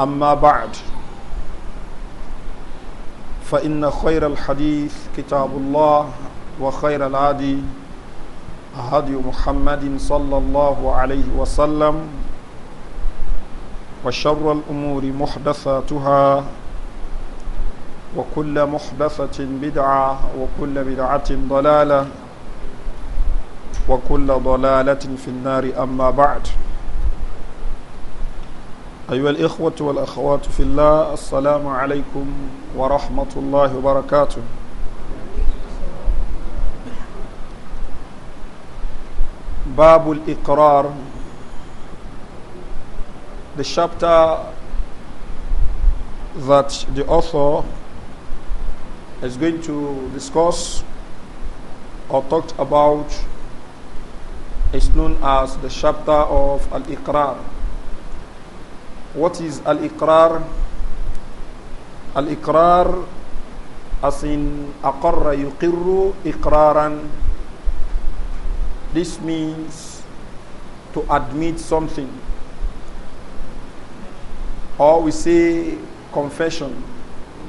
أما بعد فإن خير الحديث كتاب الله وخير العادي هدي محمد صلى الله عليه وسلم وشر الأمور محدثاتها وكل محدثة بدعة وكل بدعة ضلالة وكل ضلالة في النار أما بعد أيها الإخوة والأخوات في الله السلام عليكم ورحمة الله وبركاته باب الإقرار The chapter that the author is going to discuss or talk about is known as the chapter of Al-Iqrar What is al-iqrar? Al-iqrar as in aqarra yuqirru iqraran. This means to admit something. Or we say confession.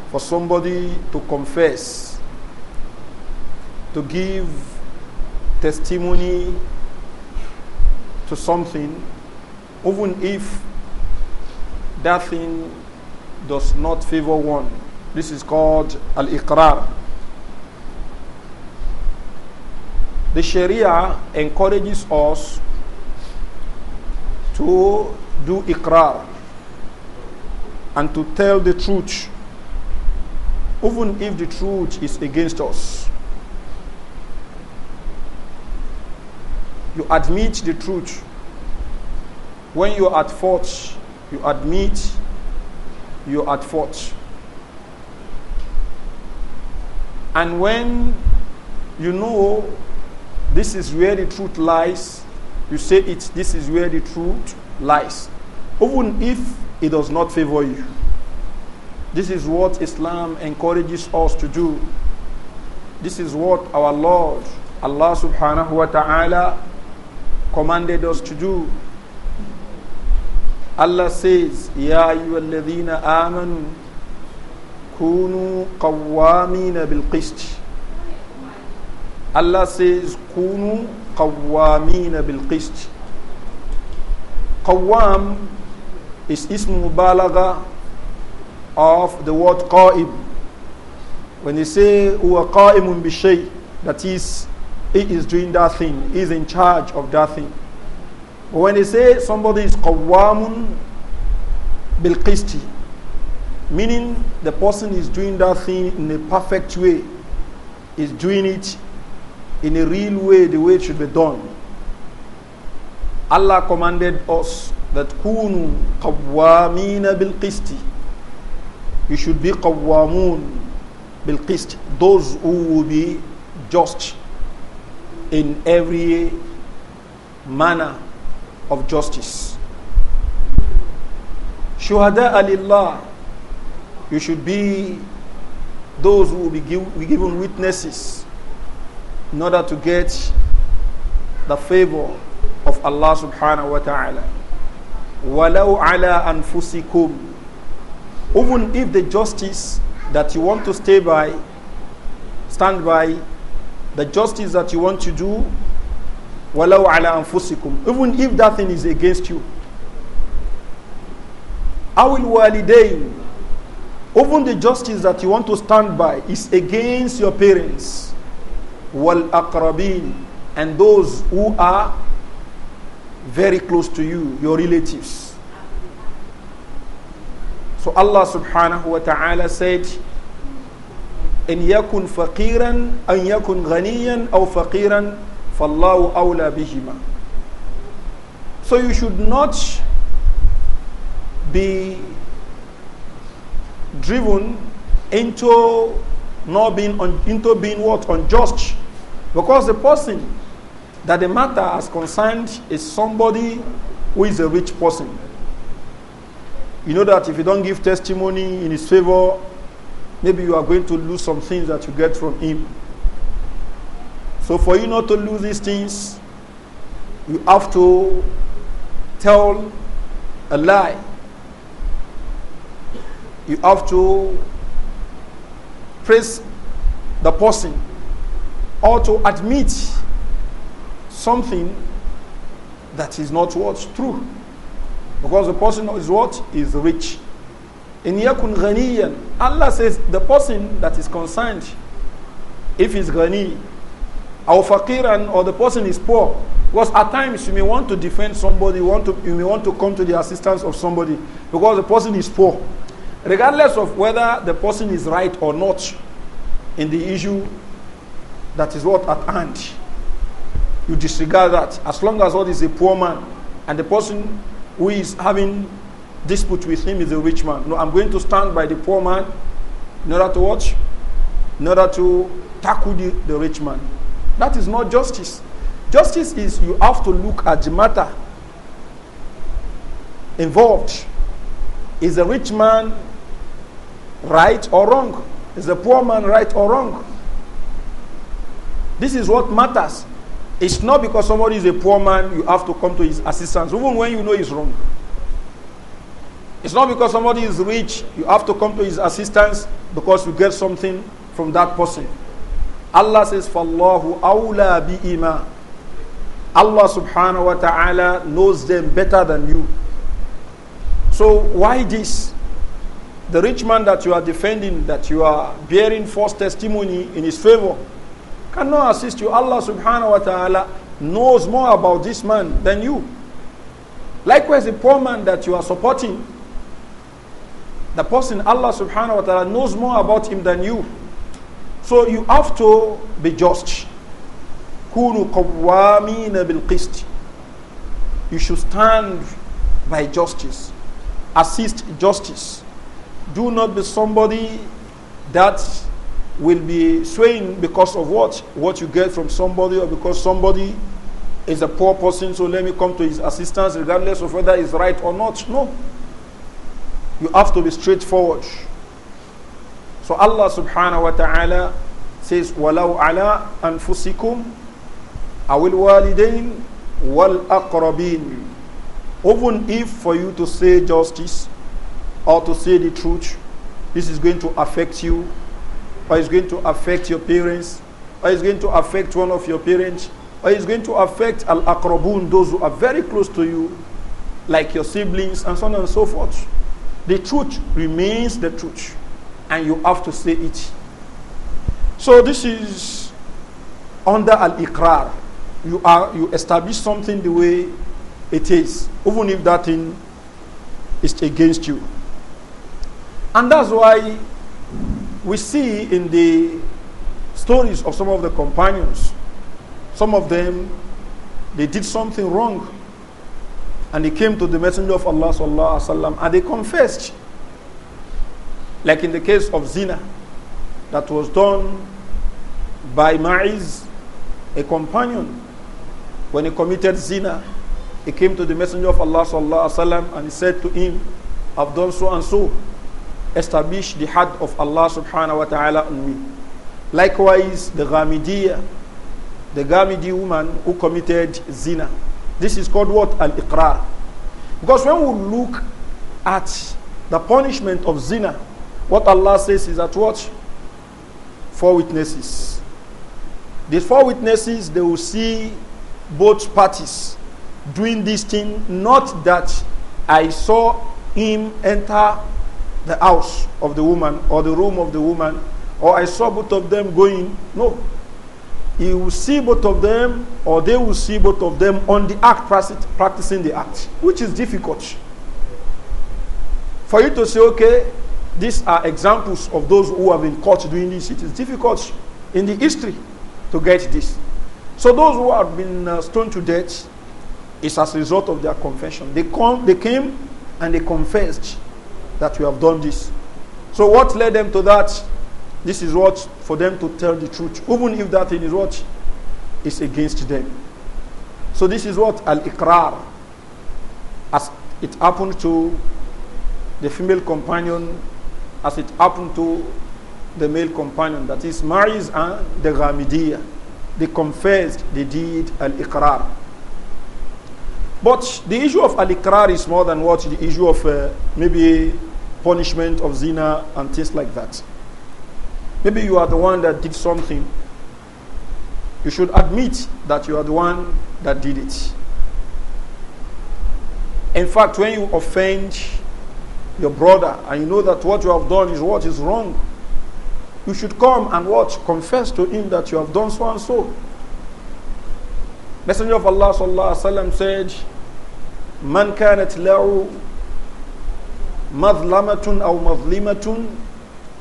For somebody to confess, to give testimony to something, even if that thing does not favor one. This is called al iqrar. The Sharia encourages us to do iqrar and to tell the truth, even if the truth is against us. You admit the truth when you are at fault you admit you're at fault. And when you know this is where the truth lies, you say it, this is where the truth lies. Even if it does not favor you. This is what Islam encourages us to do. This is what our Lord, Allah subhanahu wa ta'ala, commanded us to do. Allah says, Ya ayyuhalladhina amanu kunu qawwamina bil qist. Allah says, kunu qawwamina bil qist. Qawwam is ism mubalagha of the word qa'im. When they say huwa qa'imun bi that is he is doing that thing, he is in charge of that thing. When they say somebody is qawwamun bil qisti, meaning the person is doing that thing in a perfect way, is doing it in a real way, the way it should be done. Allah commanded us that kunu qawwamina bil qisti. You should be qawwamun bil qist, those who will be just in every manner of justice. Shuhada alillah. You should be those who will be, give, be given witnesses in order to get the favor of Allah subhanahu wa ta'ala. Walau ala anfusikum. Even if the justice that you want to stay by, stand by, the justice that you want to do walau ala anfusikum, even if that thing is against you. Awil walidain, even the justice that you want to stand by is against your parents. Wal akrabin, and those who are very close to you, your relatives. So Allah subhanahu wa ta'ala said, إن يكن فقيرا أن يكن غنيا أو فقيرا فَاللَّهُ أَوْلَى بِهِمَا So you should not be driven into not being un, into being what unjust because the person that the matter has concerned is somebody who is a rich person you know that if you don't give testimony in his favor maybe you are going to lose some things that you get from him so for you not to lose these things, you have to tell a lie. You have to praise the person or to admit something that is not what's true. Because the person is what? Is rich. In yakun ghaniyan, Allah says the person that is concerned, if he's ghani, our faqiran or the person is poor. Because at times you may want to defend somebody, you, want to, you may want to come to the assistance of somebody because the person is poor. Regardless of whether the person is right or not in the issue that is what at hand, you disregard that. As long as what is a poor man and the person who is having dispute with him is a rich man. No, I'm going to stand by the poor man in order to watch, in order to tackle the, the rich man. That is not justice. Justice is you have to look at the matter involved. Is a rich man right or wrong? Is a poor man right or wrong? This is what matters. It's not because somebody is a poor man you have to come to his assistance, even when you know he's wrong. It's not because somebody is rich you have to come to his assistance because you get something from that person. Allah says, فَاللَّهُ أَوْلَى بِإِمَا Allah subhanahu wa ta'ala knows them better than you. So why this? The rich man that you are defending, that you are bearing false testimony in his favor, cannot assist you. Allah subhanahu wa ta'ala knows more about this man than you. Likewise, the poor man that you are supporting, the person Allah subhanahu wa ta'ala knows more about him than you. So you have to be just. كُونُوا قَوَّامِينَ بِالْقِسْطِ You should stand by justice. Assist justice. Do not be somebody that will be swaying because of what? What you get from somebody or because somebody is a poor person, so let me come to his assistance regardless of whether he's right or not. No. You have to be straightforward. So Allah subhanahu wa ta'ala says, وَلَوْ عَلَىٰ أَنفُسِكُمْ أَوِ الْوَالِدَيْنِ وَالْأَقْرَبِينَ Even if for you to say justice or to say the truth, this is going to affect you, or it's going to affect your parents, or it's going to affect one of your parents, or it's going to affect al-akrabun, those who are very close to you, like your siblings, and so on and so forth. The truth remains the truth and you have to say it. So this is under al ikrar. You are you establish something the way it is, even if that thing is against you. And that's why we see in the stories of some of the companions, some of them they did something wrong. And they came to the Messenger of Allah sallallahu alaihi wasallam and they confessed. Like in the case of zina that was done by Ma'iz, a companion, when he committed zina, he came to the Messenger of Allah sallallahu alaihi wasallam and he said to him, "I've done so and so. Establish the had of Allah subhanahu wa taala on me." Likewise, the Ghamidiyya, the Ghamidi woman who committed zina. This is called what al iqrar, because when we look at the punishment of zina, what Allah says is that what? Four witnesses. These four witnesses, they will see both parties doing this thing, not that I saw him enter the house of the woman or the room of the woman, or I saw both of them going. No. he will see both of them, or they will see both of them on the act, practicing the act, which is difficult. For you to say, okay, these are examples of those who have been caught doing this. It is difficult in the history to get this. So those who have been uh, stoned to death is as a result of their confession. They, come, they came and they confessed that we have done this. So what led them to that? This is what for them to tell the truth, even if that thing is what is against them. So this is what al-ikrar, as it happened to the female companion as it happened to the male companion, that is marries and the Ghamidiyah. They confessed the deed al-iqrar. But the issue of al-iqrar is more than what the issue of uh, maybe punishment of zina and things like that. Maybe you are the one that did something. You should admit that you are the one that did it. In fact, when you offend your brother and you know that what you have done is what is wrong, you should come and watch, confess to him that you have done so and so. Messenger of Allah sallallahu said, "Man kanat la'u madlamatun aw madlimatun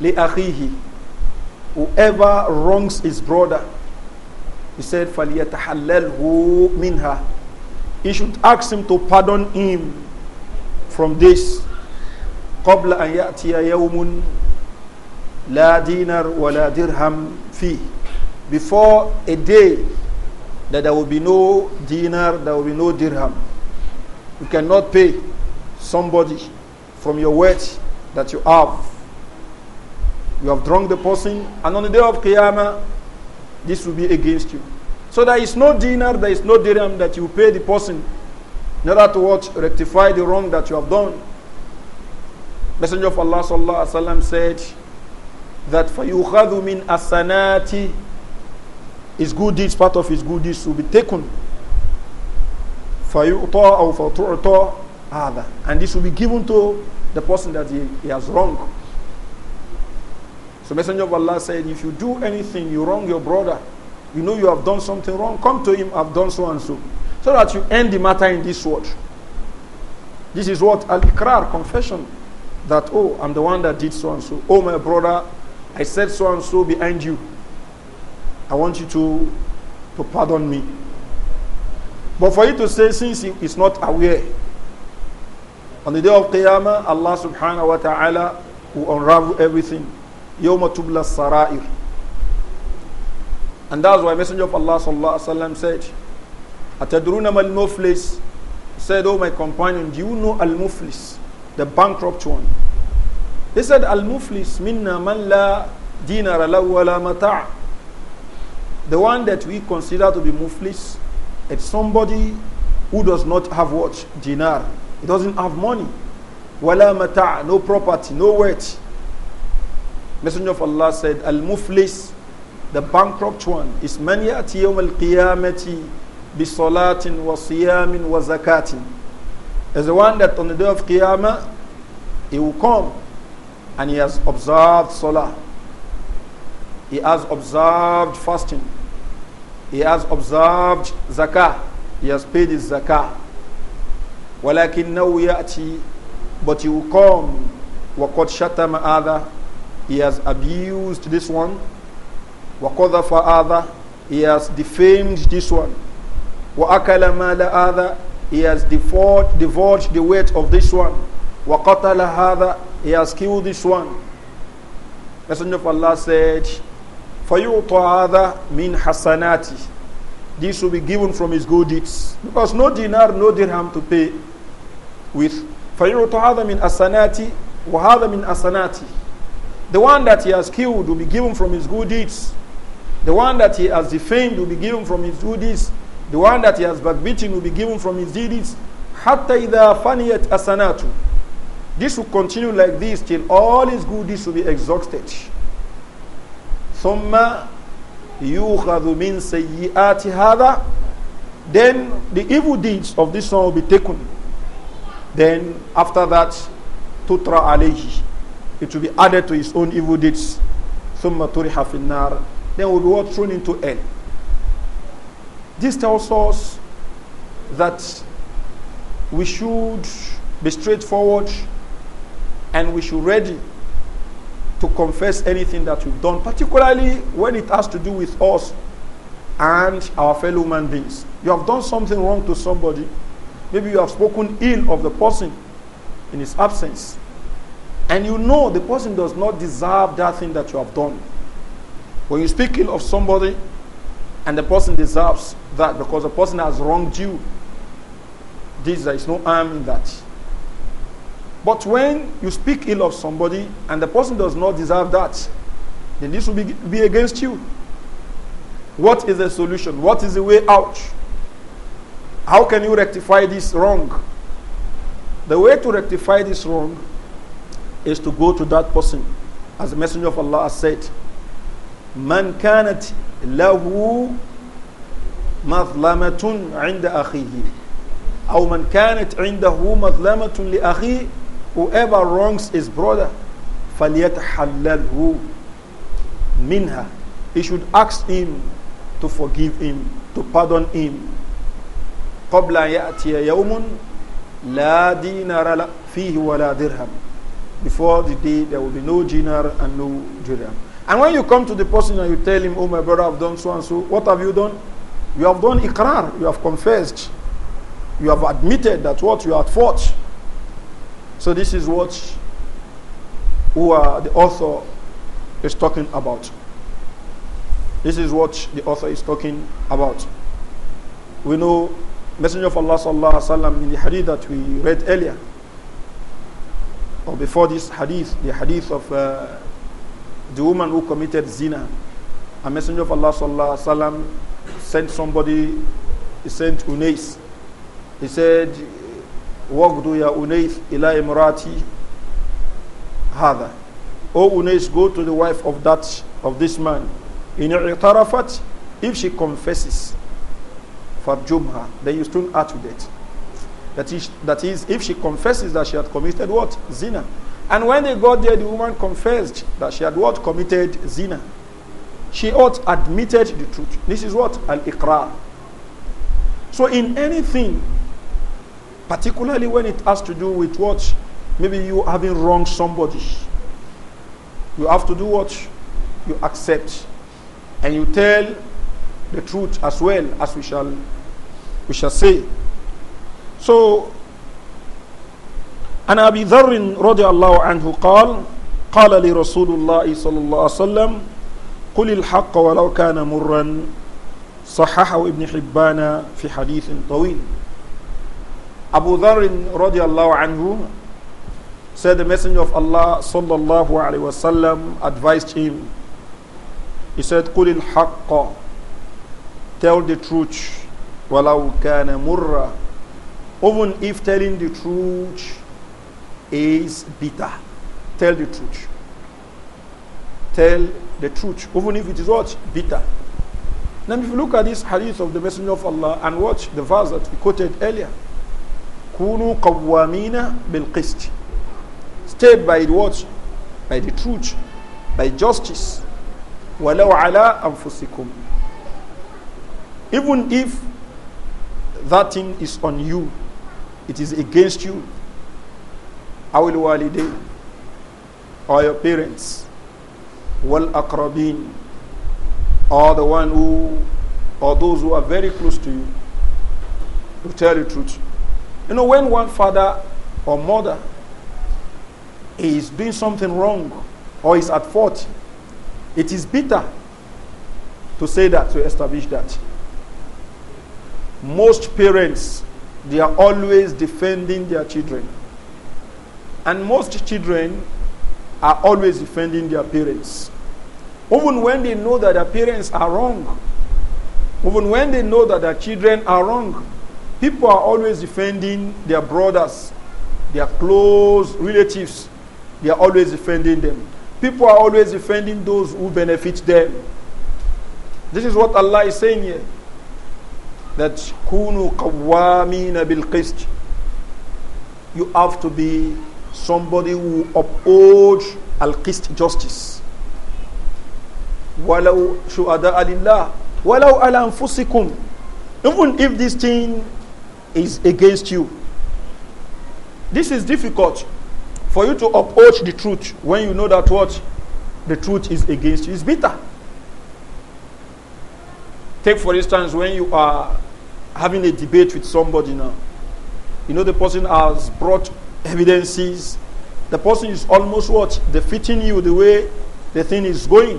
li akhihi." Whoever wrongs his brother, he said, "Falyatahallalhu minha." He should ask him to pardon him from this. قبل أن يأتي يوم لا دينار ولا درهم فيه before a day that there will be no dinar, there will be no dirham. You cannot pay somebody from your wealth that you have. You have drunk the person, and on the day of Qiyamah, this will be against you. So there is no dinar, there is no dirham that you pay the person in order to Rectify the wrong that you have done. Messenger of Allah sallallahu alaihi wasallam said that فَيُخَذُ مِنْ asanati His good deeds, part of his good deeds will be taken. فَيُؤْطَى أَوْ فَتُعْطَى other, And this will be given to the person that he, he has wronged. So Messenger of Allah said, if you do anything, you wrong your brother, you know you have done something wrong, come to him, I've done so and so. So that you end the matter in this word. This is what? Al-Ikrar, confession that, oh, I'm the one that did so and so. Oh, my brother, I said so and so behind you. I want you to, to pardon me. But for you to say, since he is not aware, on the day of Qiyamah, Allah subhanahu wa ta'ala will unravel everything. Yawma tubla sarair. And that's why Messenger of Allah sallallahu said, Atadruna mal muflis. said, oh my companion, do you know al muflis? the bankrupt one. He said, Al Muflis minna man la dinar la mata' The one that we consider to be Muflis, it's somebody who does not have what? Dinar. He doesn't have money. Wala mata' no property, no wealth. Messenger of Allah said, Al Muflis, the bankrupt one, is man yawm al qiyamati bi salatin wa siyamin wa zakatin is the one that on the day of Qiyamah, he will come and he has observed Salah. He has observed fasting. He has observed Zakah. He has paid his Zakah. وَلَكِنَّهُ يَأْتِي But he will come وَقَدْ شَتَمَ أَذَا He has abused this one. وَقَذَفَ أَذَا He has defamed this one. وَأَكَلَ مَالَ أَذَا he has divulged the weight of this one. وَقَتَلَ هَذَا He has killed this one. Messenger of Allah said, فَيُعْطَ هَذَا مِنْ حَسَنَاتِ This will be given from his good deeds. Because no dinar, no dirham to pay with. فَيُعْطَ هَذَا مِنْ أَسَنَاتِ وَهَذَا مِنْ أَسَنَاتِ The one that he has killed will be given from his good deeds. The one that he has defamed will be given from his good deeds. The one that he has backbiting will be given from his deeds. Hatta idha faniyat asanatu. This will continue like this till all his good deeds will be exhausted. Thumma yukhadhu min sayyi'ati hadha. Then the evil deeds of this one will be taken. Then after that, tutra alayhi. It will be added to his own evil deeds. Thumma turiha finnar. Then will be all thrown into hell. This tells us that we should be straightforward and we should ready to confess anything that we've done, particularly when it has to do with us and our fellow human beings. You have done something wrong to somebody. Maybe you have spoken ill of the person in his absence. And you know the person does not deserve that thing that you have done. When you speak ill of somebody, and the person deserves that because the person has wronged you. there is no harm in that. But when you speak ill of somebody and the person does not deserve that, then this will be, be against you. What is the solution? What is the way out? How can you rectify this wrong? The way to rectify this wrong is to go to that person, as the Messenger of Allah has said. من كانت له مظلمة عند أخيه أو من كانت عنده مظلمة لأخيه whoever wrongs his brother فليتحلله منها he should ask him to forgive him to pardon him قبل أن يأتي يوم لا دينار فيه ولا درهم before the day there will be no dinar and no dirham And when you come to the person and you tell him, Oh, my brother, I've done so and so, what have you done? You have done ikrar, you have confessed, you have admitted that what you are at fault. So, this is what who uh, the author is talking about. This is what the author is talking about. We know Messenger of Allah sallallahu alaihi wasallam in the hadith that we read earlier, or before this hadith, the hadith of uh, the woman who committed zina. A messenger of Allah sallallahu alaihi wasallam sent somebody, he sent Unais. He said, "Waqdu ya Unais ila imrati hada." oh Unais, go to the wife of that of this man. In i'tarafat, if she confesses, farjumha, then you stone her to death. That is, that is, if she confesses that she had committed what? Zina and when they got there, the woman confessed that she had what? Committed zina. She ought admitted the truth. This is what? Al-Iqrar. So in anything, particularly when it has to do with what? Maybe you having wronged somebody. You have to do what? You accept. And you tell the truth as well as we shall we shall say. So عن أبي ذر رضي الله عنه قال قال لرسول الله صلى الله عليه وسلم قل الحق ولو كان مرا صححه ابن حبان في حديث طويل أبو ذر رضي الله عنه said the messenger of Allah صلى الله عليه وسلم advised him he said قل الحق tell the truth ولو كان مرا even if telling the truth is bitter. Tell the truth. Tell the truth, even if it is what? Bitter. Now, if you look at this hadith of the Messenger of Allah and watch the verse that we quoted earlier, Kunu qawwamina bil qist. Stayed by the what? By the truth, by justice. Walau ala anfusikum. Even if that thing is on you, it is against you, أو الوالدين or your parents والأقربين or the one who or those who are very close to you to tell the truth. You know, when one father or mother is doing something wrong or is at fault, it is bitter to say that, to establish that. Most parents, they are always defending their children. And most children are always defending their parents. Even when they know that their parents are wrong, even when they know that their children are wrong, people are always defending their brothers, their close relatives. They are always defending them. People are always defending those who benefit them. This is what Allah is saying here. That kunu qawwamina bil qist. You have to be somebody who upholds al-qist justice. وَلَوْ شُهَدَاءَ لِلَّهِ وَلَوْ عَلَى أَنفُسِكُمْ Even if this thing is against you. This is difficult for you to uphold the truth when you know that what the truth is against you. It's bitter. Take for instance when you are having a debate with somebody now. You know the person has brought evidences, the person is almost what? Defeating you the way the thing is going.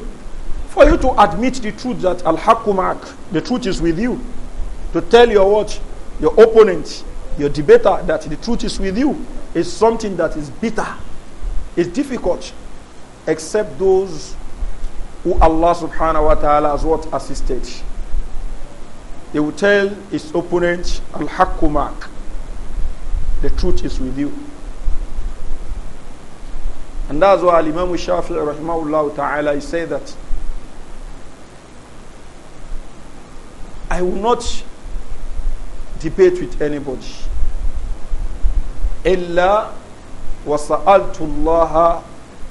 For you to admit the truth that Al Hakumak, the truth is with you. To tell your what? Your opponent, your debater, that the truth is with you is something that is bitter, is difficult, except those who Allah subhanahu wa ta'ala has what? Assisted. They will tell his opponent, Al Hakumak, the truth is with you. And that's why Imam Shafi'i rahimahullah ta'ala he say that I will not debate with anybody. إلا وسألت الله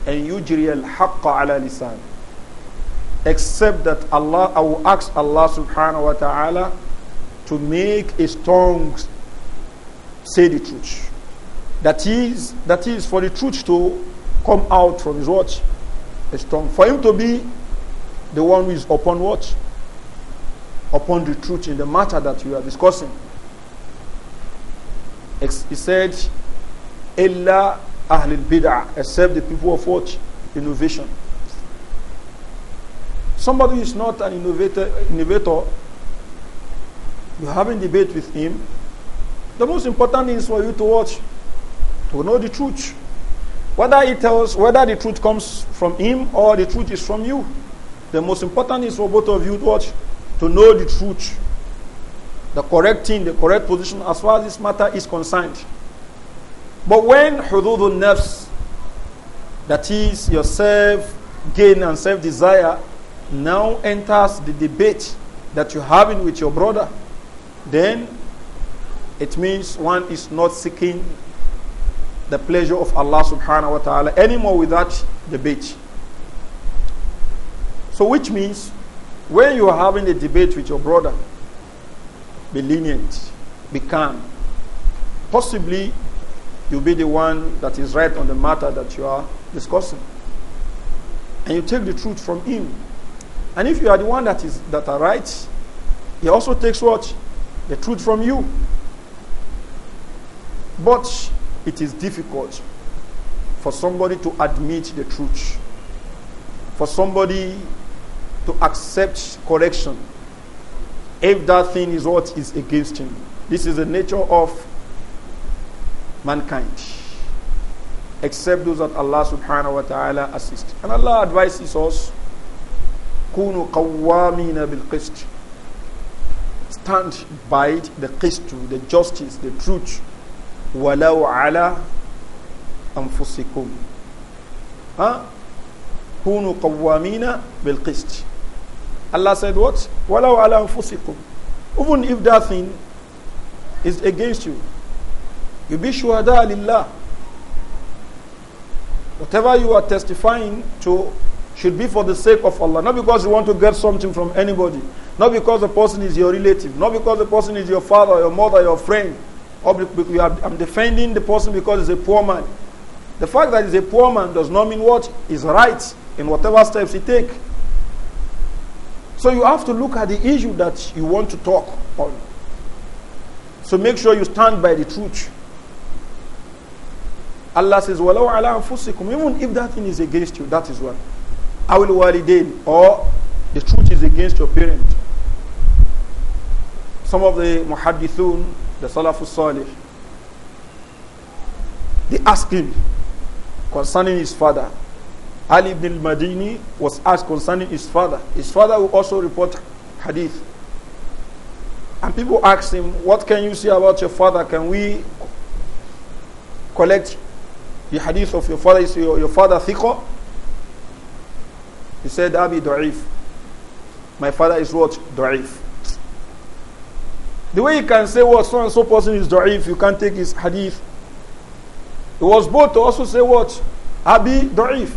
أن يجري الحق على لسان except that Allah I will ask Allah subhanahu wa ta'ala to make his tongue say the truth that is that is for the truth to come out from his watch, a strong For him to be the one who is upon watch, upon the truth in the matter that we are discussing. He said, Ella ahlil bid'ah," except the people of watch, innovation. Somebody who is not an innovator, innovator, you are having debate with him. The most important thing is for you to watch, to know the truth. Whether he tells, whether the truth comes from him or the truth is from you. The most important is for both of you to watch, to know the truth, the correct thing, the correct position as far as this matter is concerned. But when hududun nafs, that is your self gain and self desire, now enters the debate that you're having with your brother, then it means one is not seeking the pleasure of Allah subhanahu wa ta'ala anymore without debate. So, which means when you are having a debate with your brother, be lenient, be calm. Possibly you'll be the one that is right on the matter that you are discussing. And you take the truth from him. And if you are the one that is that are right, he also takes what? The truth from you. But it is difficult for somebody to admit the truth, for somebody to accept correction if that thing is what is against him. This is the nature of mankind, except those that Allah subhanahu wa ta'ala assists. And Allah advises us, كُونُوا قَوَّامِينَ بِالْقِسْطِ Stand by the qist, the justice, the truth walau ala anfusikum huh? kunu qawwamina bil qist Allah said what walau ala anfusikum even if that thing is against you you be shuhada lillah whatever you are testifying to should be for the sake of Allah not because you want to get something from anybody not because the person is your relative not because the person is your father your mother your friend I'm defending the person because he's a poor man. The fact that he's a poor man does not mean what is right in whatever steps he take. So you have to look at the issue that you want to talk on. So make sure you stand by the truth. Allah says, Walau ala anfusikum, even if that thing is against you, that is what. I will walidain, or the truth is against your parent. Some of the muhaddithun, the Salafus Salih, they asked him concerning his father. Ali ibn al-Madini was asked concerning his father. His father who also report hadith. And people asked him, what can you say about your father? Can we collect the hadith of your father? Is your, your father thiqo? He said, Abi da'if. My father is what? Da'if. The way you can say what so and so person is da'if, you can't take his hadith. It was both to also say what? Abi da'if.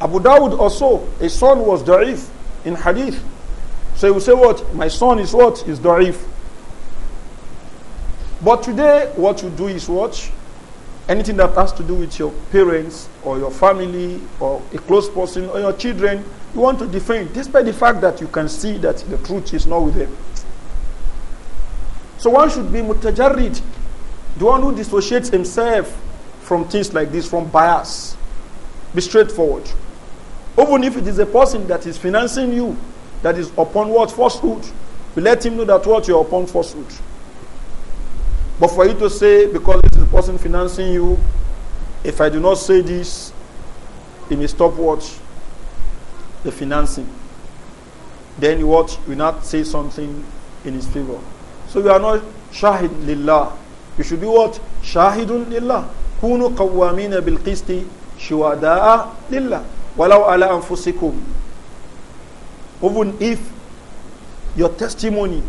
Abu Dawud also, a son was da'if in hadith. So you say what? My son is what? Is da'if. But today, what you do is what? Anything that has to do with your parents or your family or a close person or your children, you want to defend, despite the fact that you can see that the truth is not with them. So one should be mutajarid, the one who dissociates himself from things like this, from bias. Be straightforward. Even if it is a person that is financing you, that is upon what? Falsehood. You let him know that what you're upon falsehood. But for you to say, because this is the person financing you, if I do not say this, he may stop what? The financing. Then you what? You not say something in his favor. So you are not shahid lillah. You should be what? Shahidun lillah. كونوا قوامين بالقسط شهداء لله ولو على أنفسكم even if your testimony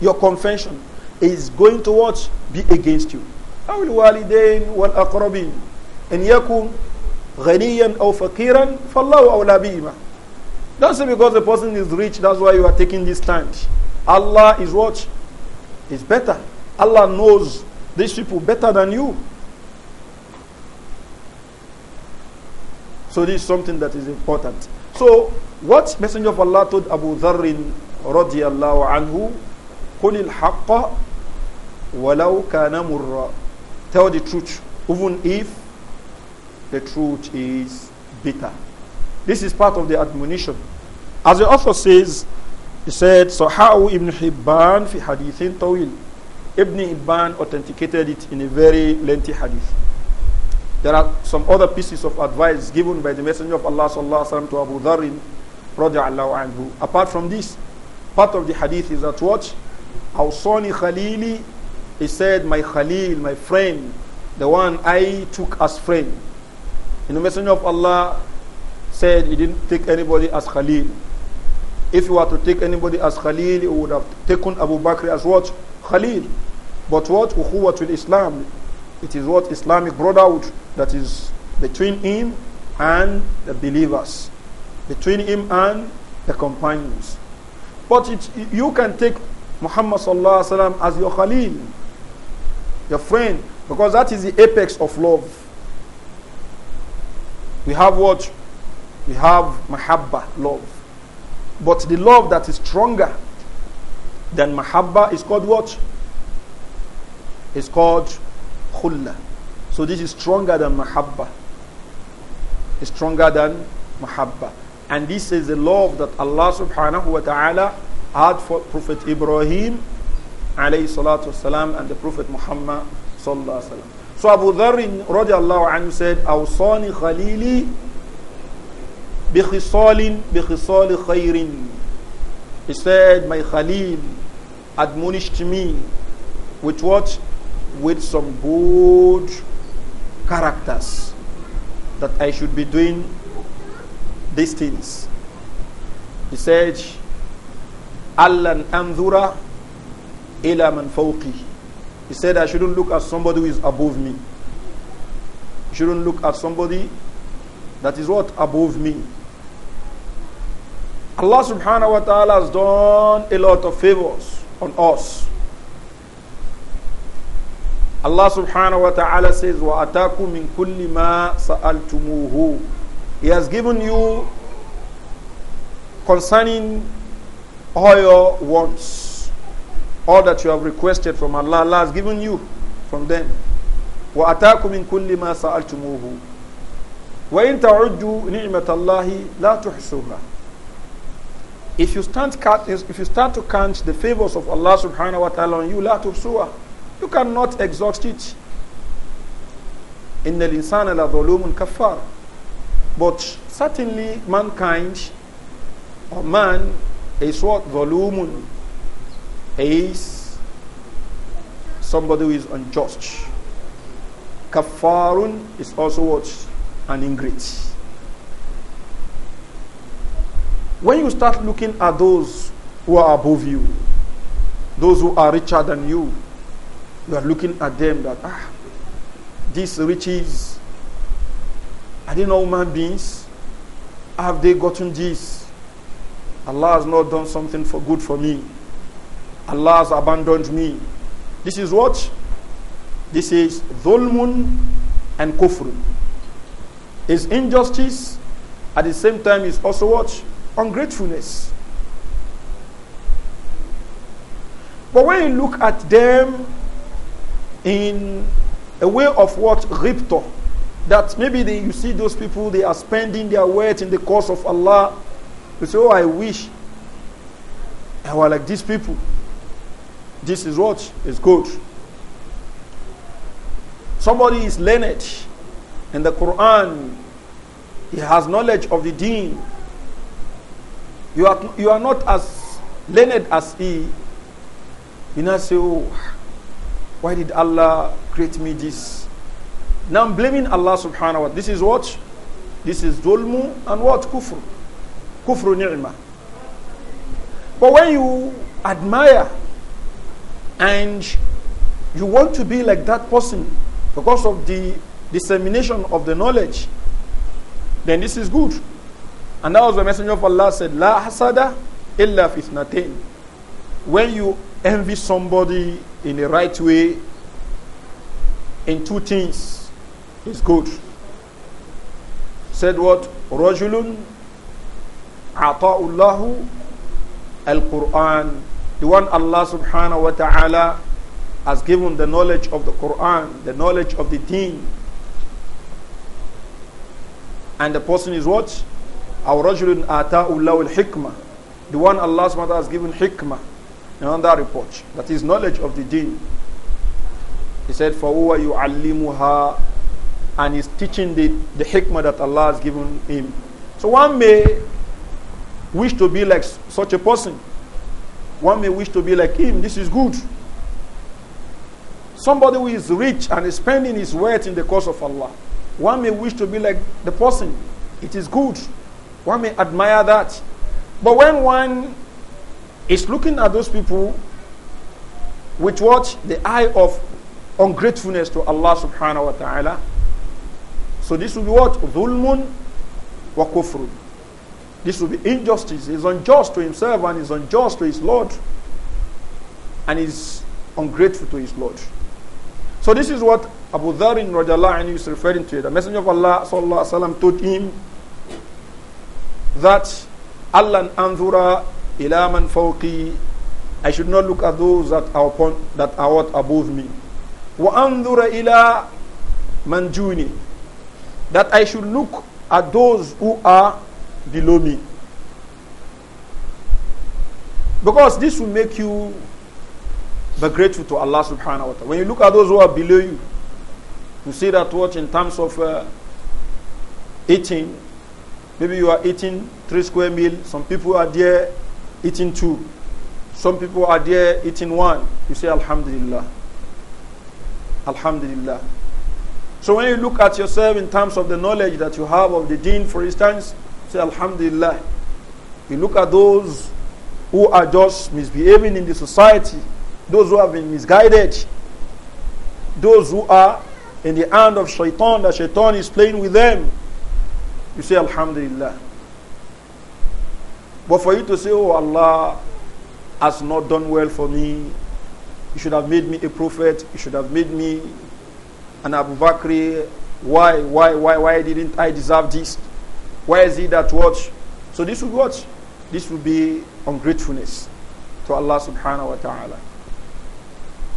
your confession is going to what be against you أو الوالدين والأقربين إن يكن غنيا أو فقيرا فالله أولى بهما Don't say because the person is rich, that's why you are taking this stand. Allah is what? is better. Allah knows these people better than you. So this is something that is important. So what Messenger of Allah told Abu Dharr radiyallahu anhu, قُلِ الْحَقَّ وَلَوْ كَانَ مُرًّا Tell the truth, even if the truth is bitter. This is part of the admonition. As the author says, he said, how ibn Hibban fi hadithin tawil. Ibn Hibban authenticated it in a very lengthy hadith. There are some other pieces of advice given by the Messenger of Allah sallallahu alaihi wasallam to Abu Dharr radiallahu anhu. Apart from this, part of the hadith is that what? Awsani Khalili, he said, my Khalil, my friend, the one I took as friend. And the Messenger of Allah said he didn't take anybody as Khalil. If you were to take anybody as Khalil, you would have taken Abu Bakr as what? Khalil. But what? with Islam. It is what? Islamic brotherhood that is between him and the believers. Between him and the companions. But it, you can take Muhammad sallallahu alaihi wasallam as your Khalil, your friend, because that is the apex of love. We have what? We have mahabba, love. But the love that is stronger than mahabba is called what? It's called khulla. So this is stronger than mahabba. It's stronger than mahabba. And this is the love that Allah subhanahu wa ta'ala had for Prophet Ibrahim alayhi salatu wasalam, and the Prophet Muhammad sallallahu alayhi wa So Abu Dharr radiallahu anhu said, Awsani khalili بِخِصَالٍ بِخِصَالِ خَيْرٍ He said, my Khalil admonished me with what? With some good characters that I should be doing these things. He said, Allan anzura Elam and fawqi. He said, I shouldn't look at somebody who is above me. Shouldn't look at somebody that is what? Above me. Allah subhanahu wa ta'ala has done a lot of favors on us. Allah subhanahu wa ta'ala says, "Wa وَأَتَاكُم مِّن كُلِّ مَا سَأَلْتُمُوهُ He has given you concerning all your wants, all that you have requested from Allah, Allah has given you from them. Wa وَأَتَاكُم مِّن كُلِّ مَا سَأَلْتُمُوهُ وَإِن تَعُدُّوا نِعْمَةَ اللَّهِ لَا تُحْصُوهَا if you start if you start to count the favors of Allah subhanahu wa ta'ala on you, la tuhsuha. You cannot exhaust it. In the insana la dhulumun kafar. But certainly mankind or man is what volumun is somebody who is unjust. Kafarun is also what? An ingrate. When you start looking at those who are above you, those who are richer than you, you are looking at them that, ah, these riches, are they not human beings? Have they gotten this? Allah has not done something for good for me. Allah has abandoned me. This is what? This is dhulmun and kufr. It's injustice at the same time is also what? ungratefulness. But when you look at them in a way of what? Riptor. That maybe they, you see those people, they are spending their wealth in the cause of Allah. You say, oh, I wish I were like these people. This is what is good. Somebody is learned in the Quran. He has knowledge of the deen. You are, you are not as learned as he. You now say, oh, why did Allah create me this? Now I'm blaming Allah subhanahu wa ta'ala. This is what? This is dulmu and what? Kufr. Kufru ni'mah. But when you admire and you want to be like that person because of the dissemination of the knowledge, then this is good. And that was the messenger of Allah said, La hasada illa fitnatin. When you envy somebody in the right way, in two things, it's good. Said what? Rajulun ata'ullahu al-Qur'an. The one Allah subhanahu wa ta'ala has given the knowledge of the Quran, the knowledge of the deen. And the person is what? Our رجل آتاه الله الحكمة the one Allah Mother has given hikmah another report that is knowledge of the deen he said فَهُوَ يُعَلِّمُهَا and he's teaching the, the hikmah that Allah has given him so one may wish to be like such a person one may wish to be like him this is good somebody who is rich and is spending his wealth in the cause of Allah one may wish to be like the person it is good one may admire that. But when one is looking at those people with what? The eye of ungratefulness to Allah subhanahu wa ta'ala. So this will be what? Dhulmun wa kufrun. This will be injustice. He's unjust to himself and he's unjust to his Lord. And he's ungrateful to his Lord. So this is what Abu Dharin Rajallah is referring to. The Messenger of Allah sallallahu alayhi wa sallam told him that Allah anzura ila man fawqi I should not look at those that are upon that are what above me. Wa anzura ila manjuni that I should look at those who are below me. Because this will make you be grateful to Allah subhanahu wa ta'ala. When you look at those who are below you, you see that what in terms of uh, eating, Maybe you are eating three square meal. Some people are there eating two. Some people are there eating one. You say, Alhamdulillah. Alhamdulillah. So when you look at yourself in terms of the knowledge that you have of the deen, for instance, say, Alhamdulillah. You look at those who are just misbehaving in the society, those who have been misguided, those who are in the hand of shaitan, that shaitan is playing with them. You say Alhamdulillah. But for you to say, Oh Allah has not done well for me, you should have made me a prophet, you should have made me an Abu Bakr, why, why, why, why didn't I deserve this? Why is it that what? So this would what? This would be ungratefulness to Allah subhanahu wa ta'ala.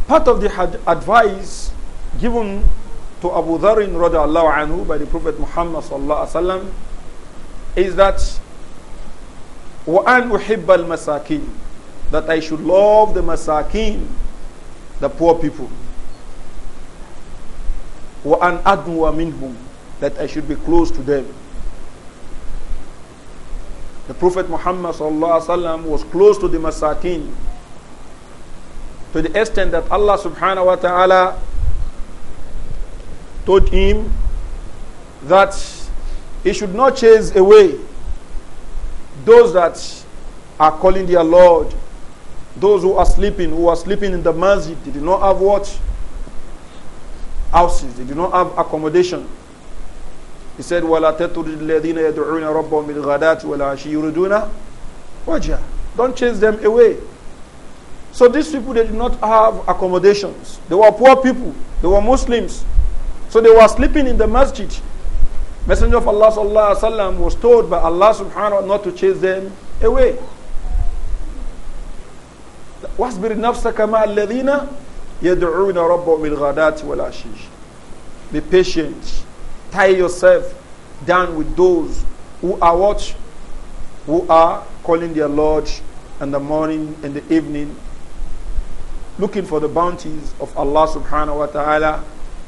Part of the advice given to Abu Dharr radiallahu anhu by the Prophet Muhammad sallallahu alaihi wasallam is that وَأَنْ أُحِبَّ الْمَسَاكِينَ That I should love the masakin, the poor people. وَأَنْ أَدْنُوَ مِنْهُمْ That I should be close to them. The Prophet Muhammad sallam, was close to the masakin to the extent that Allah subhanahu wa ta'ala told him that he should not chase away those that are calling their Lord, those who are sleeping, who are sleeping in the masjid, they do not have what? Houses, they do not have accommodation. He said, وَلَا تَتُرِدْ الَّذِينَ يَدْعُونَ رَبَّهُمْ بِالْغَدَاتِ وَالْعَشِيِّ يُرِدُونَ وَجْهَ Don't chase them away. So these people, they did not have accommodations. They were poor people. They were Muslims. So they were sleeping in the masjid. Messenger of Allah sallallahu alaihi wasallam was told by Allah subhanahu wa ta'ala not to chase them away. واصبر نفسك مع الذين يدعون والعشيش. Be patient. Tie yourself down with those who are what? Who are calling their Lord in the morning and the evening, looking for the bounties of Allah subhanahu wa ta'ala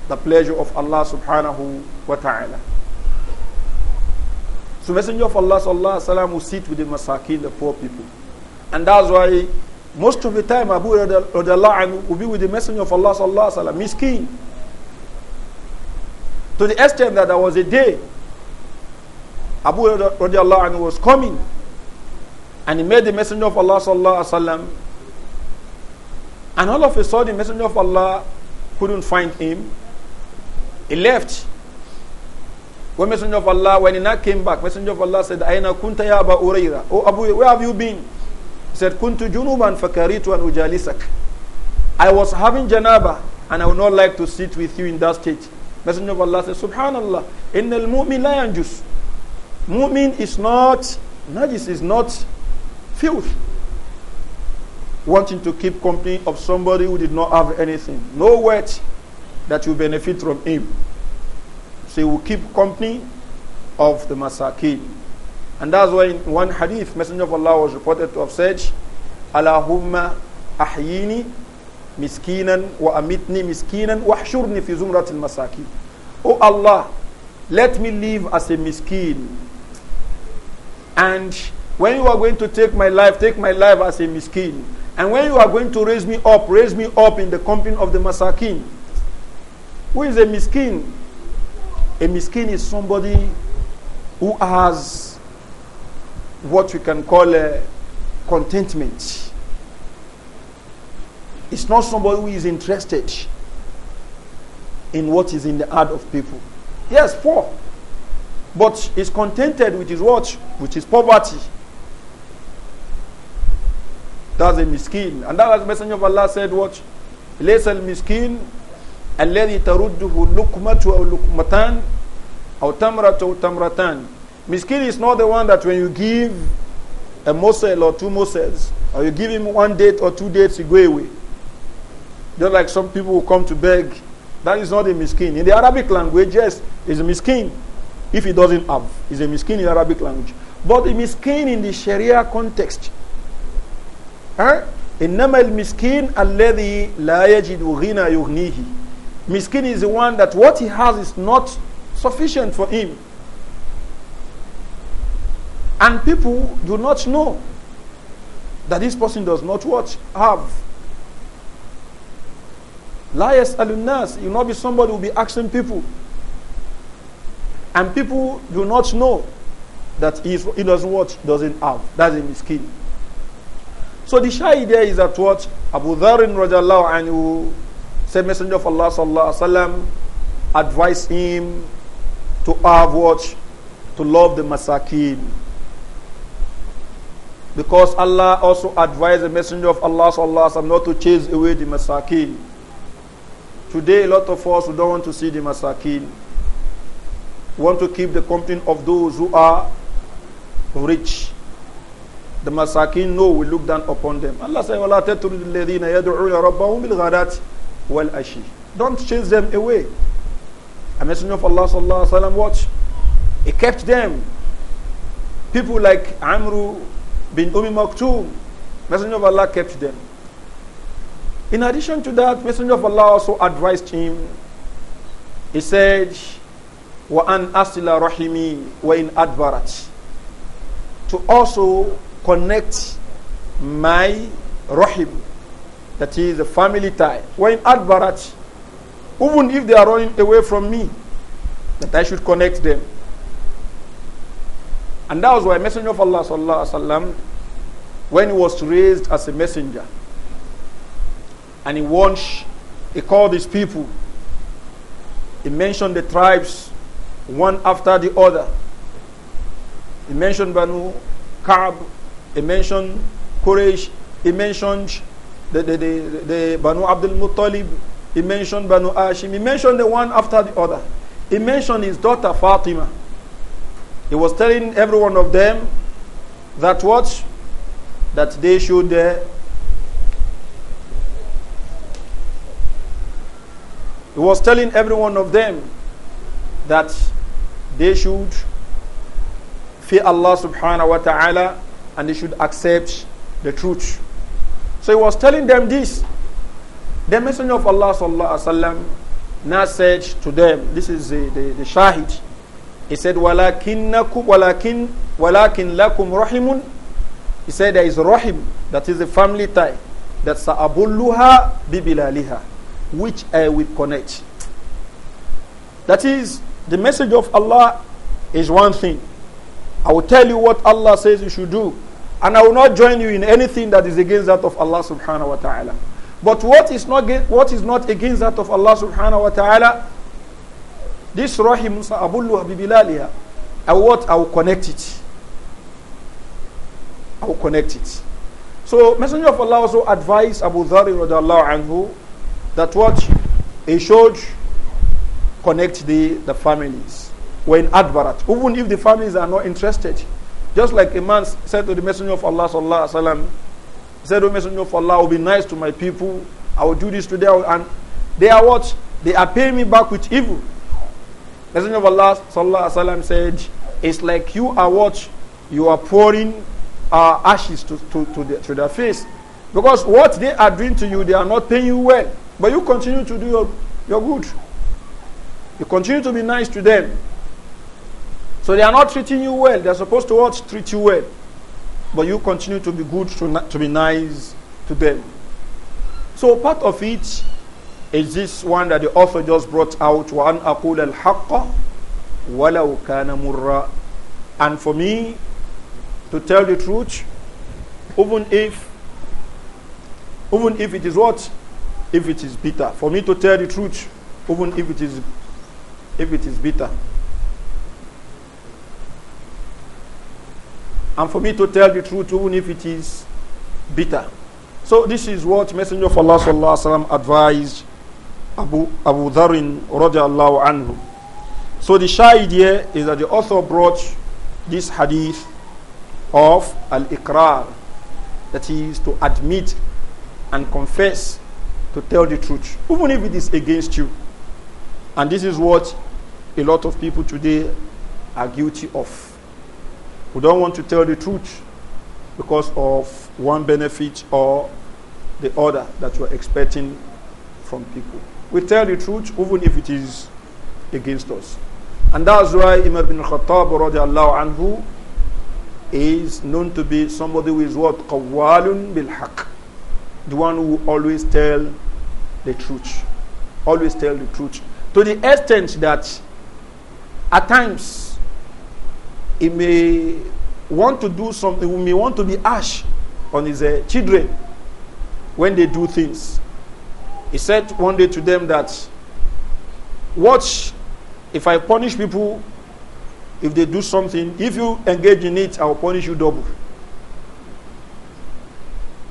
the pleasure of Allah subhanahu wa ta'ala. So Messenger of Allah sallallahu wa wasallam will sit with the masakin, the poor people. And that's why most of the time Abu Radallahu will be with the Messenger of Allah sallallahu wa wasallam, miskin. To the extent that there was a day Abu Radallahu was coming and he met the Messenger of Allah sallallahu wa wasallam and all of a sudden, the Messenger of Allah couldn't find him. He left. When Messenger of Allah, when he not came back, Messenger of Allah said, Aina kunta ya Abu Uraira. Oh Abu, where have you been? He said, Kuntu junuban fakaritu an ujalisak. I was having janaba and I would not like to sit with you in that state. Messenger of Allah said, Subhanallah, innal mu'min la yanjus. Mu'min is not, najis is not filth. Wanting to keep company of somebody who did not have anything. No wet that you benefit from him. So you will keep company of the masakin. And that's why in one hadith, Messenger of Allah was reported to have said, Allahumma ahyini miskinan wa amitni miskinan wa hshurni fi zumratil masakin. Oh Allah, let me live as a miskin. And when you are going to take my life, take my life as a miskin. And when you are going to raise me up, raise me up in the company of the masakin. Who is a miskin? A miskin is somebody who has what we can call a uh, contentment. It's not somebody who is interested in what is in the heart of people. Yes, poor, but is contented with his watch, which is poverty. That's a miskin. And that was Messenger of Allah said what? Lays miskin الذي ترده لقمة أو لقمتان أو تمرة أو تمرتان Miskin is not the one that when you give a morsel or two morsels, or you give him one date or two dates, he go away. Just like some people who come to beg. That is not a miskin. In the Arabic language, yes, is a miskin. If he doesn't have, is a miskin in Arabic language. But a miskin in the Sharia context. Huh? Eh? إنما المسكين الذي لا يجد غنى يغنيه Miskin is the one that what he has is not sufficient for him. And people do not know that this person does not what have. Liars alumnas, you know, be somebody will be asking people. And people do not know that he, is, he doesn't what doesn't have. That's miskin. So the shy idea is that what Abu Dharin and you said Messenger of Allah sallallahu alaihi wasallam advised him to have To love the masakin. Because Allah also advised the Messenger of Allah sallallahu alaihi wasallam not to chase away the masakin. Today, a lot of us who don't want to see the masakin want to keep the company of those who are rich. The masakin know we look down upon them. Allah says, وَلَا تَتُرِ الَّذِينَ يَدْعُونَ رَبَّهُمْ بِالْغَدَاتِ wal ashi. Don't chase them away. A messenger of Allah sallallahu alaihi wasallam watch. He kept them. People like Amru bin Umi Maktoum, messenger of Allah kept them. In addition to that, messenger of Allah also advised him. He said, "Wa an asila rahimi wa in adbarat." To also connect my rahim that is a family tie. When advarat, even if they are running away from me, that I should connect them. And that was why Messenger of Allah sallallahu alaihi wasallam, when he was raised as a messenger, and he warned, he called his people. He mentioned the tribes, one after the other. He mentioned Banu Ka'b. He mentioned Quraysh. He mentioned the, the, the, the Banu Abdul Muttalib, he mentioned Banu Ashim, he mentioned the one after the other. He mentioned his daughter Fatima. He was telling every one of them that what? That they should. Uh, he was telling every one of them that they should fear Allah subhanahu wa ta'ala and they should accept the truth. So he was telling them this. The Messenger of Allah sallallahu alaihi wasallam now said to them, this is the, the, the shahid. He said, "Walakinnakum, walakin, walakin lakum rahimun." He said, "There is rahim, that is the family tie, that sa'abulluha bibilaliha, which I will connect." That is, the message of Allah is one thing. I will tell you what Allah says you should do. And I will not join you in anything that is against that of Allah subhanahu wa ta'ala. But what is not what is not against that of Allah subhanahu wa ta'ala, this Rahim Musa Abu Bibilaliha, I what I will connect it. I will connect it. So Messenger of Allah also advised Abu Dhari anhu that what he should connect the, the families when adbarat, even if the families are not interested. Just like a man said to the Messenger of Allah, sallallahu alaihi wasallam, said, "O Messenger of Allah, I will be nice to my people. I will do this to them." And they are what? They are paying me back with evil. Messenger of Allah, sallallahu alaihi said, "It's like you are what? You are pouring uh, ashes to, to, to, the, to their face, because what they are doing to you, they are not paying you well, but you continue to do your, your good. You continue to be nice to them." So they are not treating you well. They're supposed to what? Treat you well. But you continue to be good, to, to be nice to them. So part of it is this one that the author just brought out. وَأَنْ أَقُولَ الْحَقَّ وَلَوْ كَانَ مُرًّا And for me to tell the truth, even if even if it is what? If it is bitter. For me to tell the truth, even if it is if it is bitter. and for me to tell the truth even if it is bitter. So this is what Messenger of Allah sallallahu alaihi wasallam advised Abu Abu Dharin radiallahu anhu. So the Shahid idea is that the author brought this hadith of al-iqrar, that is to admit and confess to tell the truth, even if it is against you. And this is what a lot of people today are guilty of we don't want to tell the truth because of one benefit or the other that we're expecting from people. We tell the truth even if it is against us. And that's why Imam bin Khattab radiallahu anhu is known to be somebody who is what? Qawwalun Bilhak, The one who always tell the truth. Always tell the truth. To the extent that at times he may want to do something, he may want to be harsh on his uh, children when they do things. He said one day to them that, Watch, if I punish people, if they do something, if you engage in it, I'll punish you double.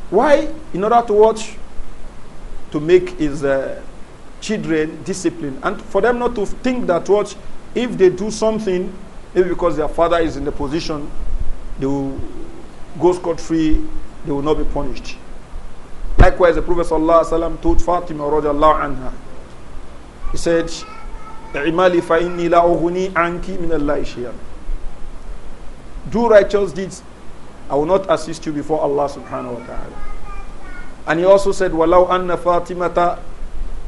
Why? In order to watch, to make his uh, children disciplined, and for them not to think that watch, if they do something, Maybe because their father is in the position, they will go scot free, they will not be punished. Likewise, the Prophet ﷺ told Fatima anha, he said, "Imali fa inni la anki min Do righteous deeds, I will not assist you before Allah subhanahu wa ta'ala. And he also said, وَلَوْ أَنَّ فَاطِمَةَ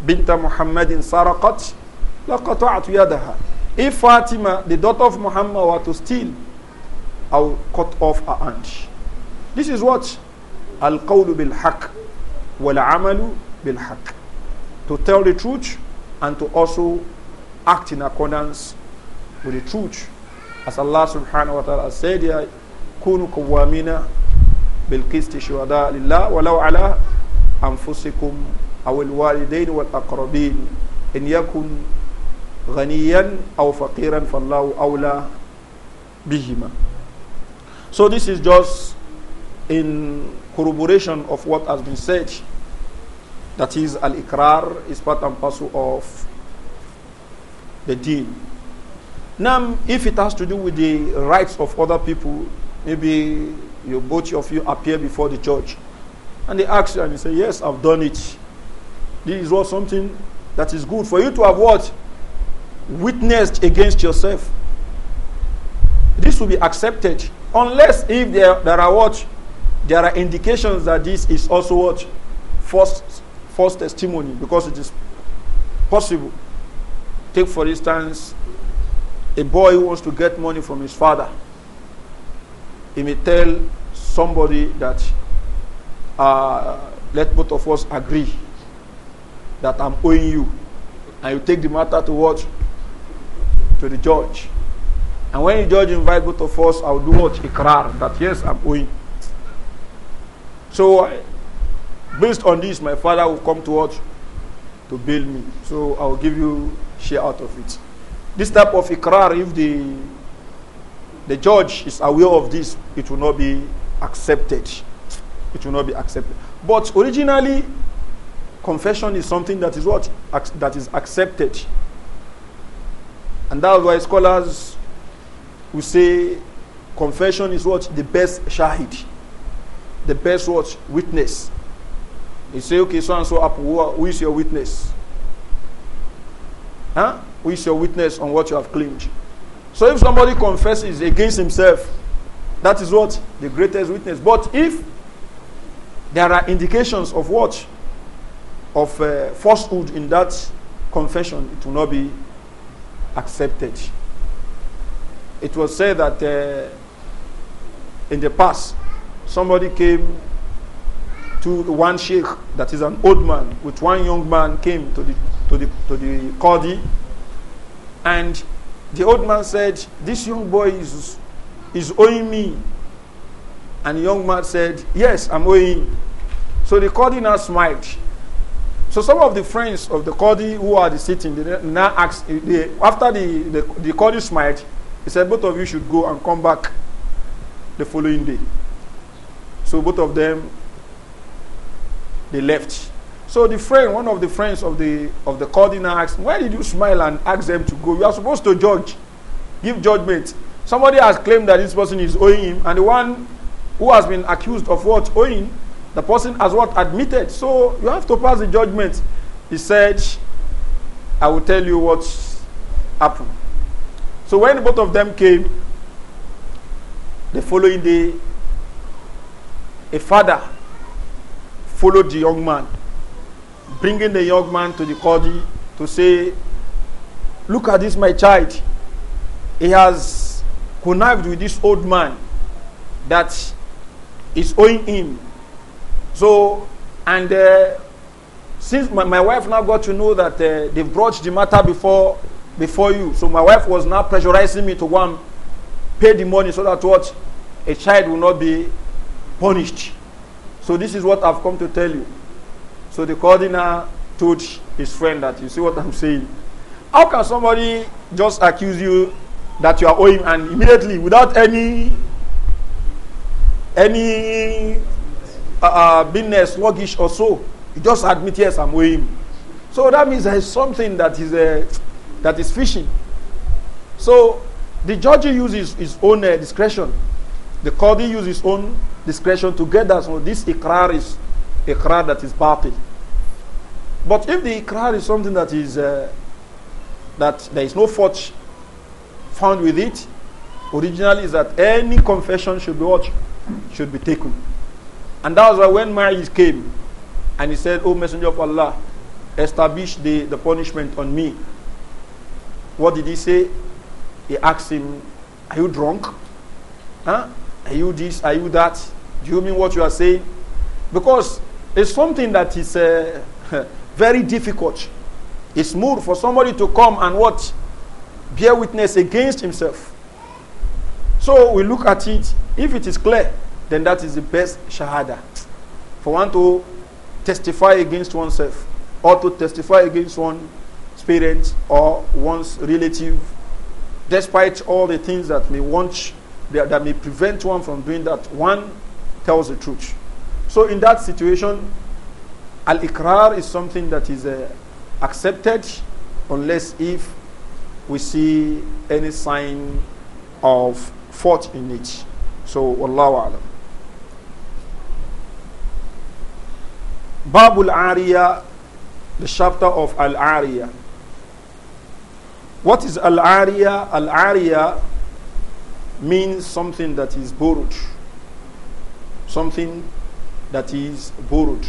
Muhammadin مُحَمَّدٍ سَرَقَتْ لَقَطَعْتُ يَدَهَا if Fatima, the daughter of Muhammad, were to steal, I will cut off her hand. This is what? Al qawlu bil haq wal amalu bil haq. To tell the truth and to also act in accordance with the truth. As Allah subhanahu wa ta'ala said, kunu كونوا قوامين بالقسط شهداء لله ولو على أنفسكم أو الوالدين والأقربين إن kun. غنيا أو فقيرا فالله أولى بهما. So this is just in corroboration of what has been said. That is, al-ikrar is part and parcel of the deal. Now, if it has to do with the rights of other people, maybe you, both of you appear before the judge, and they ask you, and you say, "Yes, I've done it." This is what something that is good for you to have what witnessed against yourself. This will be accepted unless if there, there are what there are indications that this is also what false false testimony because it is possible. Take for instance a boy who wants to get money from his father. He may tell somebody that uh, let both of us agree that I'm owing you and you take the matter to what to the judge. And when the judge invites both of us, I'll do what? Ikrar, that yes, I'm owing. So, based on this, my father will come to what? To bail me. So, I'll give you share out of it. This type of ikrar, if the, the judge is aware of this, it will not be accepted. It will not be accepted. But originally, confession is something that is what? That is accepted And that's why scholars who say confession is what? The best shahid. The best what? Witness. You say, okay, so and so up, who is your witness? Huh? Who is your witness on what you have claimed? So if somebody confesses against himself, that is what? The greatest witness. But if there are indications of what? Of uh, falsehood in that confession, it will not be accepted. It was said that uh, in the past, somebody came to one sheikh, that is an old man, with one young man came to the, to the, to the Qadi. And the old man said, This young boy is, is owing me. And the young man said, Yes, I'm owing. So the Qadi now smiled so some of the friends of the Qadi who are the sitting, they now ask, eh, they, after the, the, the Qadi he said, both of you should go and come back the following day. So both of them, they left. So the friend, one of the friends of the of the now asked, why did you smile and ask them to go? You are supposed to judge, give judgment. Somebody has claimed that this person is owing him, and the one who has been accused of what? Owing the person has what? Admitted. So you have to pass the judgment. He said, I will tell you what happened. So when both of them came, the following day, a father followed the young man, bringing the young man to the Qadi to say, Look at this, my child. He has connived with this old man that is owing him So, and uh, since my, my, wife now got to know that uh, they broached the matter before before you, so my wife was now pressurizing me to go and pay the money so that what a child will not be punished. So this is what I've come to tell you. So the cardinal told his friend that you see what I'm saying. How can somebody just accuse you that you are owing and immediately without any any uh, been uh, sluggish or so, you just admit, yes, I'm weighing. So that means there's something that is, uh, that is fishing. So the judge uses his own uh, discretion. The Qadi uses his own discretion to get that. So oh, this ikrar is ikrar that is batil. But if the ikrar is something that is uh, that there is no fault found with it, originally is that any confession should be what should be taken. And that was why when Ma'is came and he said, O oh, Messenger of Allah, establish the, the punishment on me. What did he say? He asked him, Are you drunk? Huh? Are you this? Are you that? Do you mean what you are saying? Because it's something that is uh, very difficult. It's more for somebody to come and what? Bear witness against himself. So we look at it. If it is clear then that is the best shahada. For one to testify against oneself or to testify against one's parents or one's relative, despite all the things that may want that, may prevent one from doing that, one tells the truth. So in that situation, al-ikrar is something that is uh, accepted unless if we see any sign of fault in it. So, Allahu Alam. Babul Ariya, the chapter of Al Ariya. What is Al Ariya? Al Ariya means something that is borrowed, something that is borrowed.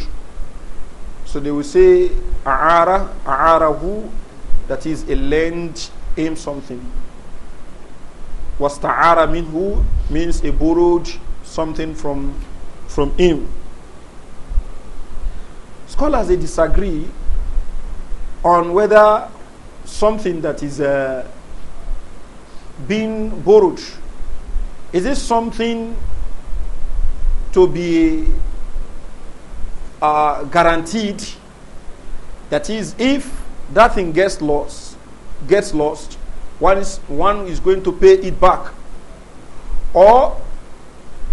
So they will say Aara, who, that is a land aim something. Was mean who means a borrowed something from from him scholars they disagree on whether something that is uh, being borrowed is this something to be uh, guaranteed that is if that thing gets lost gets lost one is, one is going to pay it back or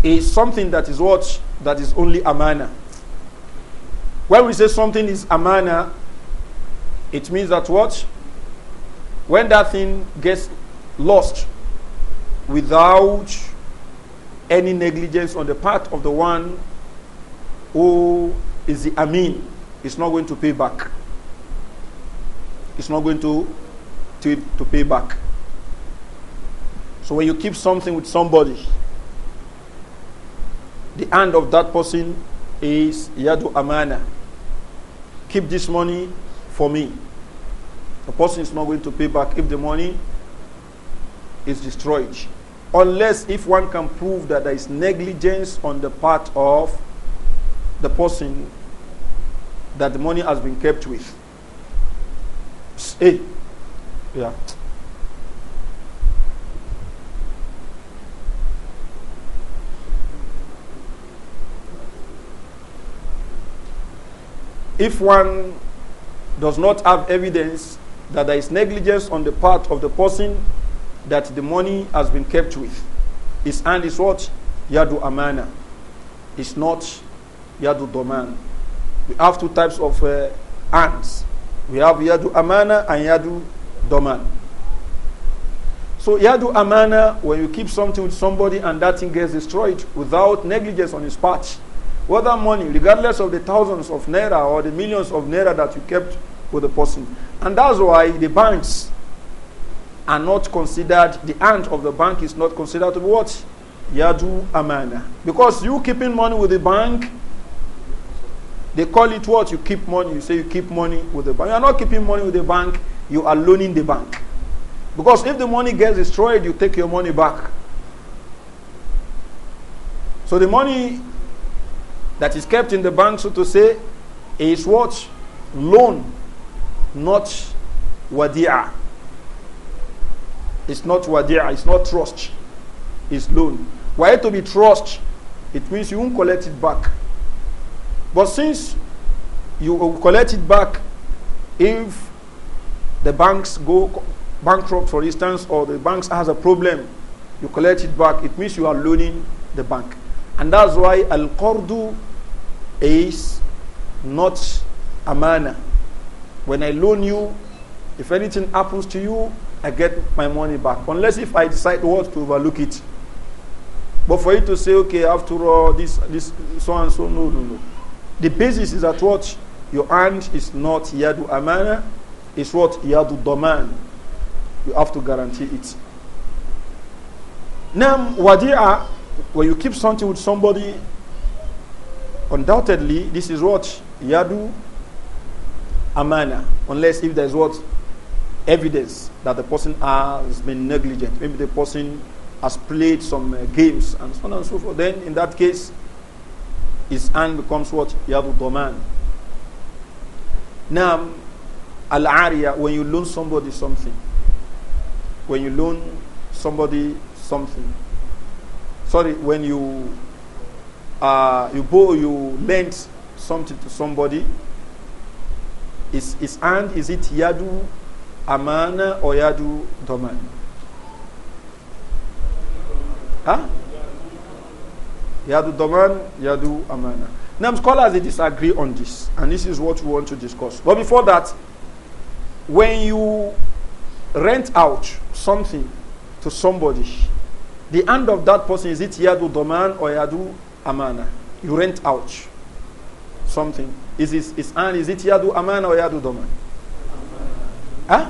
is something that is what that is only a minor when we say something is amana, it means that what? When that thing gets lost without any negligence on the part of the one who is the amin, it's not going to pay back. It's not going to, to, to pay back. So when you keep something with somebody, the end of that person is yadu amana keep this money for me. The person is not going to pay back if the money is destroyed. Unless if one can prove that there is negligence on the part of the person that the money has been kept with. Hey, yeah, if one does not have evidence that there is negligence on the part of the person that the money has been kept with, his hand is what? Yadu amana. It's not yadu doman. We have two types of uh, hands. We have yadu amana and yadu doman. So yadu amana, when you keep something with somebody and that thing gets destroyed without negligence on his part, whether money, regardless of the thousands of naira or the millions of naira that you kept with the person. And that's why the banks are not considered, the end of the bank is not considered to be what? Yadu Amana. Because you keeping money with the bank, they call it what? You keep money. You say you keep money with the bank. You are not keeping money with the bank, you are loaning the bank. Because if the money gets destroyed, you take your money back. So the money that is kept in the bank, so to say, is what? Loan, not wadi'ah. It's not wadi'ah, it's not trust. It's loan. Why to be trust? It means you won't collect it back. But since you collect it back if the banks go bankrupt, for instance, or the banks has a problem, you collect it back, it means you are loaning the bank. And that's why Al Qardu is not amana. When I loan you, if anything happens to you, I get my money back. Unless if I decide what to overlook it. But for you to say, okay, after all, this, this, so and so, no, no, no. The basis is that what your hand is not yadu amana, it's what yadu doman. You have to guarantee it. Now, wadi'ah when you keep something with somebody, undoubtedly this is what yadu amana, unless if there's what evidence that the person has been negligent. Maybe the person has played some uh, games and so on and so forth. Then in that case, his hand becomes what yadu doman. Now, al aria when you loan somebody something, when you loan somebody something sorry, when you uh, you borrow, you lend something to somebody, is is and is it yadu amana or yadu doman? Huh? Yadu doman, yadu amana. Now scholars they disagree on this, and this is what we want to discuss. But before that, when you rent out something to somebody the hand of that person, is it Yadu Doman or Yadu Amana? You rent out something. Is his, his hand, is it Yadu Amana or Yadu Doman? Huh?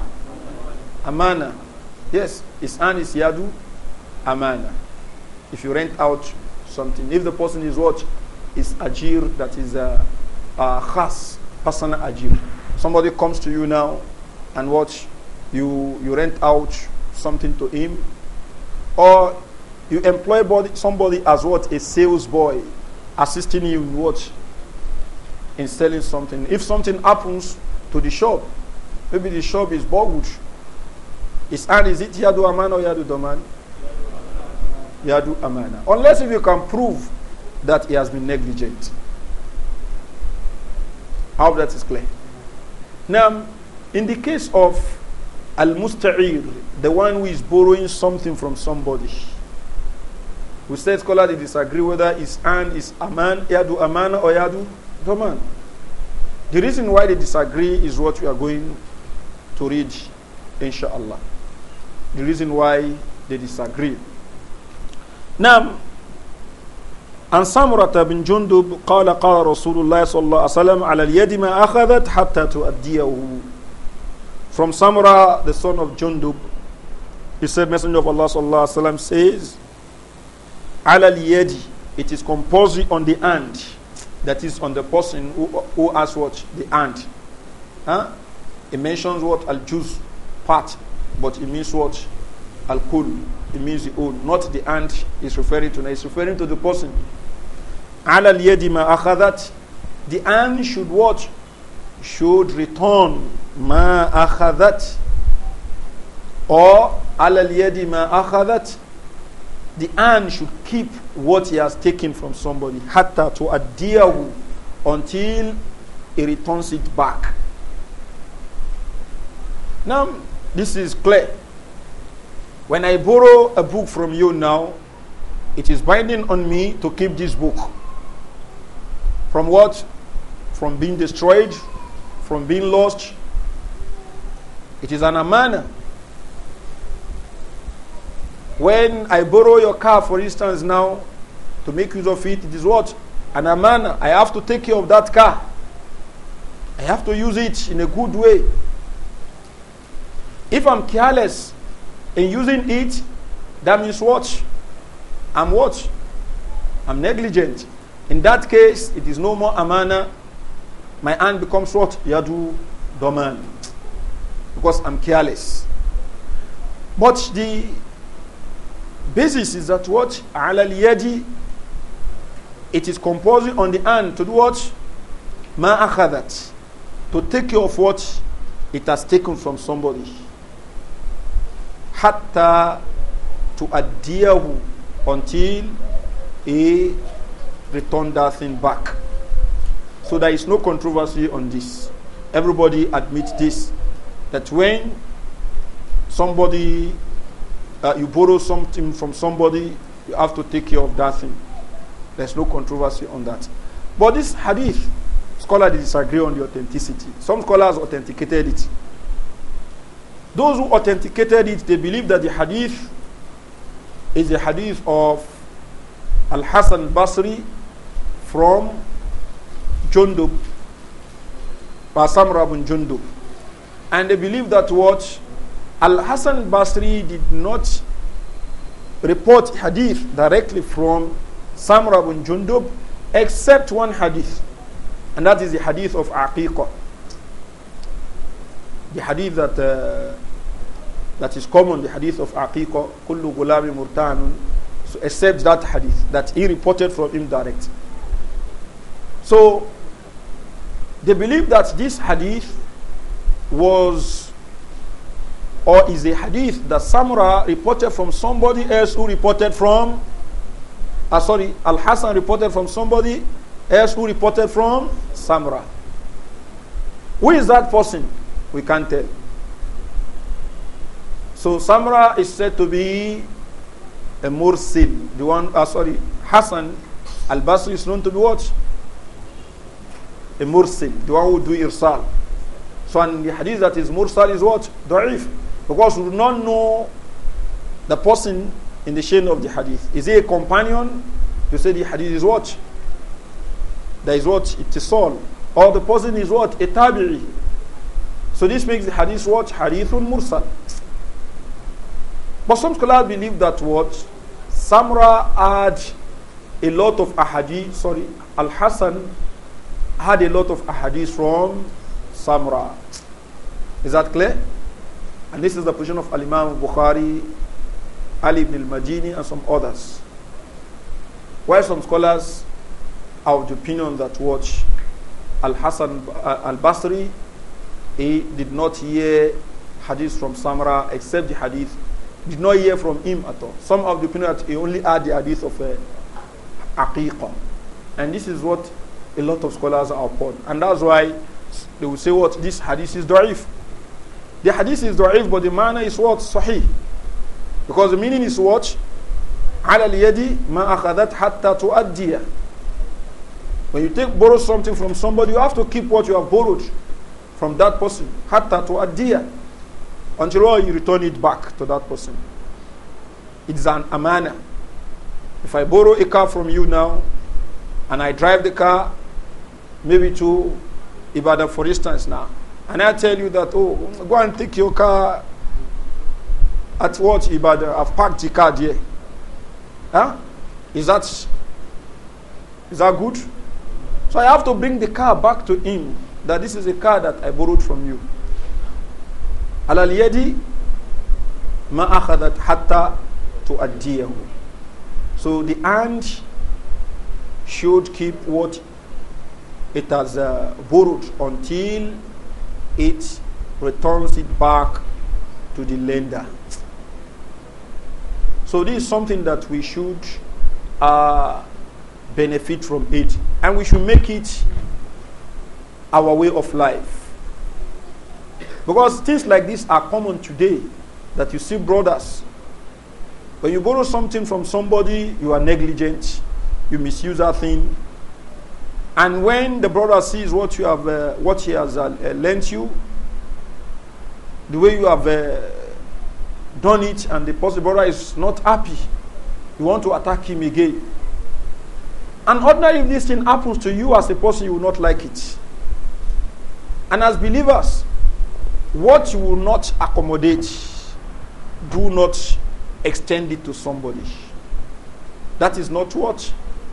Amana. Yes, his hand is Yadu Amana. If you rent out something, if the person is what? Is Ajir, that is a, uh, a uh, khas, personal Ajir. Somebody comes to you now and what? You, you rent out something to him, or you employ somebody as what? A sales boy, assisting you in what? In selling something. If something happens to the shop, maybe the shop is boggled. Is and is it Yadu Amana or Yadu Doman? Yadu Amana. Unless if you can prove that he has been negligent. I hope that is clear. Now, in the case of Al Musta'ir, the one who is borrowing something from somebody, We say scholars they disagree whether it's an is man, yadu a man or yadu the man. The reason why they disagree is what we are going to read, inshallah. The reason why they disagree. Now, عن سمرة بن جندب قال قال رسول الله صلى الله عليه وسلم على اليد ما أخذت حتى تؤديه From Samura, the son of Jundub, he said, Messenger of Allah صلى الله عليه وسلم says, alal Yedi, it is compulsory on the hand. That is on the person who, who has what? The hand. Huh? It mentions what? Al juz, part. But it means what? Al kul. It means the old, Not the hand is referring to. It's referring to the person. Alal Yedi ma akhadat. The hand should what? Should return ma akhadat. Or alal Yedi ma akhadat the hand should keep what he has taken from somebody, hatta to adiyahu, until he returns it back. Now, this is clear. When I borrow a book from you now, it is binding on me to keep this book. From what? From being destroyed, from being lost. It is an amana when I borrow your car, for instance, now, to make use of it, it is what? An amana. I have to take care of that car. I have to use it in a good way. If I'm careless in using it, that means what? I'm what? I'm negligent. In that case, it is no more amana. My hand becomes what? Yadu doman. Because I'm careless. But the basis is that what? Ala liyadi. It is composing on the hand to do what? Ma akhadat. To take care of what it has taken from somebody. Hatta to adiyahu until he returned that thing back. So there is no controversy on this. Everybody admits this. That when somebody uh, you borrow something from somebody, you have to take care of that thing. There's no controversy on that. But this hadith, scholars disagree on the authenticity. Some scholars authenticated it. Those who authenticated it, they believe that the hadith is the hadith of Al Hassan Basri from Jundub, Basam Rabun Jundub. And they believe that what Al Hassan Basri did not report hadith directly from Samra bin Jundub except one hadith, and that is the hadith of Aqiqah. The hadith that uh, that is common, the hadith of Aqiqah, Kullu Gulami Murtanun, so except that hadith that he reported from him direct. So they believe that this hadith was or is a hadith that Samra reported from somebody else who reported from, uh, sorry, Al Hassan reported from somebody else who reported from Samra? Who is that person? We can't tell. So Samra is said to be a Mursil, the one, uh, sorry, Hassan Al Basri is known to be what? A Mursil, the one who do Irsal. So, and the hadith that is Mursal is what? Da'if. Because we do not know the person in the chain of the hadith. Is he a companion? You say the hadith is what? That is what? It is all. Or the person is what? A tabi'i. So this makes the hadith what? Hadithun mursal. But some scholars believe that what? Samra had a lot of ahadith, sorry, Al Hassan had a lot of ahadith from Samra. Is that clear? And this is the position of Al-Imam Bukhari, Ali ibn al-Majini and some others. While some scholars are of the opinion that watch Al-Hassan uh, al-Basri, he did not hear hadith from Samra except the hadith, did not hear from him at all. Some of the opinion that he only had the hadith of a uh, aqiqah. And this is what a lot of scholars are upon. And that's why they will say what this hadith is da'if. The hadith is da'if, but the manner is what? Sahih. Because the meaning is what? Ala liyadi ma akhadat hatta tuaddiya. When you take borrow something from somebody, you have to keep what you have borrowed from that person. Hatta tuaddiya. Until you return it back to that person. It's an amana. If I borrow a car from you now, and I drive the car maybe to Ibadan, for instance, now, and I tell you that, oh, go and take your car at what, Ibadan? I've parked the car here. Huh? Is that, is that good? So I have to bring the car back to him that this is a car that I borrowed from you. Alal yadi ma akhadat hatta tuaddiyahu. So the hand should keep what it has uh, borrowed until it returns it back to the lender. So this is something that we should uh, benefit from it, and we should make it our way of life. Because things like this are common today, that you see brothers. When you borrow something from somebody, you are negligent, you misuse that thing, and when the brother sees what you have, uh, what he has uh, uh lent you, the way you have uh, done it, and the possible brother is not happy, you want to attack him again. And ordinarily, if this thing happens to you as a person, you will not like it. And as believers, what you will not accommodate, do not extend it to somebody. That is not what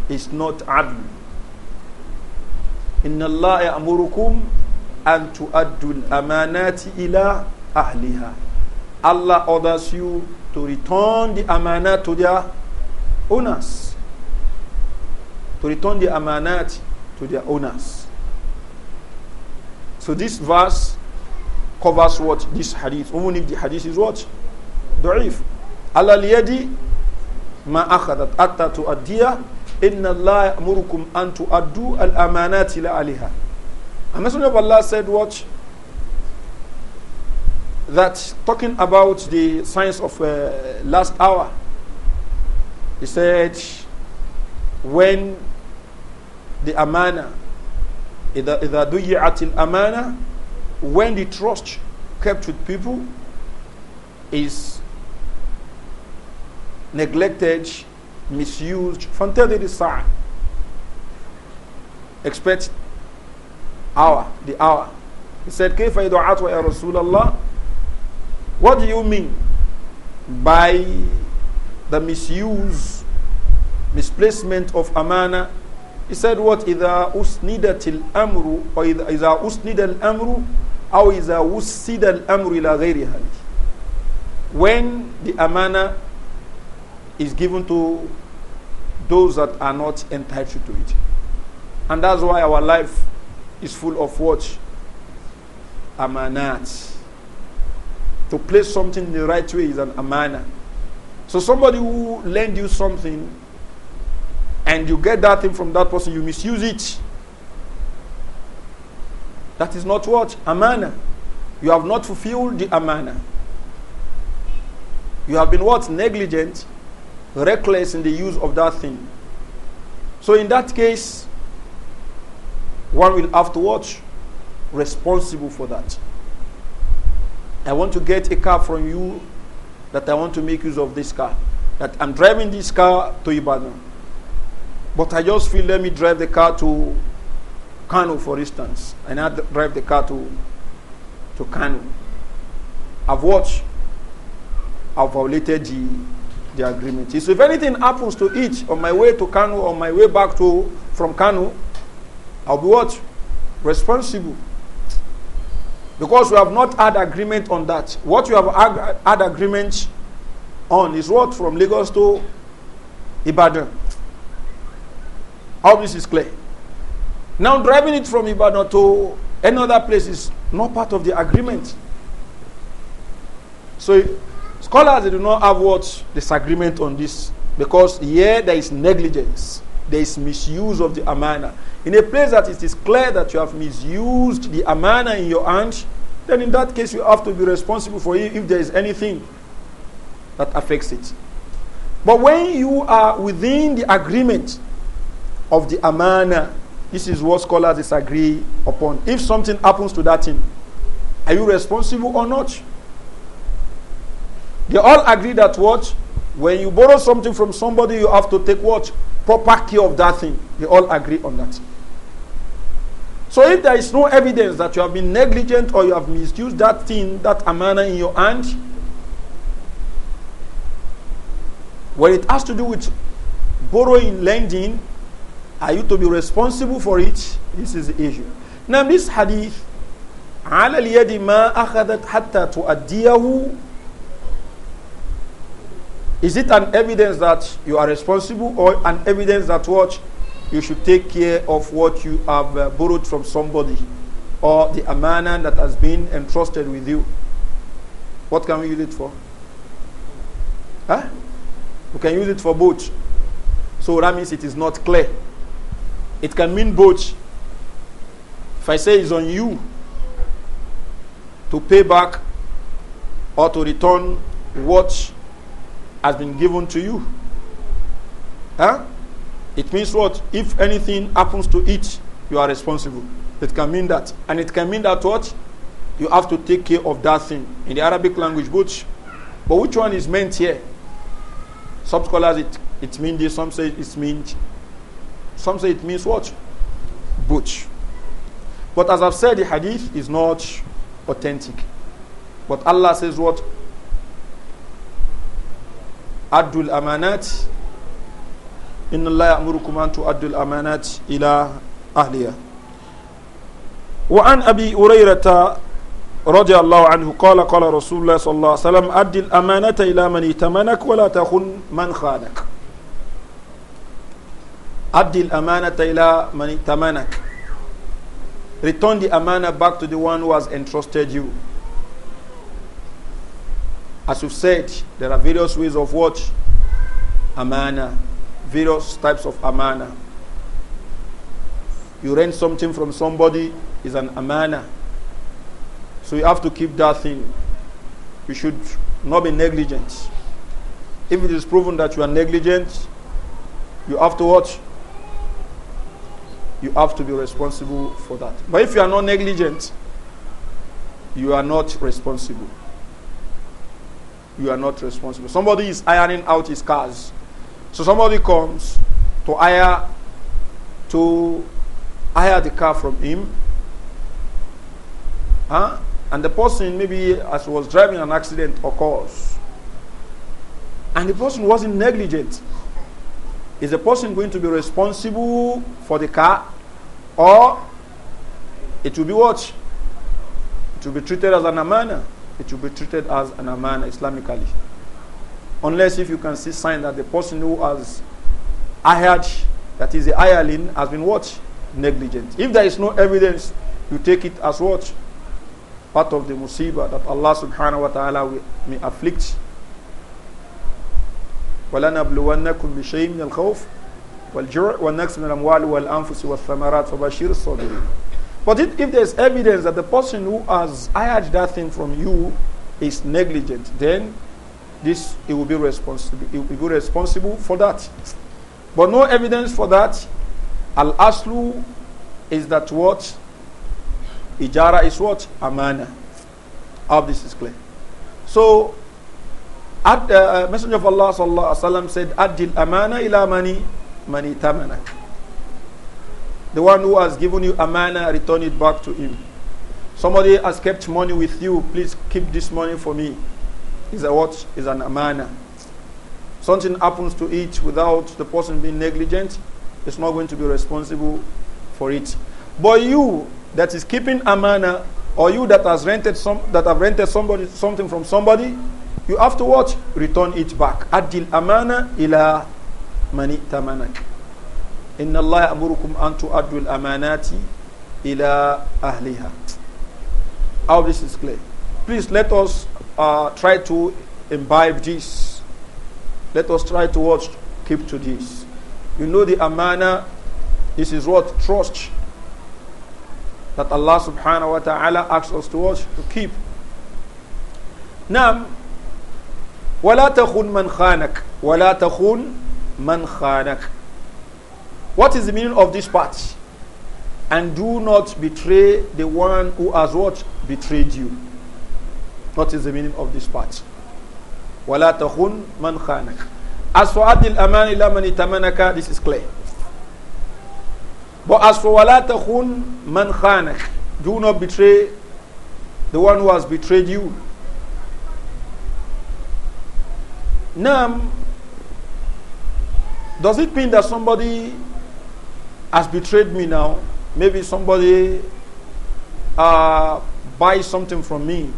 is not admirable. إن الله ya أن an الأمانات إلى أهلها. ahliha allah orders you to return the amanat to their owners to return the amanat to their owners so this verse covers what this hadith even if the hadith is what da'if ala liyadi ما akhadat atta تؤديها. Inna Allah amurukum an tu'addu al-amanati aliha. And Messenger of Allah said what? That talking about the signs of uh, last hour, he said, when the amana, إذا, إذا ضيعت amana, when the trust kept with people is neglected misused From the الساعة expect hour the hour he said كيف إذا عطوا يا رسول الله what do you mean by the misuse misplacement of amana he said what إذا أسندت الأمر أو إذا أسند الأمر أو إذا وسد الأمر إلى غيرها when the amana is given to those that are not entitled to it. And that's why our life is full of what? Amanat. To place something in the right way is an amana. So somebody who lend you something and you get that thing from that person, you misuse it. That is not what? Amana. You have not fulfilled the amana. You have been what? Negligent reckless in the use of that thing. So in that case, one will have to watch responsible for that. I want to get a car from you that I want to make use of this car. That I'm driving this car to Ibadan. But I just feel let me drive the car to Kano, for instance. And I drive the car to, to Kano. I've watched, I've violated the the agreement is. So if anything happens to it on my way to Kano, on my way back to from Kano, I'll be what? Responsible. Because we have not had agreement on that. What we have ag had agreement on is what from Lagos to Ibadan. All this is clear. Now driving it from Ibadan to other place is not part of the agreement. So Scholars do not have what disagreement on this because here there is negligence, there is misuse of the amana. In a place that it is clear that you have misused the amana in your hand, then in that case you have to be responsible for it if there is anything that affects it. But when you are within the agreement of the amana, this is what scholars disagree upon. If something happens to that thing, are you responsible or not? They all agree that what? When you borrow something from somebody, you have to take what? Proper care of that thing. They all agree on that. So if there is no evidence that you have been negligent or you have misused that thing, that amana in your hand, when it has to do with borrowing, lending, are you to be responsible for it? This is the issue. Now this hadith, عَلَى الْيَدِ مَا أَخَذَتْ حَتَّى تُؤَدِّيَهُ is it an evidence that you are responsible or an evidence that what you should take care of what you have uh, borrowed from somebody or the amana that has been entrusted with you? What can we use it for? Huh? We can use it for both. So that means it is not clear. It can mean both. If I say it's on you to pay back or to return what has been given to you. Huh? It means what? If anything happens to it, you are responsible. It can mean that. And it can mean that what? You have to take care of that thing in the Arabic language, both. But which one is meant here? Some scholars it, it means this, some say it means some say it means what? Butch. But as I've said, the hadith is not authentic. But Allah says what? adul amanat inna allaha ya'murukum an tu'addu al-amanat ila ahliha wa an abi hurairata رضي الله عنه قال قال رسول الله صلى الله عليه وسلم أدي الأمانة إلى من ائتمنك ولا تخن من خانك أدي الأمانة إلى من ائتمنك Return the amana back to the one who has entrusted you As we've said, there are various ways of what? Amana. Various types of amana. You rent something from somebody is an amana. So you have to keep that thing. You should not be negligent. If it is proven that you are negligent, you have to watch. You have to be responsible for that. But if you are not negligent, you are not responsible you are not responsible. Somebody is ironing out his cars. So somebody comes to hire to hire the car from him. Huh? And the person maybe as was driving an accident occurs. And the person wasn't negligent. Is the person going to be responsible for the car? Or it will be what? It will be treated as an amana it will be treated as an aman Islamically. Unless if you can see sign that the person who has ahaj, that is the ayalin, has been what? Negligent. If there is no evidence, you take it as what? Part of the musibah that Allah subhanahu wa ta'ala may afflict. وَلَنَبْلُوَنَّكُمْ بِشَيْءٍ مِنَ الْخَوْفِ وَالْجُوعِ وَالنَّكْسِ مِنَ الْأَمْوَالِ وَالْأَنفُسِ وَالثَّمَرَاتِ وَبَشِّرِ الصَّابِرِينَ but if, if there's evidence that the person who has hired that thing from you is negligent, then this he will be responsible. It will be responsible for that. But no evidence for that. Al aslu is that what ijara is what amana. All this is clear. So, at, uh, uh, Messenger of Allah sallallahu alaihi wasallam said, "Adil amana ila mani mani tamana." The one who has given you a manna, return it back to him. Somebody has kept money with you, please keep this money for me. Is a what? Is an amana. Something happens to it without the person being negligent, it's not going to be responsible for it. But you that is keeping amana, or you that has rented some that have rented somebody something from somebody, you have to watch Return it back. Adil amana ila mani tamanak. إن الله يأمركم أن تؤدوا الأمانات إلى أهلها. All this is clear. Please let us uh, try to imbibe this. Let us try to watch, keep to this. You know the amana, this is what trust that Allah subhanahu wa ta'ala asks us to watch, to keep. Now, ولا تخون من خانك ولا تخون من خانك What is the meaning of this part? And do not betray the one who has what? Betrayed you. What is the meaning of this part? وَلَا تَخُنْ مَنْ خَانَكَ As for adil Aman ila itamanaka, this is clear. But as for وَلَا تَخُنْ مَنْ خَانَكَ Do not betray the one who has betrayed you. Now, does it mean that somebody has betrayed me now. Maybe somebody uh, buys something from me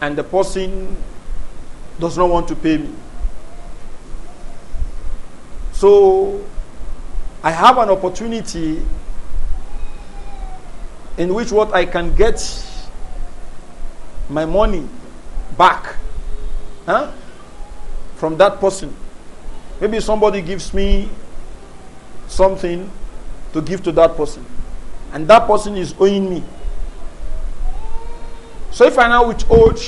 and the person does not want to pay me. So I have an opportunity in which what I can get my money back huh? from that person. Maybe somebody gives me something to give to that person. And that person is owing me. So if I now withhold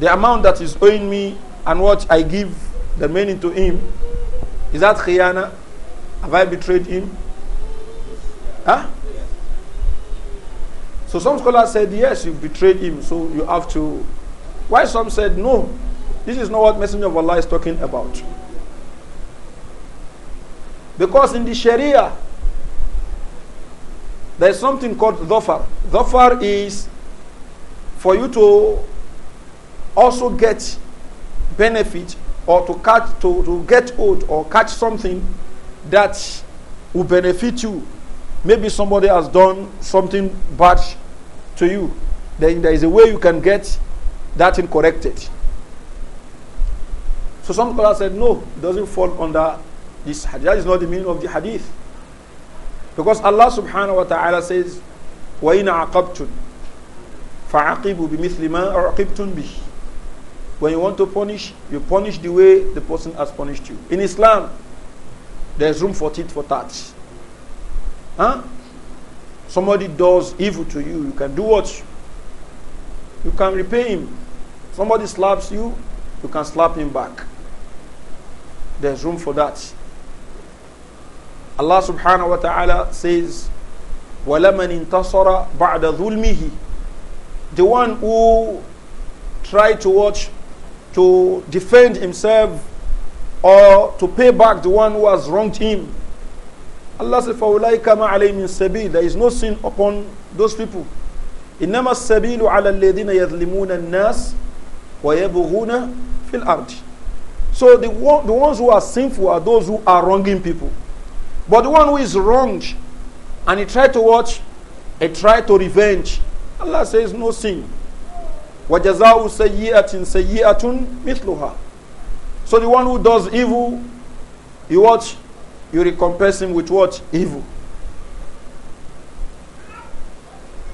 the amount that is owing me and what I give the remaining to him, is that khiyana? Have I betrayed him? Huh? So some scholars said, yes, you've betrayed him, so you have to. Why some said, no, this is not what Messenger of Allah is talking about. Because in the Sharia, there is something called dhafar. Dhafar is for you to also get benefit or to catch to, to get out or catch something that will benefit you. Maybe somebody has done something bad to you. Then there is a way you can get that incorrected. So some scholars said no, it doesn't fall under this hadith. That is not the meaning of the hadith. Because Allah subhanahu wa ta'ala says, وَإِنْ عَقَبْتُمْ فَعَقِبُوا بِمِثْلِ مَا عُقِبْتُمْ بِهِ When you want to punish, you punish the way the person has punished you. In Islam, there's room for tit for tat. Huh? Somebody does evil to you, you can do what? You can repay him. Somebody slaps you, you can slap him back. There's room for that. Allah subhanahu wa ta'ala says, وَلَمَنْ انتصر بَعْدَ ظُلْمِهِ The one who tried to watch, to defend himself or to pay back the one who has wronged him. Allah says, فَأُولَٰئِكَ مَا عَلَيْهِمْ سَبِيلٌ There is no sin upon those people. إِنَّمَا السَّبِيلُ عَلَى الَّذِينَ يَظْلِمُونَ النَّاسِ وَيَبْغُونَ فِي الْأَرْضِ So the, the ones who are sinful are those who are wronging people. But the one who is wronged and he tried to watch, he tried to revenge, Allah says no sin. وَجَزَاءُ سَيِّئَةٍ سَيِّئَةٌ مِثْلُهَا So the one who does evil, you watch, you recompense him with what? Evil.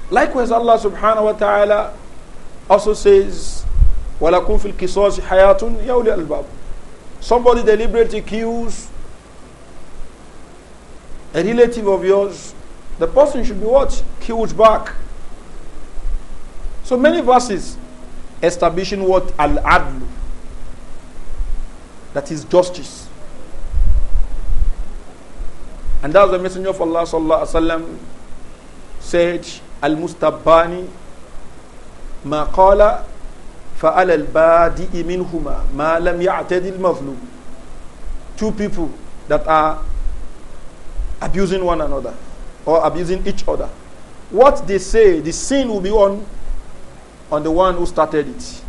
Likewise, Allah subhanahu wa ta'ala also says, وَلَكُمْ fil الْقِصَاصِ hayatun يَوْلِ الْبَابِ Somebody deliberately kills a relative of yours, the person should be what? Killed back. So many verses establishing what? Al Adl. That is justice. And that's the Messenger of Allah sallallahu wasallam said, Al mustabani ma qala al Badi minhuma ma lam ya'tadi al Two people that are abusing one another or abusing each other. What they say, the sin will be on, on the one who started it.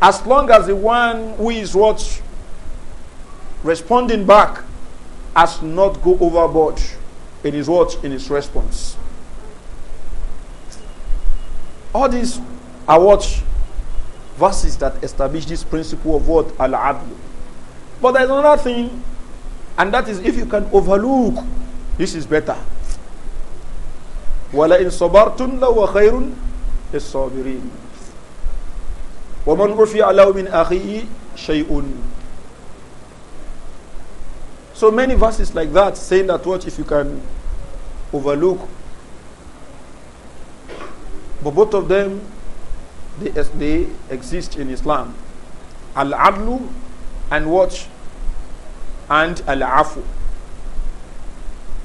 As long as the one who is what responding back has not go overboard in his what in his response. All these are what verses that establish this principle of what al adl. But there's another thing, and that is if you can overlook this is better. in وَلَئِن wa لَوَ خَيْرٌ لِلصَّابِرِينَ وَمَنْ عُفِيَ عَلَوْ min أَخِيهِ shay'un. So many verses like that saying that what if you can overlook. But both of them, they, they exist in Islam. Al-Adlu and watch And Al-Afu.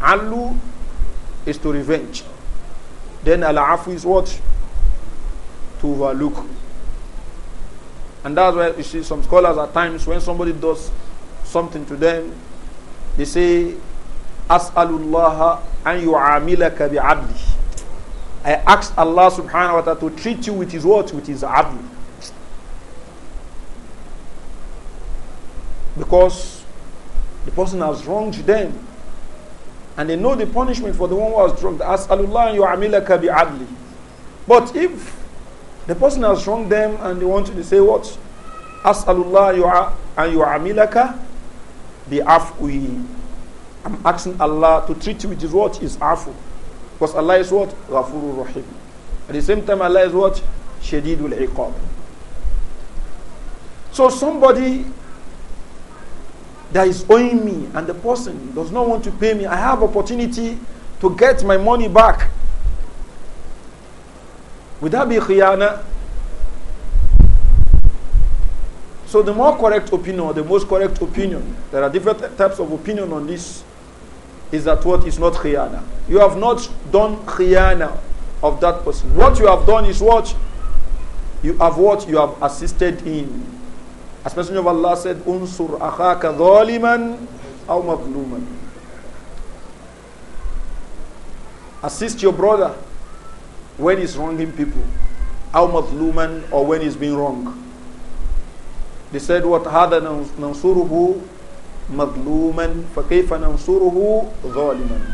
Alu is to revenge. Then Al-Afu is what? To overlook. And that's why you see some scholars at times when somebody does something to them, they say, As'alullah an yu'amilaka bi'abdi. I ask Allah subhanahu wa ta'ala to treat you with his what? With his adli, Because the person has wronged them. And they know the punishment for the one who has wronged. As'alullah yu'amilaka bi'adli. But if the person has wronged them and they want you to say what? As'alullah an yu'amilaka bi'afwi. I'm asking Allah to treat you with his what is afu. Because Allah is what? Ghafurur Rahim. At the same time, Allah is what? Shadidul Iqab. So somebody that is owing me and the person does not want to pay me, I have opportunity to get my money back. Would that be khiyana? So the more correct opinion, or the most correct opinion, there are different types of opinion on this, is that what is not khiyana. You have not done khiyana of that person. What you have done is what? You have what? You have assisted in. As Messenger of Allah said, Unsur akhaka dhaliman aw mazluman. Assist your brother when he's wronging people. Aw mazluman or when he's being wrong. They said, What hada nansuruhu mazluman fakayfa nansuruhu dhaliman.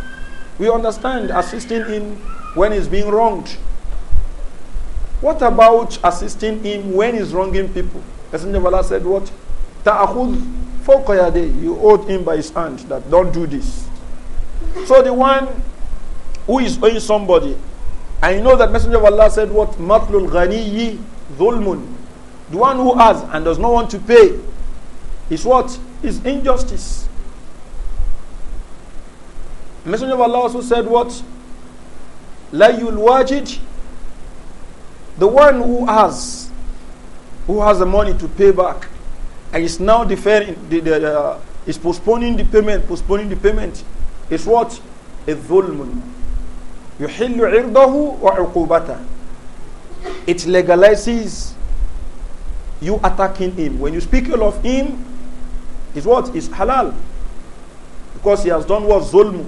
We understand assisting him when he's being wronged. What about assisting him when he's wronging people? Messenger of Allah said, What? Ta'akhud fawqayade. You owed him by his hand that don't do this. So the one who is owing somebody, and you know that Messenger of Allah said, What? Matlul ghaniyi dhulmun. The one who has and does not want to pay is what? Is injustice. Messenger of Allah also said what? Layul wajid. The one who has who has the money to pay back and is now deferring, the, the, uh, is postponing the payment, postponing the payment, is what? A dhulmun. يحل عرضه وعقوبته. It legalizes you attacking him. When you speak ill of him, is what? Is halal. Because he has done what? Zulmu.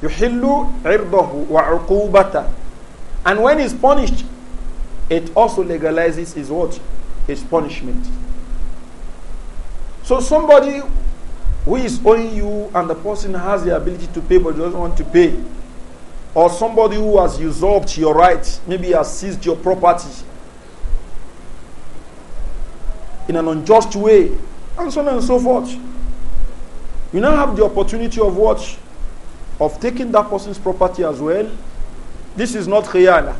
يحل wa وعقوبته. And when he's punished, it also legalizes his what? is punishment. So somebody who is owing you and the person has the ability to pay but doesn't want to pay, or somebody who has usurped your rights, maybe has seized your property in an unjust way, and so on and so forth. You now have the opportunity of what? Of taking that person's property as well. This is not khiyana.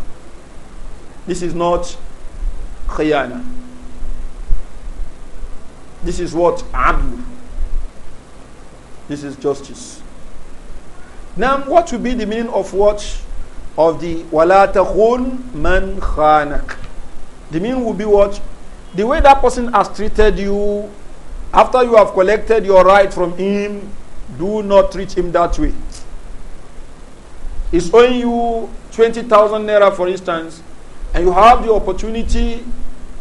This is not khiyana. This is what adl. This is justice. Now, what will be the meaning of what? Of the wala man khanak. The meaning will be what? The way that person has treated you after you have collected your right from him, do not treat him that way. He's owing you 20,000 naira, for instance, and you have the opportunity,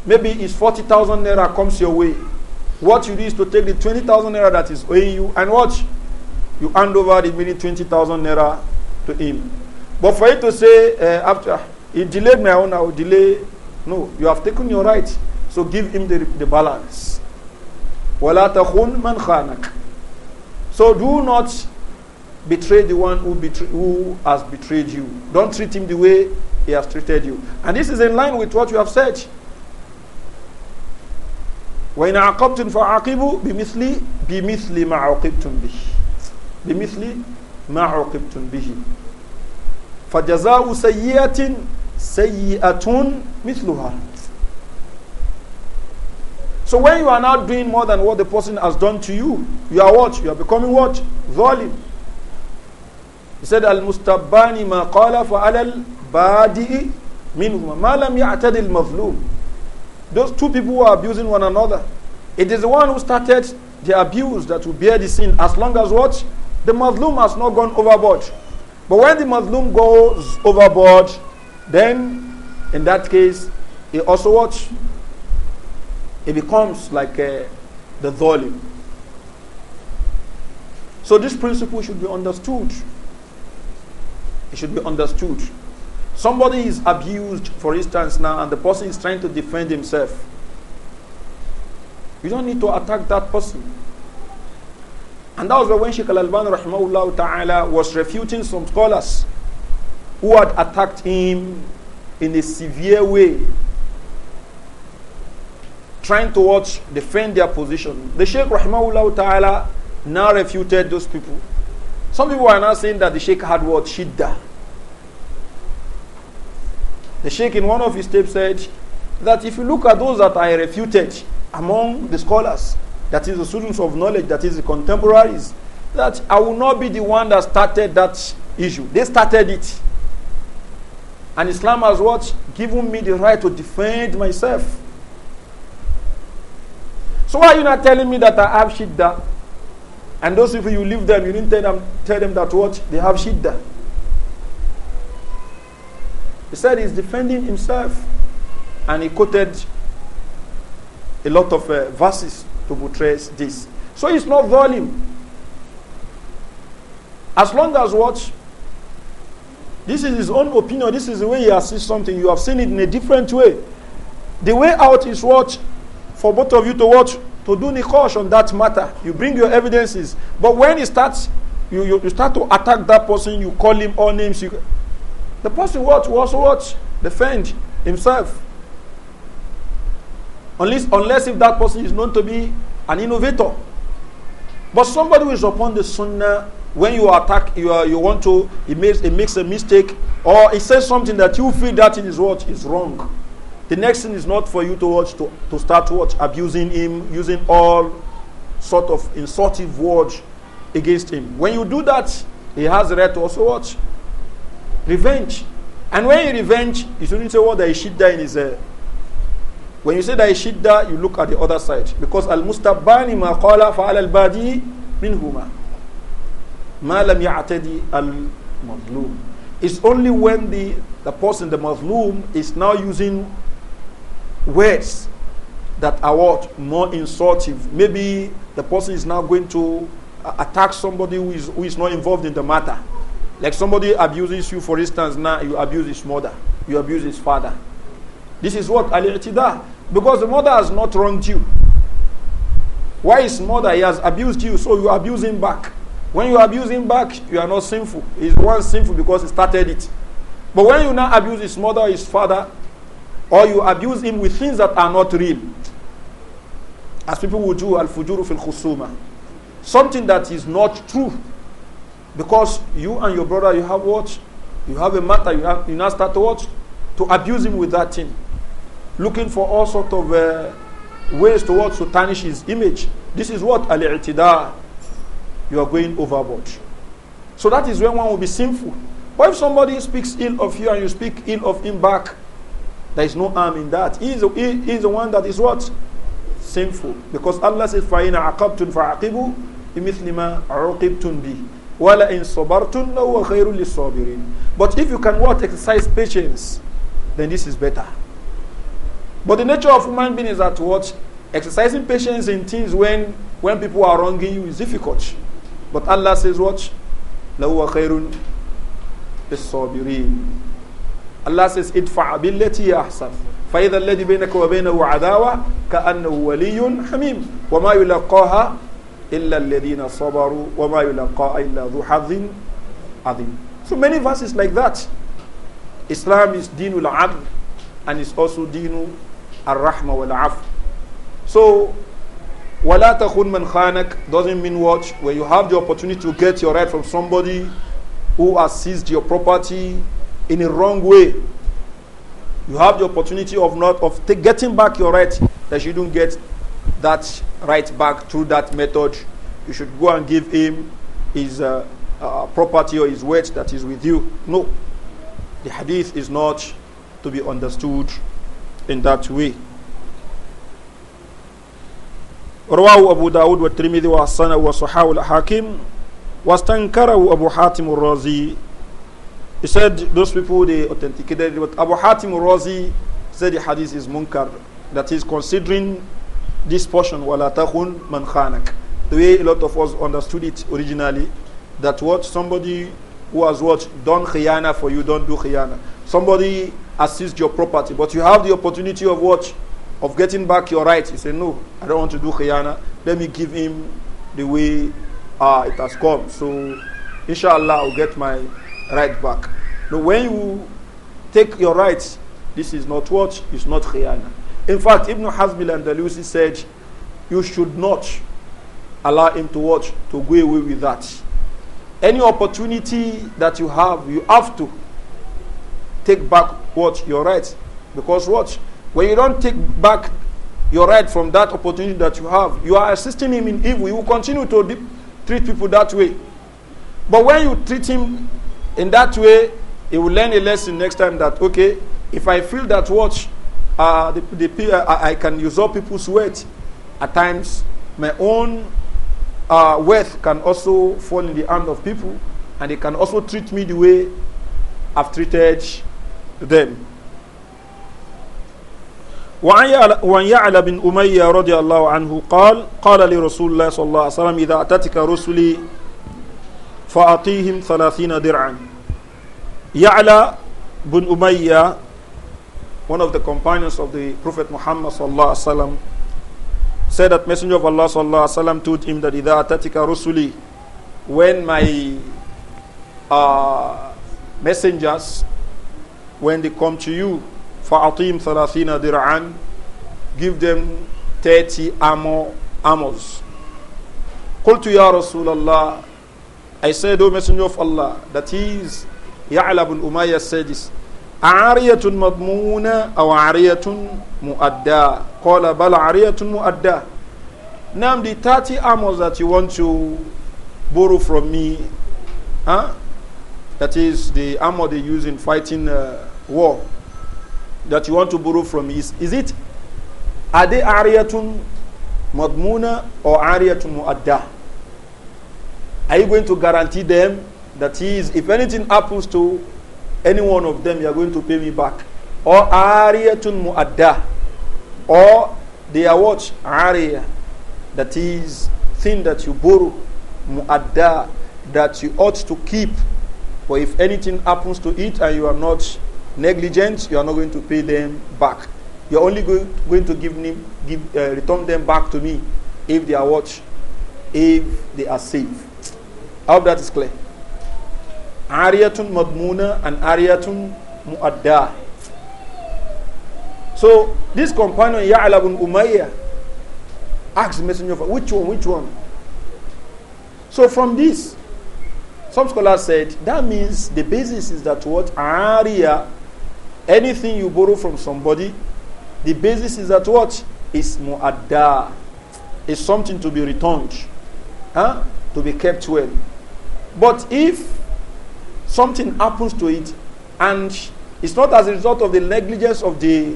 maybe it's 40,000 naira comes your way what you do is to take the 20,000 naira that is owing you and watch. You hand over the remaining 20,000 naira to him. But for you to say, uh, after he delayed my own, I will delay. No, you have taken your right. So give him the, the balance. So do not betray the one who, betray, who has betrayed you. Don't treat him the way he has treated you. And this is in line with what you have said. وإن عاقبتم فعاقبوا بمثل بمثل ما عوقبتم به بمثل ما عوقبتم به فجزاء سيئة سيئة مثلها So when you are now doing more than what the person has done to you, you are what? You are becoming what? Zalim. He said, Al-Mustabbani ma qala fa alal badi'i minhuma ma lam ya'tadil mazlum. Those two people who are abusing one another, it is the one who started the abuse that will bear the sin as long as what? The Muslim has not gone overboard. But when the Muslim goes overboard, then in that case, he also what? It becomes like uh, the volume. So this principle should be understood. It should be understood. Somebody is abused, for instance, now, and the person is trying to defend himself. You don't need to attack that person. And that was when Sheikh Al-Albani rahimahullah ta'ala was refuting some scholars who had attacked him in a severe way. Trying to watch, defend their position. The Sheikh rahimahullah ta'ala now refuted those people. Some people are now saying that the Sheikh had what? shida. The Sheikh in one of his tapes said that if you look at those that I refuted among the scholars, that is the students of knowledge, that is the contemporaries, that I will not be the one that started that issue. They started it. And Islam has what? Given me the right to defend myself. So why are you not telling me that I have shidda? And those people you leave them, you didn't tell them, tell them that what? They have shidda. He said he's defending himself. And he quoted a lot of uh, verses to portray this. So it's not volume. As long as what? This is his own opinion. This is the way he has seen something. You have seen it in a different way. The way out is what? For both of you to watch, to do nikosh on that matter. You bring your evidences. But when he starts, you, you, you start to attack that person, you call him all names. You, the person what will also what defend himself. Unless, unless if that person is known to be an innovator. But somebody who is upon the sunnah, when you attack, you, are, you want to, it makes, it makes a mistake, or it says something that you feel that it is what is wrong. The next thing is not for you to watch to, to start watch abusing him, using all sort of insultive words against him. When you do that, he has the right to also watch Revenge. And when you revenge, you shouldn't say what the Ishidda in his. Uh, when you say the Ishidda, you look at the other side. Because Al Mustabani ma qala fa'al al badi minhuma. Ma lam ya'tadi al mazlum. It's only when the, the person, the Muslim, is now using words that are what more insultive. Maybe the person is now going to attack somebody who is, who is not involved in the matter. Like somebody abuses you, for instance, now you abuse his mother, you abuse his father. This is what al-i'tida. Because the mother has not wronged you. Why is mother? He has abused you, so you abuse him back. When you abuse him back, you are not sinful. He's one sinful because he started it. But when you now abuse his mother his father, or you abuse him with things that are not real, as people would do, al-fujuru fil khusuma, something that is not true because you and your brother, you have what? You have a matter, you, have, you now start to what? To abuse him with that thing. Looking for all sort of uh, ways to what? To tarnish his image. This is what? Al-i'tida. You are going overboard. So that is when one will be sinful. But if somebody speaks ill of you and you speak ill of him back, there is no harm in that. He is, the, he is the one that is what? Sinful. Because Allah says, فَإِنَ عَقَبْتُمْ faaqibu imithlima مَا عُقِبْتُمْ Wala in sabartum wa khairul lisabirin. But if you can what exercise patience, then this is better. But the nature of human being is that what exercising patience in things when when people are wronging you is difficult. But Allah says what? لَهُوَ خَيْرٌ لِلصَّابِرِينَ Allah says, ادفع بالتي أحسن فإذا الذي بينك وبينه عداوة كأنه ولي حميم وما يلقاها illa alladhina sabaru wa ma yulaqa illa dhu hadhin adhim. So many verses like that. Islam is dinul adl and is also dinu ar-rahma wal af. So wala takhun man khanak doesn't mean what when you have the opportunity to get your right from somebody who has seized your property in a wrong way. You have the opportunity of not of getting back your right that you don't get that right back through that method, you should go and give him his uh, uh, property or his weight that is with you. No, the hadith is not to be understood in that way. رواه أبو داود والترمذي وحسنه وصححه الحاكم واستنكره أبو حاتم الرازي He said those people they authenticated but Abu Hatim razi said the hadith is munkar that is considering this portion, وَلَا تَخُنْ مَنْ خَانَكَ The way a lot of us understood it originally, that what somebody who has what done khiyana for you, don't do khiyana. Somebody assists your property, but you have the opportunity of what? Of getting back your right. You say, no, I don't want to do khiyana. Let me give him the way uh, it has come. So, inshallah, I'll get my right back. Now, when you take your rights, this is not what is not khiyana. In fact, Ibn Hazm al-Andalusi said, you should not allow him to watch, to go away with that. Any opportunity that you have, you have to take back what your rights. Because watch, When you don't take back your right from that opportunity that you have, you are assisting him in evil. You will continue to treat people that way. But when you treat him in that way, he will learn a lesson next time that, okay, if I feel that watch, uh, the, the, uh, I can usurp people's wealth. At times, my own uh, wealth can also fall in the hand of people, and they can also treat me the way I've treated them. وعن يعلى بن أمية رضي الله عنه قال قال لرسول الله صلى الله عليه وسلم إذا أتتك رسلي فأعطيهم ثلاثين درعا يعلى بن أمية one of the companions of the Prophet Muhammad sallallahu said that Messenger of Allah sallallahu told him that إذا أتتك رسولي when my uh, messengers when they come to you فأعطيهم ثلاثين درعان give them 30 armor, armors قلت يا رسول الله I said O Messenger of Allah that he is Ya'la Umayyah said this عارية مضمونة أو عارية مؤداة قال بل عارية مؤداة Now the 30 armors that you want to borrow from me, huh? that is the armor they use in fighting uh, war, that you want to borrow from me, is, is it, are they ariyatun madmuna or ariyatun muadda? Are you going to guarantee them that is, if anything happens to any one of them, you are going to pay me back. Or ariyatun mu'adda. Or they are what? Ariya. That is thing that you borrow. Mu'adda. That you ought to keep. For if anything happens to it and you are not negligent, you are not going to pay them back. You are only going, to give, them, give uh, return them back to me if they are what? If they are safe. I hope that is clear. Ariatun Madmuna and Ariatun Muadda. So this companion, Ya'la bin Umayyah, asked the messenger of which one, which one? So from this, some scholars said that means the basis is that what Ariya, anything you borrow from somebody, the basis is that what is muadda, is something to be returned, huh? to be kept well. But if something happens to it and it's not as a result of the negligence of the,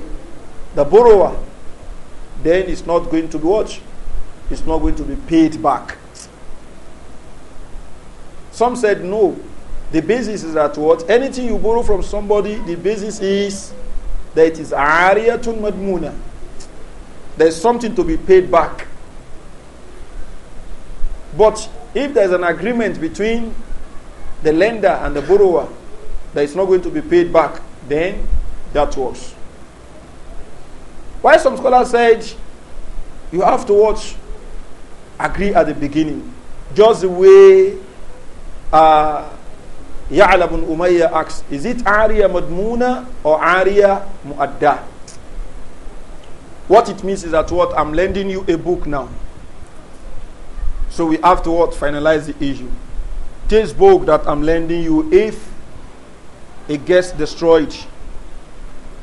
the borrower, then it's not going to be watched. It's not going to be paid back. Some said no. The basis is that what? Anything you borrow from somebody, the basis is that it is ariyatun madmuna. There's something to be paid back. But if there's an agreement between the lender and the borrower that is not going to be paid back, then that works. Why some scholars said you have to what agree at the beginning, just the way uh, Ya'la ibn asks, is it Ariya Madmuna or Ariya Mu'adda? What it means is that what I'm lending you a book now. So we have to what finalize the issue this book that I'm lending you, if it gets destroyed,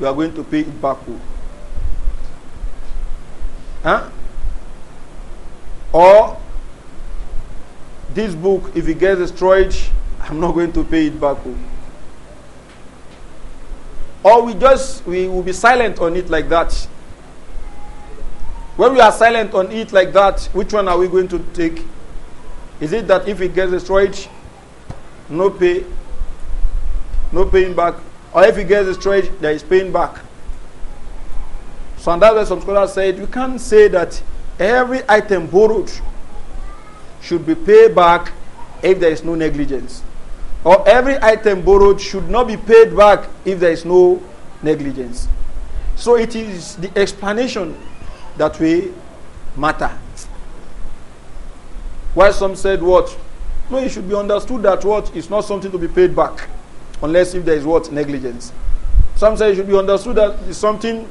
you are going to pay it back. Huh? Or this book, if it gets destroyed, I'm not going to pay it back. Or we just we will be silent on it like that. When we are silent on it like that, which one are we going to take? Is it that if it gets destroyed, no pay, no paying back? Or if it gets destroyed, there is paying back? So that's why some scholars said you can't say that every item borrowed should be paid back if there is no negligence. Or every item borrowed should not be paid back if there is no negligence. So it is the explanation that we matter. Why some said what? No, it should be understood that what is not something to be paid back, unless if there is what? Negligence. Some say it should be understood that it's something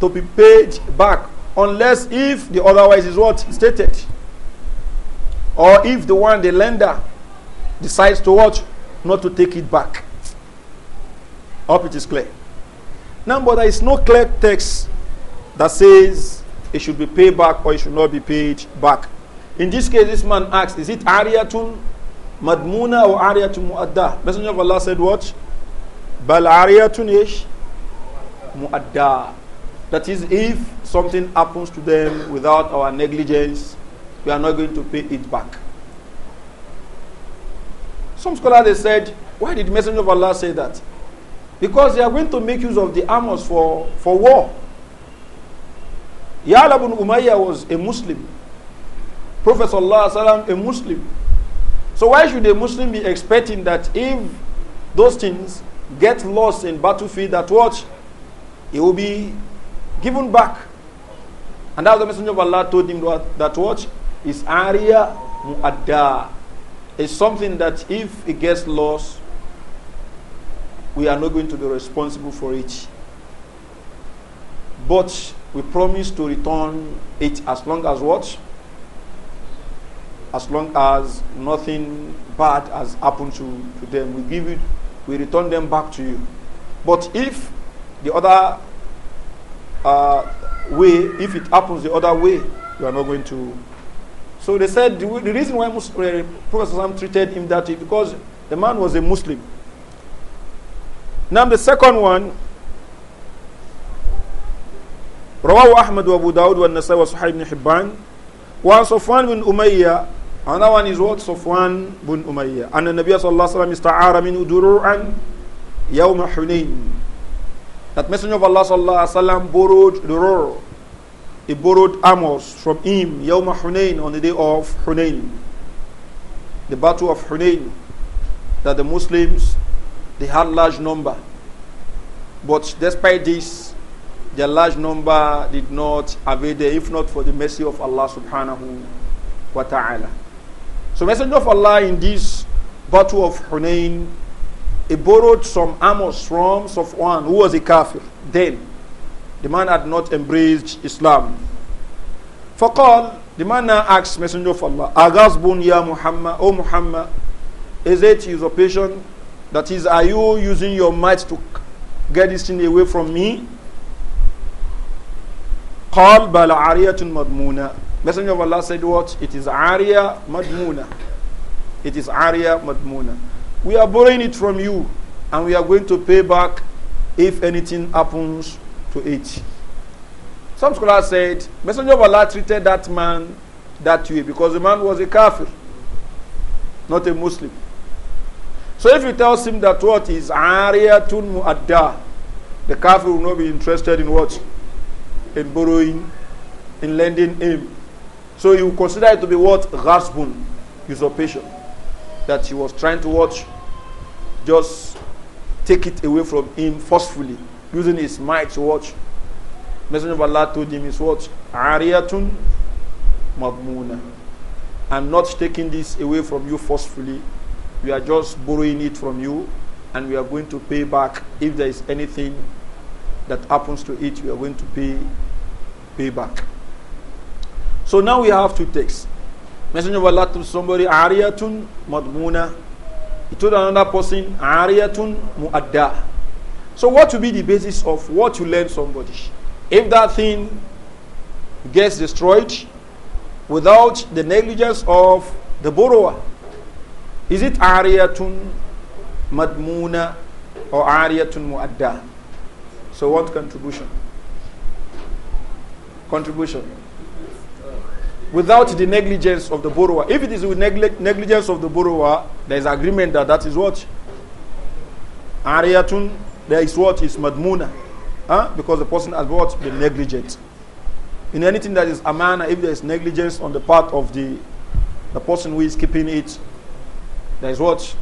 to be paid back, unless if the otherwise is what? Stated. Or if the one, the lender, decides to what? Not to take it back. Hope it is clear. Now, but there is no clear text that says it should be paid back or it should not be paid back. In this case, this man asks, is it Ariatun Madmuna or Ariatun Muadda? Messenger of Allah said, what? Bal ish Muadda. That is, if something happens to them without our negligence, we are not going to pay it back. Some scholars they said, why did Messenger of Allah say that? Because they are going to make use of the armors for, for war. Ya'la ibn Umayyah was a Muslim. Prophet sallam, a Muslim. So why should a Muslim be expecting that if those things get lost in battlefield, that watch It will be given back. And that's the Messenger of Allah told him that watch is area muadda. It's something that if it gets lost, we are not going to be responsible for it. But we promise to return it as long as what? as long as nothing bad has happened to, to them. We give it, we return them back to you. But if the other uh, way, if it happens the other way, you are not going to. So they said the, the reason why Muslim, uh, Prophet Islam treated him that way because the man was a Muslim. Now the second one. رواه أحمد وأبو داود والنسائي وصحيح بن حبان وعن صفوان بن أمية Another one is what? Safwan bin Umayyah. And the Nabi sallallahu alayhi wa sallam min udur'an yawm Hunayn. That Messenger of Allah sallallahu alayhi wa sallam borrowed durur. He borrowed armors from him yawm Hunayn on the day of Hunayn. The battle of Hunayn. That the Muslims, they had large number. But despite this, their large number did not avail them if not for the mercy of Allah subhanahu wa ta'ala. So Messenger of Allah in this battle of Hunain, he borrowed some arms from Safwan, who was a kafir then. The man had not embraced Islam. فقال the man now asks Messenger of Allah, Aghazbun ya Muhammad, O Muhammad, is it usurpation? That is, are you using your might to get this thing away from me? قال بل عارية مضمونة Messenger of Allah said what? It is Arya Madmuna. It is Arya Madmuna. We are borrowing it from you and we are going to pay back if anything happens to it. Some scholars said, Messenger of Allah treated that man that way because the man was a kafir, not a Muslim. So if you tell him that what is Ariyatun Mu'adda, the kafir will not be interested in what? In borrowing, in lending him. So you consider it to be what? Rasbun, usurpation. That he was trying to watch, just take it away from him forcefully, using his might to watch. Messenger of Allah told him his watch, Ariyatun Mabmuna. I'm not taking this away from you forcefully. We are just borrowing it from you and we are going to pay back if there is anything that happens to it, we are going to pay pay back. So now we have two texts. Messenger of Allah to somebody, Ariyatun Madmuna. He told another person, Ariyatun Muadda. So what will be the basis of what you lend somebody? If that thing gets destroyed without the negligence of the borrower, is it Ariyatun Madmuna or Ariyatun Muadda? So what contribution? Contribution. without the negligence of the borrower. If it is with negligence of the borrower, there is agreement that that is what? Ariatun, there is what is madmuna. Huh? Because the person has what? Been negligent. In anything that is amana, if there is negligence on the part of the, the person who is keeping it, there is what?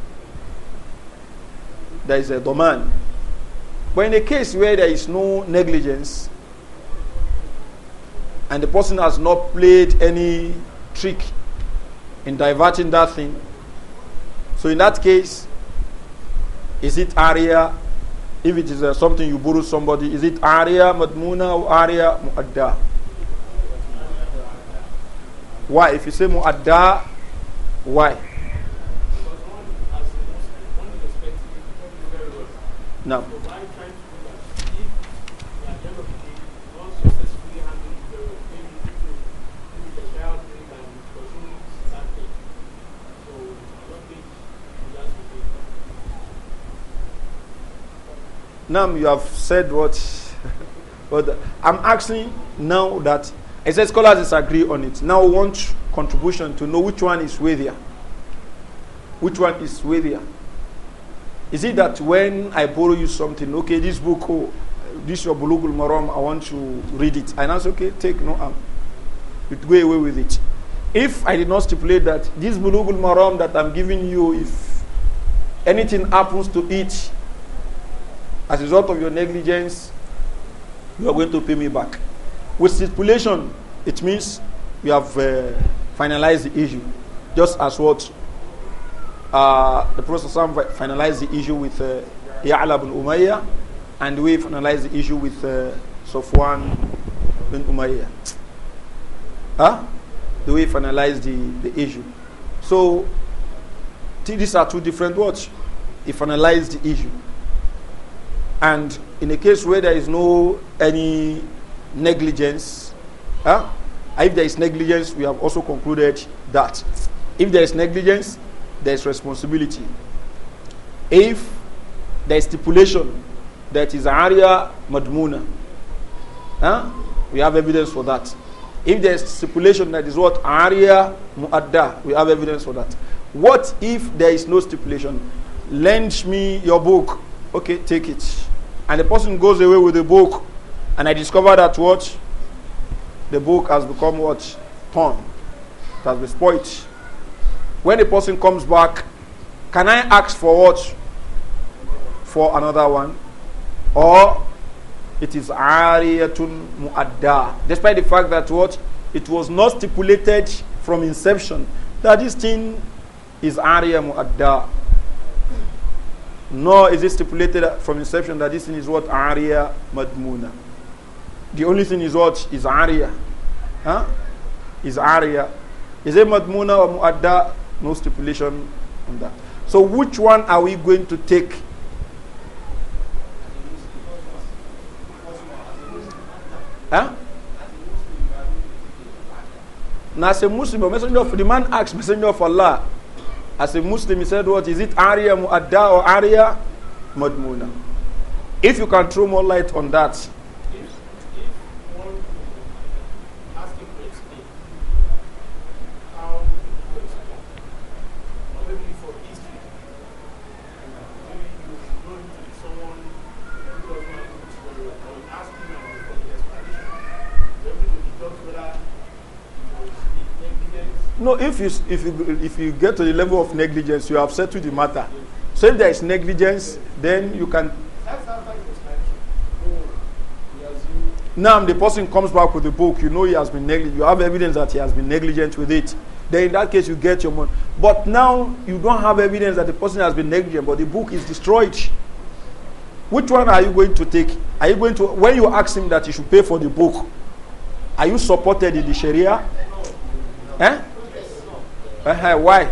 There is a domain. But in a case where there is no negligence, and the person has not played any trick in diverting that thing. So in that case, is it area? If it is uh, something you borrow somebody, is it area madmuna or area muadda? Why? If you say muadda, why? No. Now you have said what, but I'm asking now that I said scholars disagree on it. Now want contribution to know which one is worthier. Which one is worthier? Is it that when I borrow you something, okay, this book, oh, this your Bulugul Maram, I want to read it. And say, okay, take no you go away with it. If I did not stipulate that this Bulugul Maram that I'm giving you, if anything happens to it, as a result of your negligence, you are going to pay me back. With stipulation, it means you have uh, finalized the issue. Just as what uh, the Prophet finalized the issue with uh, Ya'la bin and we finalized the issue with uh, Safwan bin Umayyah. Huh? The way we finalized the, the issue. So, these are two different words. He finalized the issue. And in a case where there is no any negligence, huh? if there is negligence, we have also concluded that. If there is negligence, there is responsibility. If there is stipulation that is area madmuna, huh? we have evidence for that. If there is stipulation that is what area muadda, we have evidence for that. What if there is no stipulation? Lend me your book. Okay, take it and the person goes away with the book, and I discover that what the book has become what torn, it has been spoiled. When the person comes back, can I ask for what? For another one, or it is ariyatun muadda. Despite the fact that what it was not stipulated from inception that this thing is Ariya muadda nor is it stipulated from inception that this thing is what aria madmuna. The only thing is what is aria. Huh? Is aria. Is it madmuna or muadda? No stipulation on that. So which one are we going to take? Huh? Now as a Muslim, messenger of the man asks, messenger of Allah. As a Muslim, he said, What is it? Aria Mu'adda or Aria Madmuna. If you can throw more light on that, No, if you, if, you, if you get to the level of negligence, you have settled the matter. So if there is negligence, then you can. now the person comes back with the book, you know he has been negligent, you have evidence that he has been negligent with it. Then in that case you get your money. But now you don't have evidence that the person has been negligent, but the book is destroyed. Which one are you going to take? Are you going to when you ask him that he should pay for the book, are you supported in the Sharia? Eh? why?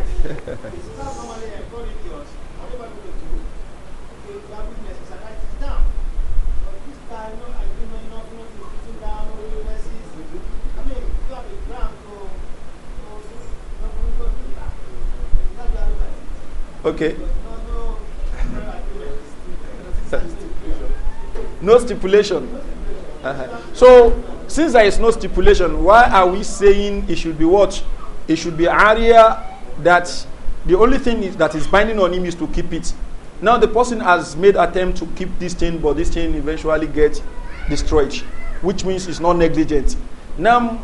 Okay. No stipulation. Uh -huh. So, since there is no stipulation, why are we saying it should be watched? it should be area that the only thing is that is binding on him is to keep it. Now the person has made attempt to keep this thing, but this thing eventually gets destroyed, which means it's not negligent. Now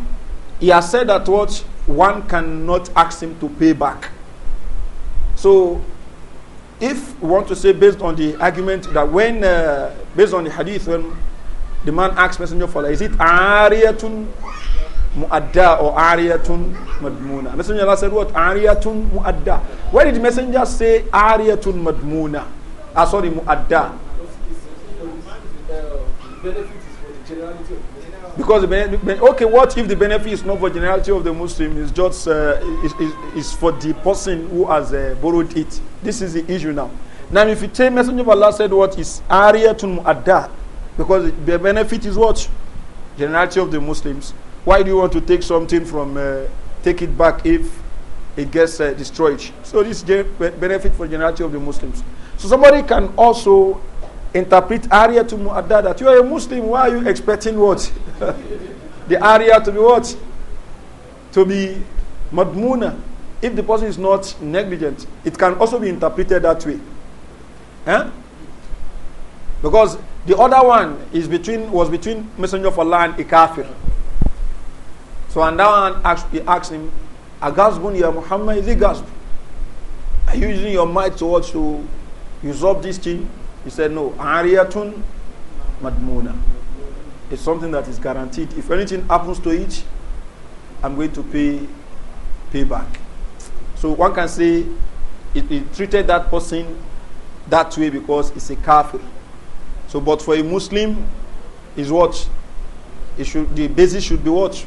he has said that what one cannot ask him to pay back. So if we want to say based on the argument that when uh, based on the hadith when the man asks messenger for is it ariyatun muadda or ariyatun madmuna. Messenger Allah said what? Ariyatun muadda. Where did messenger say ariyatun madmuna? Ah, sorry, muadda. Because the okay, what if the benefit is not for generality of the Muslim? It's just uh, is, is, is for the person who has uh, borrowed it. This is the issue now. Now, if you take Messenger of Allah said what is ariyatun muadda, because the benefit is what generality of the Muslims. Why do you want to take something from, uh, take it back if it gets uh, destroyed? So this benefit for generality of the Muslims. So somebody can also interpret area to Mu'adda that you are a Muslim, why are you expecting what? the area to be what? To be madmuna. If the person is not negligent, it can also be interpreted that way. Eh? Because the other one is between was between Messenger of Allah and a kafir. So and now asked, he asked him, Agasbun ya Muhammad, is it gasp? Are you using your might towards to usurp this king? He said, No. Ariyatun madmuna. It's something that is guaranteed. If anything happens to it, I'm going to pay pay back. So one can say it, it treated that person that way because it's a kafir. So, but for a Muslim, is what it should. The basis should be what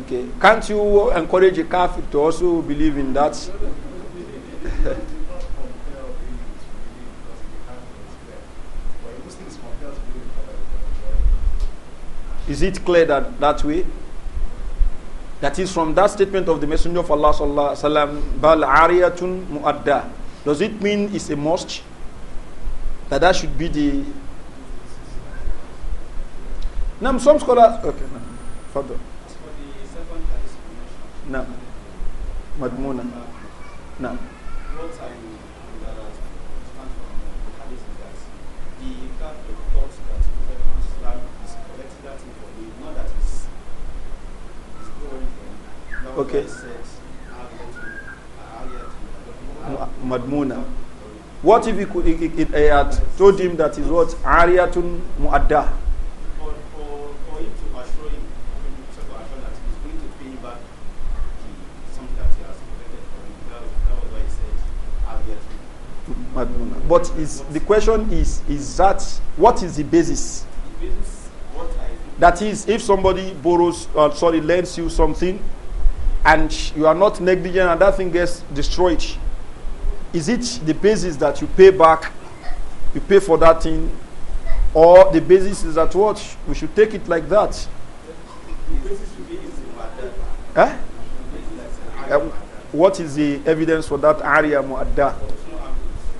Okay. Can't you encourage a Catholic to also believe in that? Is it clear that that way? That is from that statement of the Messenger of Allah sallallahu "Bal ariyatun muadda." Does it mean it's a mosque? That that should be the. Now some scholars. Okay, no. further. نعم مضمونا نعم okay. Madmuna. What if he could, it, it, it, had told him that is what Ariatun Muaddah? But is the question is is that what is the basis? The basis that is, if somebody borrows, uh, sorry, lends you something, and you are not negligent, and that thing gets destroyed, is it the basis that you pay back, you pay for that thing, or the basis is that what we should take it like that? Eh? Uh, what is the evidence for that area muadda?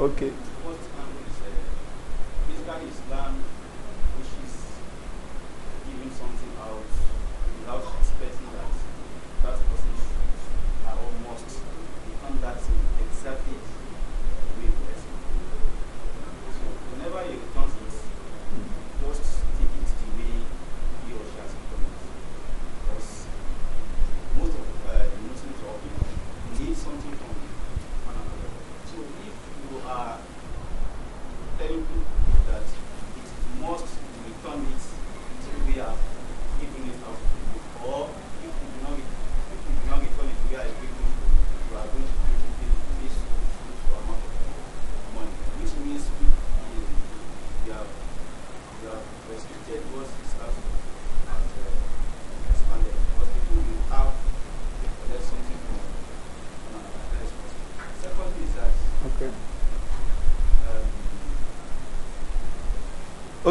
Okay.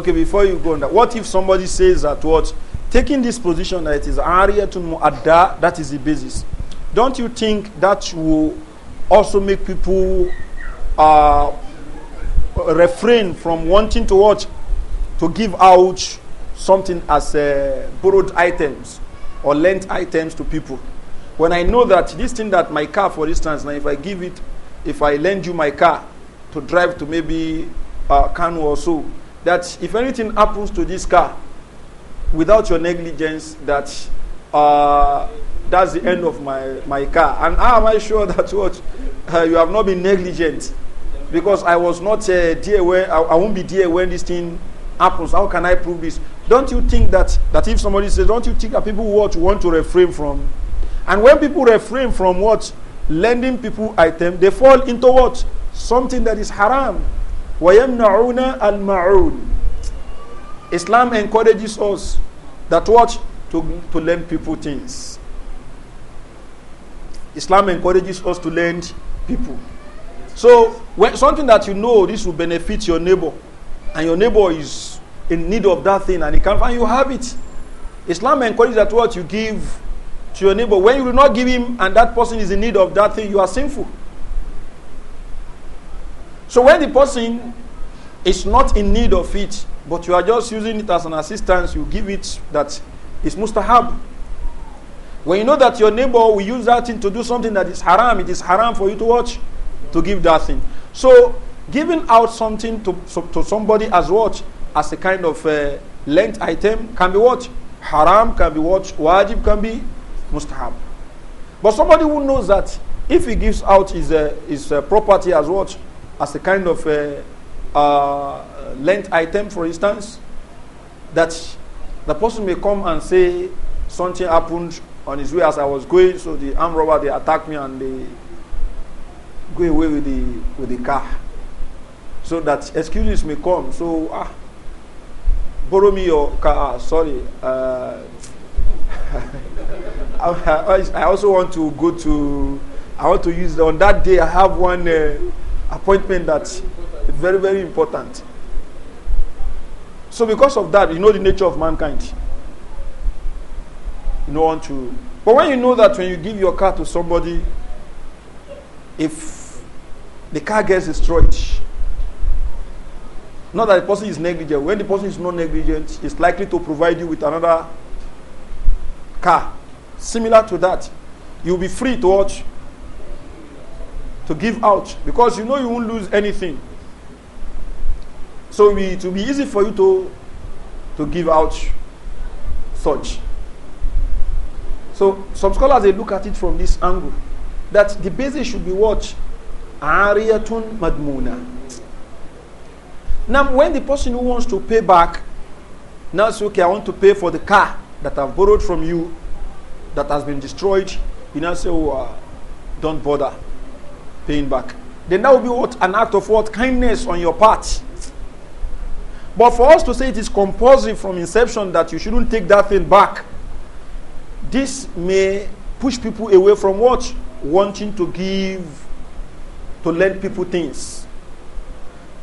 okay, before you go on that, what if somebody says that what? Taking this position that it is to Mu'adda, that is the basis. Don't you think that will also make people uh, refrain from wanting to watch, to give out something as uh, borrowed items or lent items to people? When I know that this thing that my car, for instance, now if I give it, if I lend you my car to drive to maybe uh, Kanu or so, that if anything happens to this car without your negligence, that uh, that's the end of my, my car. And how am I sure that what uh, you have not been negligent? Because I was not uh, there where I, I won't be there when this thing happens. How can I prove this? Don't you think that that if somebody says, don't you think that people what want to refrain from? And when people refrain from what lending people item, they fall into what something that is haram. وَيَمْنَعُونَ الْمَعُونَ Islam encourages us that what? To, to lend people things. Islam encourages us to lend people. So, when, something that you know this will benefit your neighbor, and your neighbor is in need of that thing, and he can find you have it. Islam encourages that what you give to your neighbor, when you do not give him, and that person is in need of that thing, you are sinful. So when the person is not in need of it, but you are just using it as an assistance, you give it that is mustahab. When you know that your neighbor will use that thing to do something that is haram, it is haram for you to watch, to give that thing. So giving out something to, to somebody as what? As a kind of uh, lent item can be what? Haram can be what? Wajib can be mustahab. But somebody who knows that if he gives out his, uh, his uh, property as what? as a kind of a, uh, a uh, lent item, for instance, that the person may come and say something happened on his way as I was going, so the armed robber they attacked me and they go away with the with the car. So that excuses may come. So ah, borrow me your car. Ah, sorry, uh, I, I, I, also want to go to. I want to use on that day. I have one. Uh, appointment that is very, very important. So because of that, you know the nature of mankind. You know want to but when you know that when you give your car to somebody, if the car gets destroyed, not that the person is negligent. When the person is not negligent, it's likely to provide you with another car. Similar to that, you'll be free to watch to give out because you know you won't lose anything. So it will be easy for you to, to give out such. So some scholars they look at it from this angle that the basis should be what? Ariyatun madmuna. Now when the person who wants to pay back now say okay I want to pay for the car that I've borrowed from you that has been destroyed you now say oh uh, don't bother paying back. Then that will be what an act of what kindness on your part. But for us to say it is compulsory from inception that you shouldn't take that thing back, this may push people away from what wanting to give, to lend people things,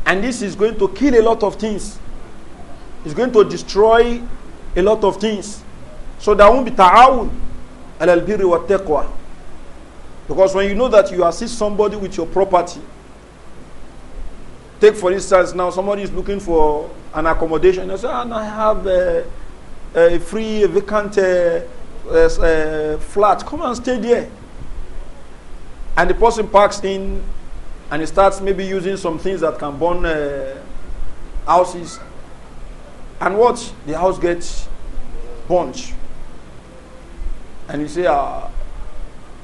and this is going to kill a lot of things. It's going to destroy a lot of things. So there won't be ta'awun al-albirri wa taqwa. Because when you know that you assist somebody with your property, take for instance now somebody is looking for an accommodation. You say, and ah, I have a, a free a vacant uh, uh, uh, flat. Come and stay there. And the person parks in and he starts maybe using some things that can burn uh, houses. And what? The house gets burnt. And you say, ah,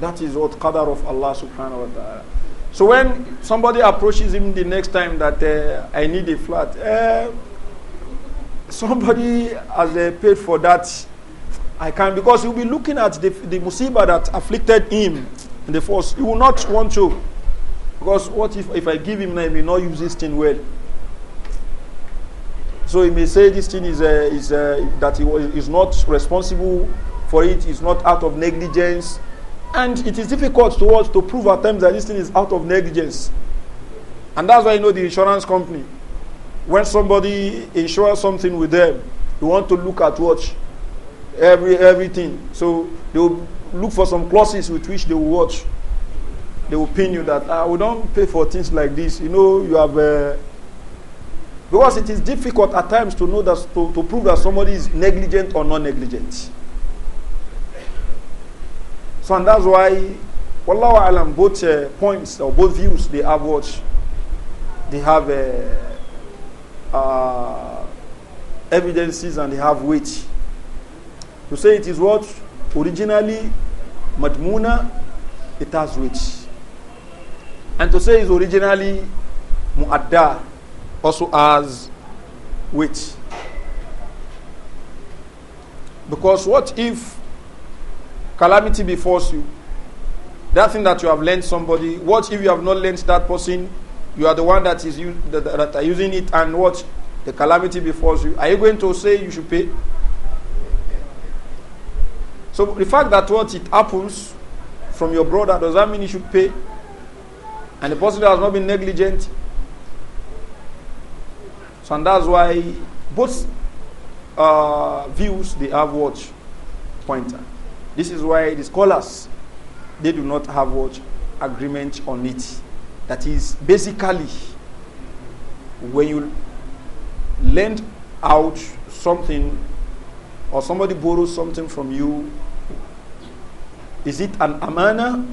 that is what qadar of Allah subhanahu wa ta'ala. So when somebody approaches him the next time that uh, I need a flat, uh, somebody has uh, paid for that. I can because he'll be looking at the, the musibah that afflicted him in the first. He will not want to. Because what if, if I give him he may not use this thing well. So he may say this thing is, uh, is uh, that he was, is not responsible for it. it, is not out of negligence. And it is difficult to us to prove at times that this thing is out of negligence. And that's why you know the insurance company. When somebody insures something with them, they want to look at what every everything. So they will look for some clauses with which they will watch. They will pin you that I will not pay for things like this. You know, you have uh, because it is difficult at times to know that to, to prove that somebody is negligent or non-negligent and that's why, Wallahu Alam, both uh, points or both views, they have what? They have uh, uh, evidences and they have weight. To say it is what? Originally, Madmuna, it has weight. And to say it's originally Mu'adda, also has weight. Because what if calamity befalls you, that thing that you have lent somebody, what if you have not lent that person? You are the one that is that, that are using it, and what the calamity befalls you. Are you going to say you should pay? So the fact that what it happens from your brother does that mean you should pay? And the person has not been negligent. So and that's why both uh, views they have what pointer. This is why the scholars, they do not have what agreement on it. That is basically when you lend out something or somebody borrows something from you, is it an amana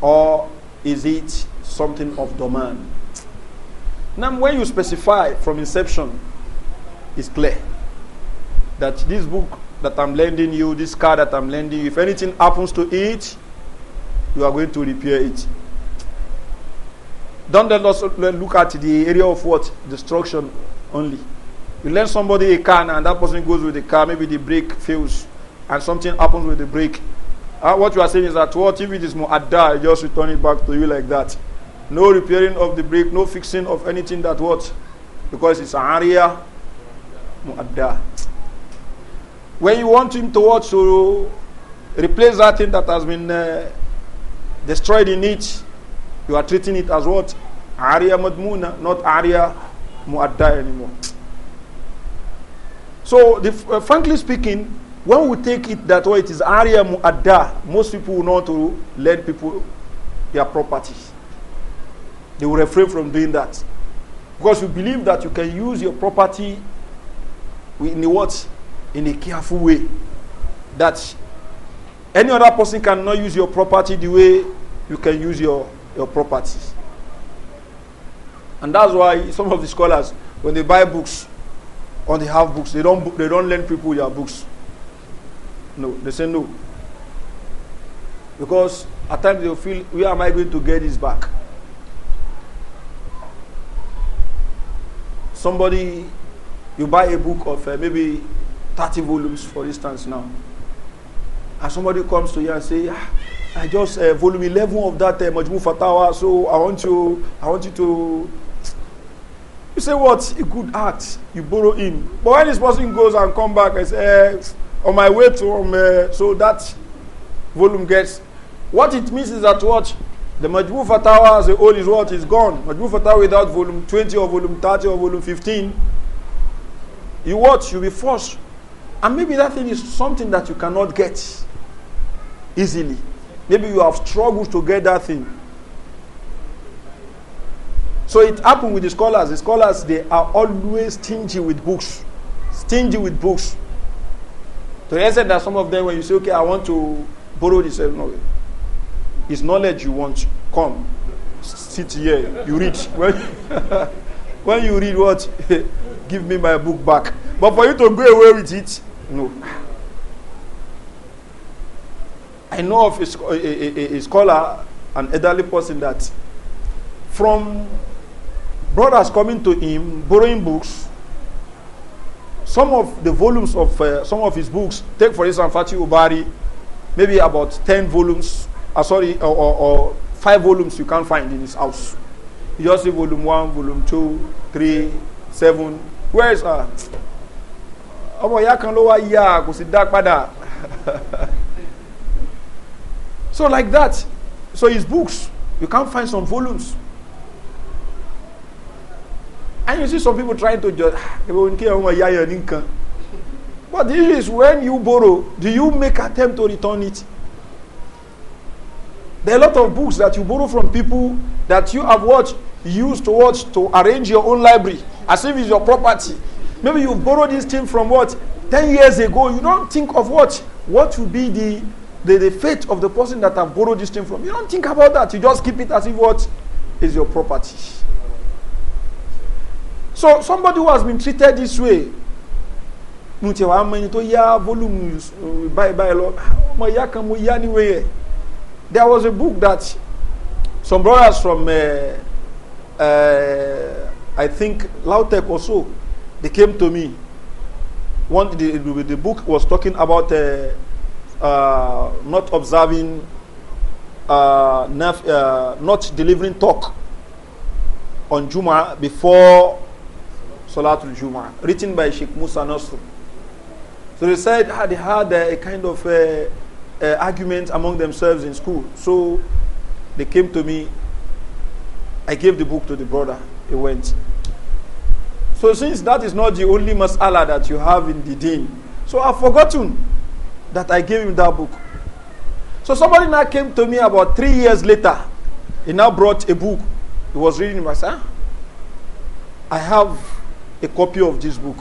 or is it something of domain? Now, when you specify from inception, it's clear that this book that I'm lending you, this car that I'm lending you, if anything happens to it, you are going to repair it. Don't let us look at the area of what? Destruction only. You lend somebody a car and that person goes with the car, maybe the brake fails and something happens with the brake. Uh, what you are saying is that what if it is mu'adda, I just return it back to you like that. No repairing of the brake, no fixing of anything that what? Because it's an area mu'adda. When you want him to what? To replace that thing that has been uh, destroyed in it, you are treating it as what? Aria Madmuna, not Aria Muadda anymore. So, uh, frankly speaking, when we take it that way, it is Aria Muadda, most people will not to lend people their property. They will refrain from doing that. Because you believe that you can use your property in the what? in a careful way that any other person cannot use your property the way you can use your, your property. And that's why some of the scholars, when they buy books, or they have books, they don't, they don't lend people their books. No, they say no. Because at times they feel, where am I going to get this back? Somebody, you buy a book of uh, maybe 30 volumes, for instance, now. And somebody comes to you and say, ah, I just uh, volume 11 of that uh, Majmu Fatawa, so I want you, I want you to. You say what? A good act. You borrow him. But when this person goes and come back and says, eh, on my way to, um, uh, so that volume gets. What it means is that what? The Majmu Fatawa as a whole is what is gone. Majmu Fatawa without volume 20 or volume 30 or volume 15. You what? You'll be forced and maybe that thing is something that you cannot get easily. Maybe you have struggled to get that thing. So it happened with the scholars. The scholars, they are always stingy with books. Stingy with books. To the extent that some of them, when you say, okay, I want to borrow this, no, it's knowledge you want. Come, sit here, you read. When, when you read what? Give me my book back. But for you to go away with it, No. I know of a, a, a, a scholar, an elderly person, that from brothers coming to him, borrowing books, some of the volumes of uh, some of his books, take for instance Fati Ubari, maybe about ten volumes, uh, sorry, or, or, or five volumes you can't find in his house. You just see volume one, volume two, three, seven. Where is uh, ọmọ ìyá kan ló wá yá kò sì dá padà so like that so his books you can find some volumes and you see some people trying to just ah, kí ọmọ ìyá yẹn ní nǹkan but the issue is when you borrow do you make attempt to return it there are a lot of books that you borrow from people that you have watched used to watch to arrange your own library as if it's your property Maybe you borrow this thing from what? ten years ago. You don't think of what? What will be the, the, the fate of the person that have borrowed this thing from? You don't think about that. You just keep it as if what is your property. So somebody who has been treated this way, mo tẹ wàá mọ ẹni tó yá volume báyìí báyìí lọ ọmọ ìyá kan mo yá níwèé there was a book that some brothers from uh, uh, I think Lautech or so they came to me. One the, the book was talking about uh, uh, not observing, uh, uh, not delivering talk on Juma before Salatul Juma, written by Sheikh Musa Nasr. So they said had they had a kind of a, uh, a argument among themselves in school. So they came to me. I gave the book to the brother. He went. So since that is not the only mas'ala that you have in the deen, so I've forgotten that I gave him that book. So somebody now came to me about three years later. He now brought a book. He was reading my son. Ah, I have a copy of this book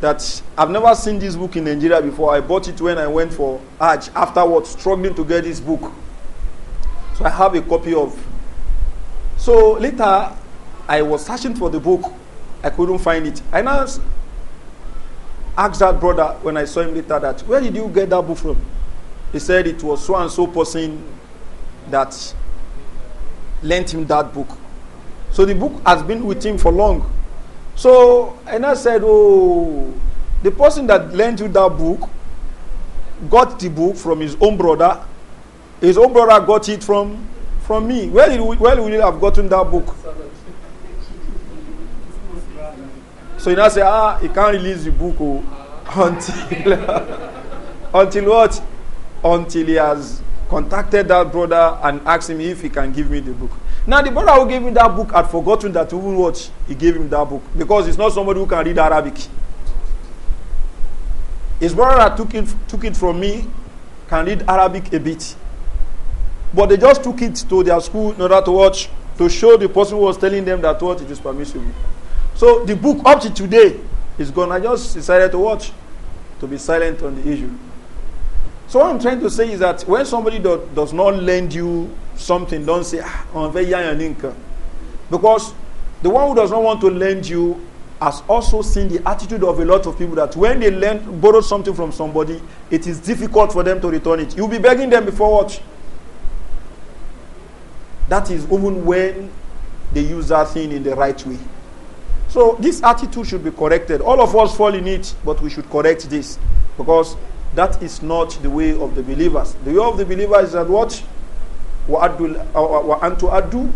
that I've never seen this book in Nigeria before. I bought it when I went for Hajj. Afterwards, struggling to get this book. So I have a copy of. So later, I was searching for the book I couldn't find it. I now asked that brother when I saw him later that, where did you get that book from? He said it was so and so person that lent him that book. So the book has been with him for long. So I now said, oh, the person that lent you that book got the book from his own brother. His own brother got it from from me. Where did we, where would you have gotten that book? So you now say, ah, he can't release the book oh, until, until what? Until he has contacted that brother and asked him if he can give me the book. Now the brother who gave him that book had forgotten that who what he gave him that book because it's not somebody who can read Arabic. His brother that took it, took it from me can read Arabic a bit. But they just took it to their school in order to watch, to show the person who was telling them that what it is permissible. So the book up to today is gone. I just decided to watch, to be silent on the issue. So what I'm trying to say is that when somebody do, does not lend you something, don't say, ah, I'm very young and Because the one who does not want to lend you has also seen the attitude of a lot of people that when they lend, borrow something from somebody, it is difficult for them to return it. You'll be begging them before what? That is even when they use that thing in the right way. So this attitude should be corrected. All of us fall in it, but we should correct this because that is not the way of the believers. The way of the believers is that what? وَأَنْتُ أَدُّ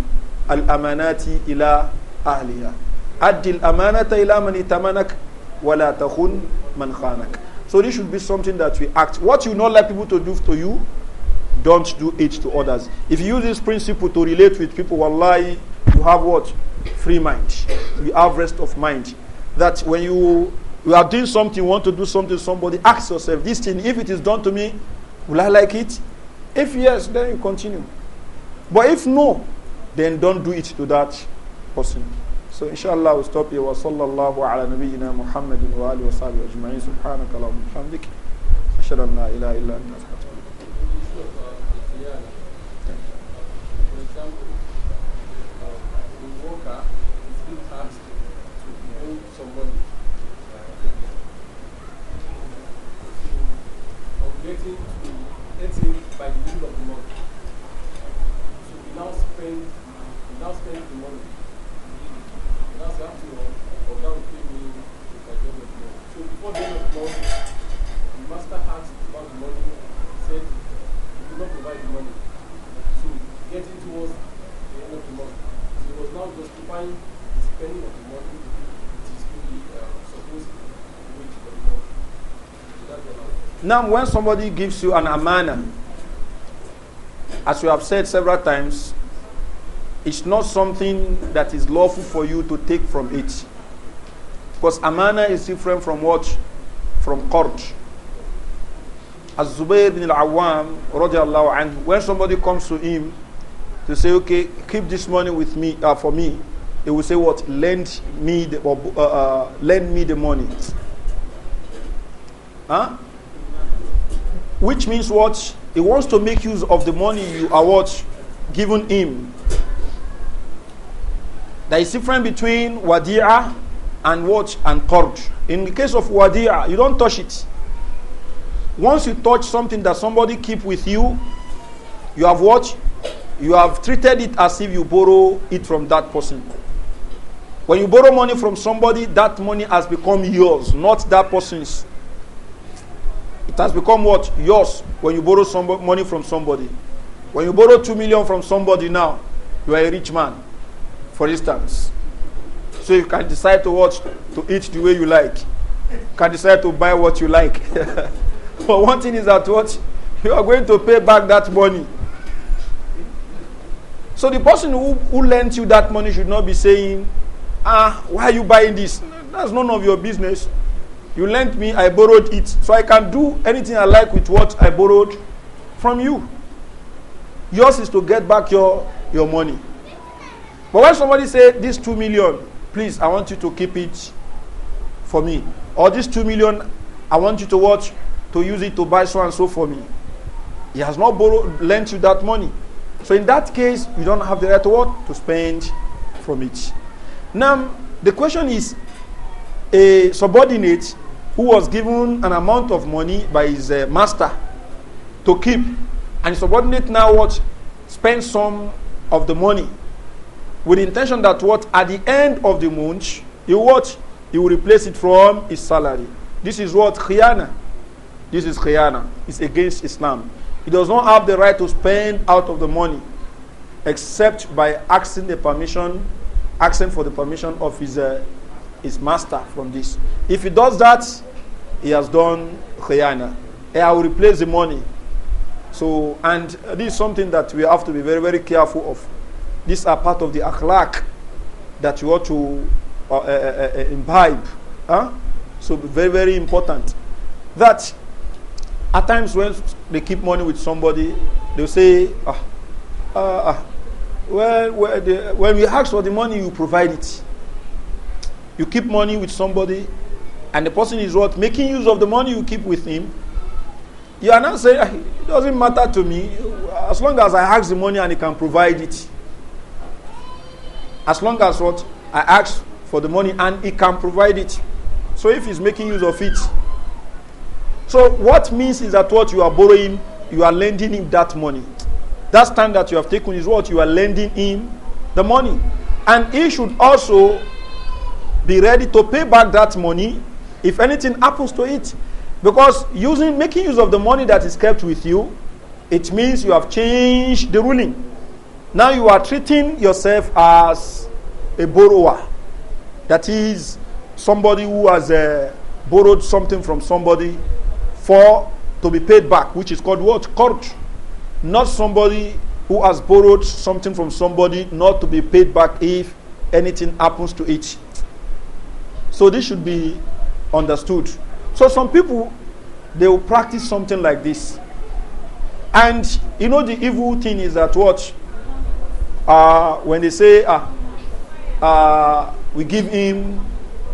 الْأَمَانَاتِ إِلَىٰ أَهْلِهَا أَدِّ الْأَمَانَةَ إِلَىٰ مَنِ تَمَنَكَ وَلَا تَخُنْ مَنْ خَانَكَ So this should be something that we act. What you not like people to do to you, don't do it to others. If you use this principle to relate with people, wallahi, you have what? Free mind. You have rest of mind. That when you, you are doing something, want to do something somebody, ask yourself, this thing, if it is done to me, will I like it? If yes, then you continue. But if no, then don't do it to that person. So inshallah we'll stop here. Wa sallallahu ala nabiyyina Muhammadin wa alihi wa sahbihi ajma'in. Subhanaka Allahumma bihamdik. Ashhadu an la ilaha illa anta astaghfiruka wa broker is being asked to hold some money. to get uh, him by the end of the month. So we now spend, we now spend the money. We after all, or that will pay me by the end of the month. So before the end of the month, now the spending of the money really uh, supposed to for the money. Now, when somebody gives you an amana, as we have said several times, it's not something that is lawful for you to take from it. Because amana is different from what? From qard. As Zubayr bin al awam when somebody comes to him to say, okay, keep this money with me uh, for me. They will say, what? Lend me the, uh, uh, uh, lend me the money. Huh? Which means what? He wants to make use of the money you are what given him. There is difference between wadi'a and what and qard. In the case of wadi'a, you don't touch it. Once you touch something that somebody keep with you, you have what? you have treated it as if you borrow it from that person. When you borrow money from somebody, that money has become yours, not that person's. It has become what? Yours when you borrow some money from somebody. When you borrow 2 million from somebody now, you are a rich man, for instance. So you can decide to what to eat the way you like. You can decide to buy what you like. but one thing is that what you are going to pay back that money. So the person who, who lent you that money should not be saying, ah, why are you buying this? That's none of your business. You lent me, I borrowed it. So I can do anything I like with what I borrowed from you. Yours is to get back your, your money. But when somebody say this two million, please, I want you to keep it for me. Or this two million, I want you to watch to use it to buy so and so for me. He has not borrowed lent you that money. So in that case, you don't have the right to what? To spend from it. Now, the question is, a subordinate who was given an amount of money by his uh, master to keep, and subordinate now what? Spend some of the money with the intention that what? At the end of the month, he what? He will replace it from his salary. This is what? Khiyana. This is khiyana. It's against Islam. He does not have the right to spend out of the money except by asking the permission, asking for the permission of his, uh, his master from this. If he does that, he has done khayana. I will replace the money. So, and this is something that we have to be very, very careful of. These are part of the akhlaq that you ought to uh, uh, uh, uh imbibe. Huh? So, very, very important. That At times when they keep money with somebody, they'll say, ah, ah, ah, Well, well the, when we ask for the money, you provide it. You keep money with somebody, and the person is what? Making use of the money you keep with him. You are not saying, ah, it doesn't matter to me. As long as I ask the money and he can provide it. As long as what? I ask for the money and he can provide it. So if he's making use of it, so what means is that what you are borrowing, you are lending him that money. That time that you have taken is what you are lending him the money. And he should also be ready to pay back that money if anything happens to it. Because using making use of the money that is kept with you, it means you have changed the ruling. Now you are treating yourself as a borrower. That is somebody who has uh, borrowed something from somebody for to be paid back, which is called what? court, Not somebody who has borrowed something from somebody not to be paid back if anything happens to it. So this should be understood. So some people they will practice something like this. And you know the evil thing is that what uh, when they say uh, uh, we give him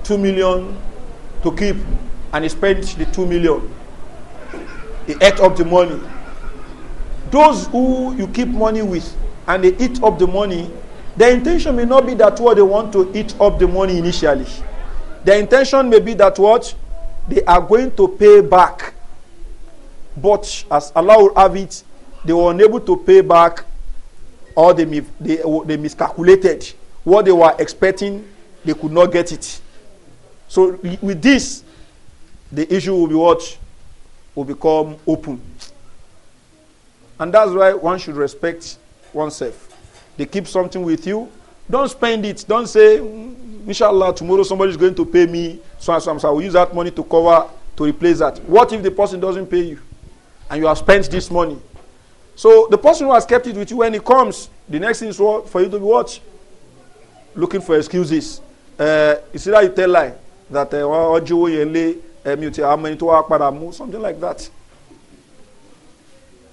two million to keep and he spent the two million He ate up the money. Those who you keep money with and they eat up the money, their intention may not be that what they want to eat up the money initially. Their intention may be that what they are going to pay back. But as Allah will have it, they were unable to pay back or they, they, they miscalculated what they were expecting, they could not get it. So with this, the issue will be what? will become open. And that's why one should respect oneself. They keep something with you. Don't spend it. Don't say, mm, inshallah, tomorrow somebody is going to pay me. So and so and so. I will use that money to cover, to replace that. What if the person doesn't pay you? And you have spent this money. So the person who has kept it with you, when he comes, the next thing is for you to be what? Looking for excuses. Uh, see that you tell lie that uh, oh, ẹ̀mí eh, ò ti àmọ́ ẹni tó wá padà mú something like that.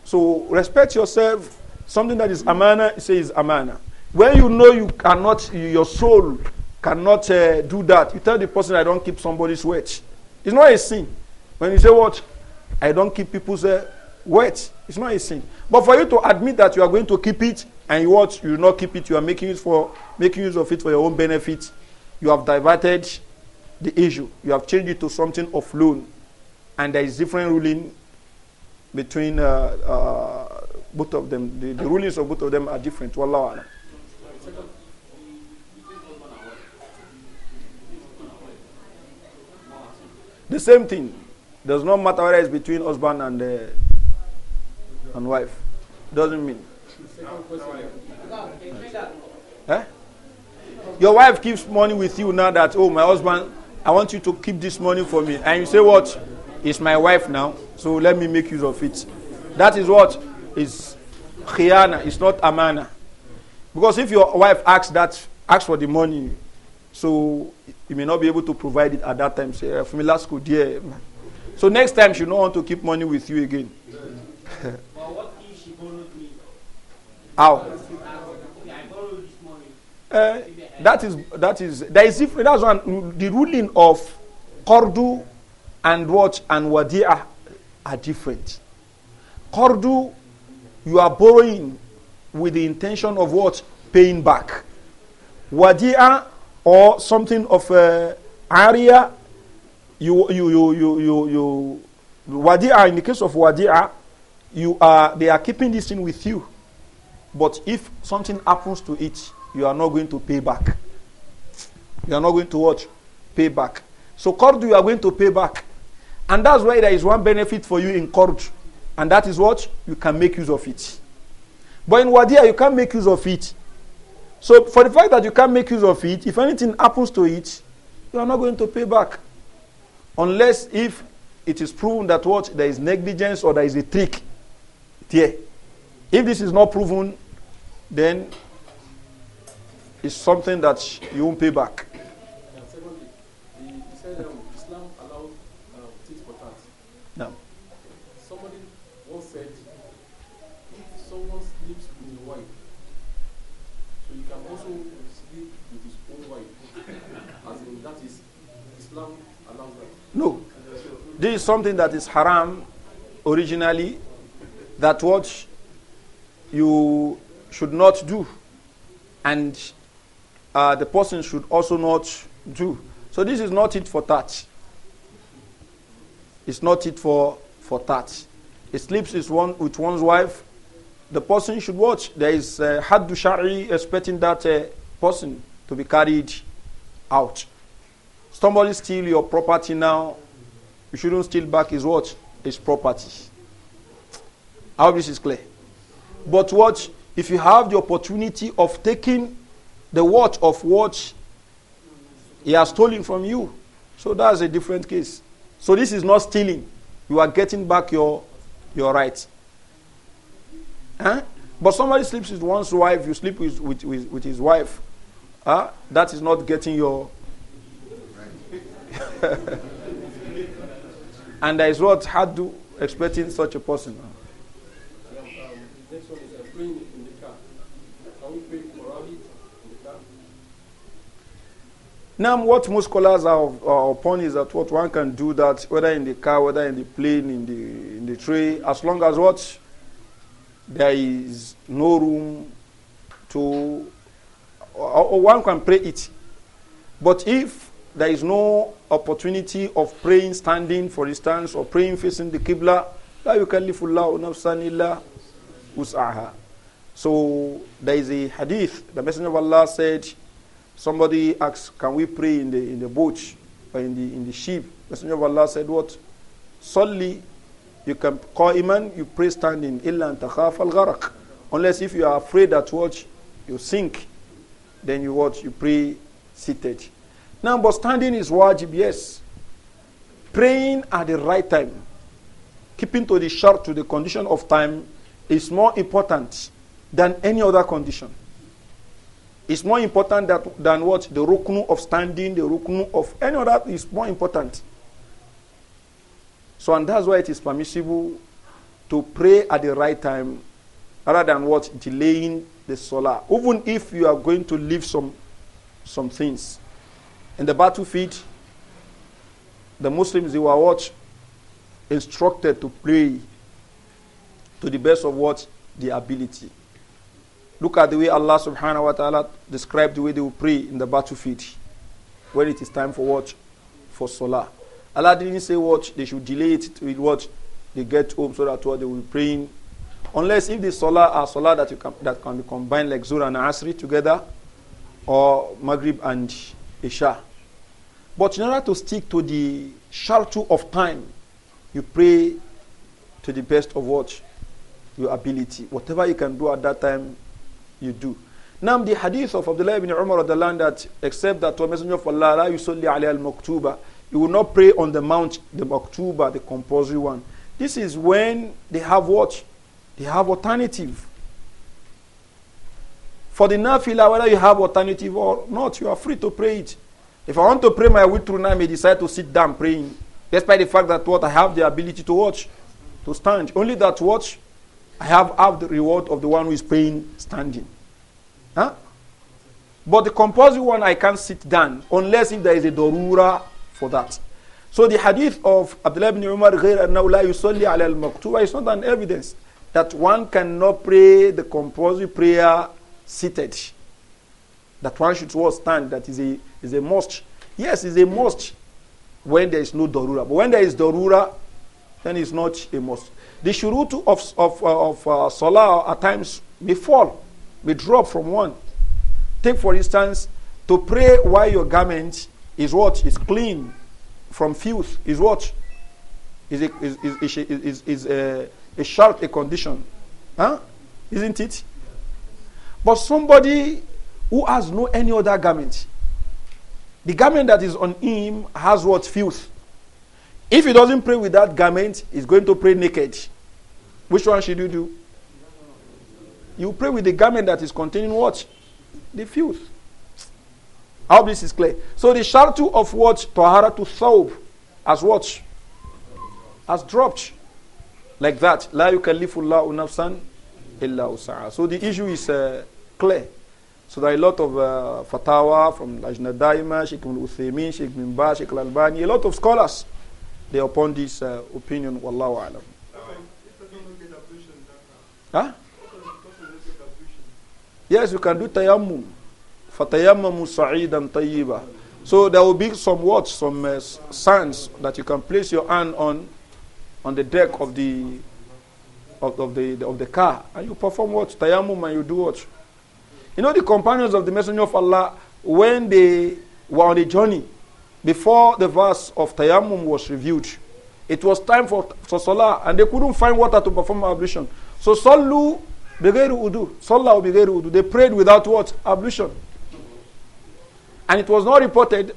So respect yourself. Something that is amana, say is amana. When you know you cannot, your soul cannot uh, do that, you tell the person, I don't keep somebody's wet. It's not a sin. When you say what? I don't keep people's uh, eh, wet. It's not a sin. But for you to admit that you are going to keep it and you what? You will not keep it. You are making use for making use of it for your own benefit. You have diverted the issue. You have changed it to something of loan, and there is different ruling between uh, uh, both of them. The, the, rulings of both of them are different. Wallahu The same thing. Does not matter whether it's between husband and uh, and wife. Doesn't mean. Huh? Your wife keeps money with you now that oh my husband I want you to keep this money for me. And you say, What? It's my wife now, so let me make use of it. That is what is khiana. it's not amana. Because if your wife asks that, asks for the money, so you may not be able to provide it at that time. Say, eh, for me, last good year. Eh, so next time, she don't want to keep money with you again. How? Uh, that is that is there is different. That's one the ruling of Kordu and what and Wadia are, different. Kordu, you are borrowing with the intention of what paying back. Wadia or something of uh, eh, area, you you you you you you Wadia. In the case of Wadia, you are they are keeping this thing with you. But if something happens to it, you are not going to pay back. You are not going to watch Pay back. So Qurdu, you are going to pay back. And that's why there is one benefit for you in Qurdu. And that is what? You can make use of it. But in Wadia, you can't make use of it. So for the fact that you can't make use of it, if anything happens to it, you are not going to pay back. Unless if it is proven that what there is negligence or there is a trick there. If this is not proven, then is something that you won't pay back. No. Somebody once said, if someone sleeps with your wife, so you can also sleep with his own wife. As that is, Islam allows that. No. This is something that is haram originally, that what you should not do. And uh, the person should also not do. So this is not it for that. It's not it for, for that. He sleeps is one, with one's wife. The person should watch. There is uh, haddu shari expecting that uh, person to be carried out. Somebody steal your property now. You shouldn't steal back his watch, His property. I hope this is clear. But watch if you have the opportunity of taking the watch of watch, he has stolen from you. So that's a different case. So this is not stealing. You are getting back your, your rights. Huh? But somebody sleeps with one's wife, you sleep with, with, with, with his wife. Huh? That is not getting your. and there is what had to expecting such a person. Now, what most scholars are, upon is that what one can do that, whether in the car, whether in the plane, in the in the tray, as long as what there is no room to, or, or one can pray it. But if there is no opportunity of praying standing, for instance, or praying facing the Qibla, for يكلف الله نفسا إلا usaha. So there is a hadith. The Messenger of Allah said. Somebody asked, Can we pray in the, in the boat or in the, in the ship? Messenger of Allah said, What? Solely, you can call iman, you pray standing. Illa takhaf al gharaq. Unless if you are afraid that watch, You sink. Then you what? You pray seated. Now, but standing is wajib, yes. Praying at the right time, keeping to the short, to the condition of time, is more important than any other condition. is more important that, than what the ruknu of standing, the ruknu of any other is more important. So, and that's why it is permissible to pray at the right time rather than what delaying the solar. Even if you are going to leave some, some things in the battlefield, the Muslims they were what instructed to pray to the best of what the ability. Look at the way Allah subhanahu wa ta'ala described the way they will pray in the battlefield when it is time for what? For Salah. Allah didn't say what? They should delay it till what? They get home so that what they will be praying. Unless if the Salah are Salah that, you can, that can be combined like Zura and Asri together or Maghrib and Isha. But in order to stick to the shaltu of time, you pray to the best of what? Your ability. Whatever you can do at that time, you do. Now the hadith of Abdullah ibn Umar of the land that except that to a messenger of Allah, la yusalli alayhi al-maktuba, you will not pray on the mount, the maktuba, the compulsory one. This is when they have what? They have alternative. For the nafila, whether you have alternative or not, you are free to pray it. If I want to pray my way through now, I may decide to sit down praying, despite the fact that what I have the ability to watch, to stand. Only that watch, I have half the reward of the one who is praying standing. Huh? But the compulsory one, I can't sit down unless if there is a darura for that. So the hadith of Abdullah ibn Umar غير أنه لا يصلي على المكتوبة is not an evidence that one cannot pray the compulsory prayer seated. That one should all stand. That is a is a must. Yes, is a must when there is no darura. But when there is darura, then it's not a must the shurutu of, of, uh, of uh, salah at times may fall, may drop from one. Take, for instance, to pray while your garment is what? Is clean from filth, is what? Is a, is, is, is, is, uh, a, a shart, a condition. Huh? Isn't it? But somebody who has no any other garment, the garment that is on him has what? Filth. If he doesn't pray with that garment, he's going to pray naked. Which one should you do? You pray with the garment that is containing what? The filth. I hope this is clear. So the shartu of what? Tahara to thawb. As what? As dropped. Like that. La yukallifullahu nafsan illa usaha. So the issue is uh, clear. So there are a lot of uh, fatawa from Lajna Daima, Sheikh Ibn Uthaymeen, Sheikh Mimba, Sheikh Al-Albani, a lot of scholars, they upon this uh, opinion, wallahu alam. Huh? Yes, you can do tayammum. Fatayammamu sa'idan tayyiba. So there will be some words, Some uh, that you can place your hand on on the deck of the of, of the of the car and you perform what? Tayammum and you do what? You know the companions of the Messenger of Allah when they were on a journey before the verse of Tayammum was revealed, it was time for, for Salah and they couldn't find water to perform ablution. So Sallu Begairu Udu. Sallahu Begairu Udu. They prayed without what? Ablution. And it was not reported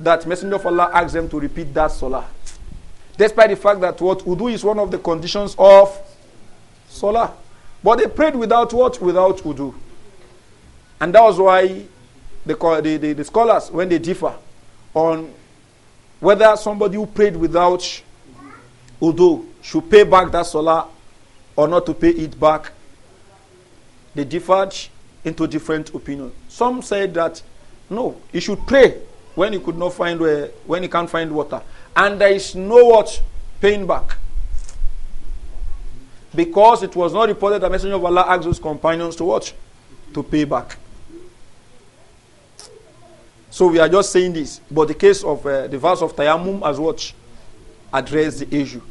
that Messenger of Allah asked them to repeat that Salah. Despite the fact that what? Udu is one of the conditions of Salah. But they prayed without what? Without Udu. And that was why the, the, the, the scholars, when they differ on whether somebody who prayed without Udu should pay back that Salah or not to pay it back, they diverged into different opinions. Some said that no, you should pray when you could not find where, when you can't find water, and there is no what paying back. Because it was not reported that Messenger of Allah asked his companions to watch, to pay back. So we are just saying this, but the case of uh, the verse of Tayammum as what addressed the issue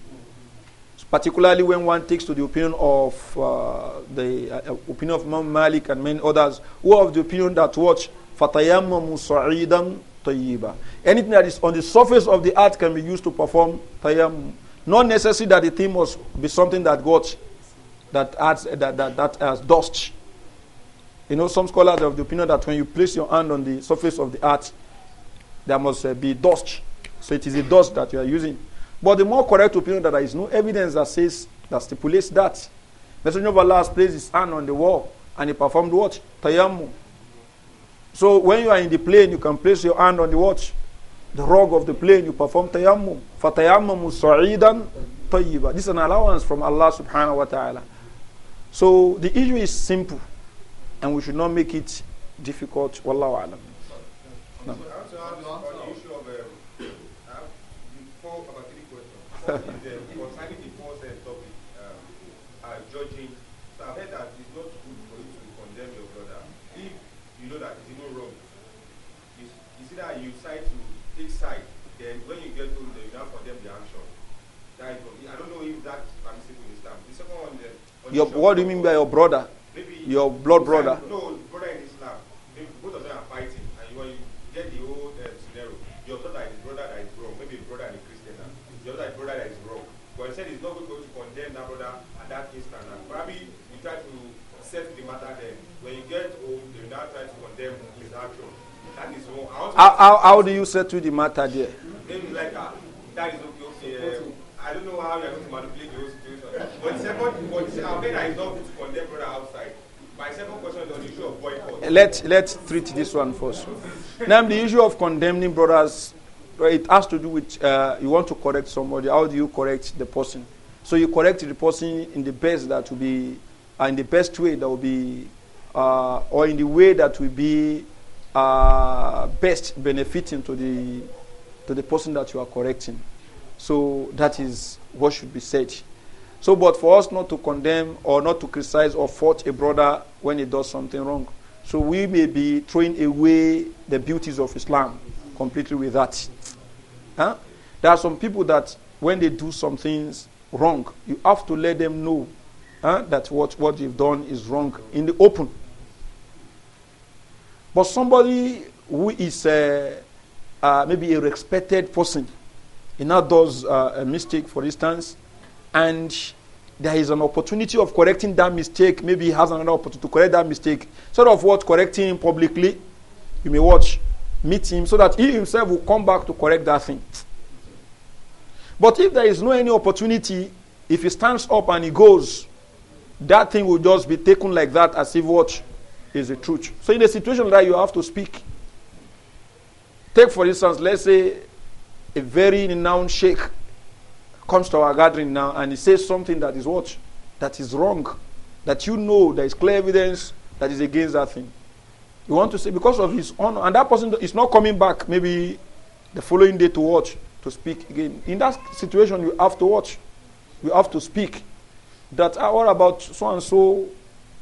particularly when one takes to the opinion of uh, the uh, opinion of Imam Malik and many others who have the opinion that watch fatayammamu sa'idan tayyiba anything that is on the surface of the earth can be used to perform tayammum not necessary that the thing must be something that got that adds uh, that that, that dust you know some scholars have the opinion that when you place your hand on the surface of the earth there must uh, be dust so it is the dust that you are using but the more correct opinion that there is no evidence that says that stipulates that. Messenger of Allah has placed his hand on the wall and he performed what? Tayammum. So when you are in the plane, you can place your hand on the watch, the rug of the plane, you perform tayammum. فَتَيَمَّمُ صَعِيدًا طَيِّبًا This is an allowance from Allah subhanahu wa ta'ala. So the issue is simple and we should not make it difficult. Wallahu alam. No. concerning the first topic, um, uh, judging, so I've heard that it's not good for you to condemn your brother if you know that it's no wrong. you see that you decide to take side, then when you get told, then you now condemn the action. That is I don't know if that's permissible with them. The second one, on your, what do you mean by your brother? Maybe your blood brother? No, How, how, how do you settle the matter there? Maybe like, uh, that is okay, okay. I don't know how you are going to manipulate the whole situation. But second, but I'll bet I is not to condemn brother outside. My second question is on the issue of boycott. Let, let's treat this one first. now, the issue of condemning brothers, it has to do with uh, you want to correct somebody. How do you correct the person? So you correct the person in the best that will be, uh, in the best way that will be, uh, or in the way that will be are best benefiting to the, to the person that you are correcting. So that is what should be said. So, but for us not to condemn or not to criticize or fault a brother when he does something wrong. So we may be throwing away the beauties of Islam completely with that. Huh? There are some people that when they do some things wrong, you have to let them know huh, that what, what you've done is wrong in the open. But somebody who is uh, uh, maybe a respected person, he now does uh, a mistake, for instance, and there is an opportunity of correcting that mistake. Maybe he has another opportunity to correct that mistake. Sort of what correcting him publicly, you may watch, meet him, so that he himself will come back to correct that thing. But if there is no any opportunity, if he stands up and he goes, that thing will just be taken like that as if watch is the truth. So in a situation like you have to speak. Take for instance, let's say a very renowned sheikh comes to our gathering now and he says something that is what? That is wrong. That you know there is clear evidence that is against that thing. You want to say because of his honor, and that person is not coming back maybe the following day to watch, to speak again. In that situation, you have to watch. You have to speak. That, ah, what about so and so?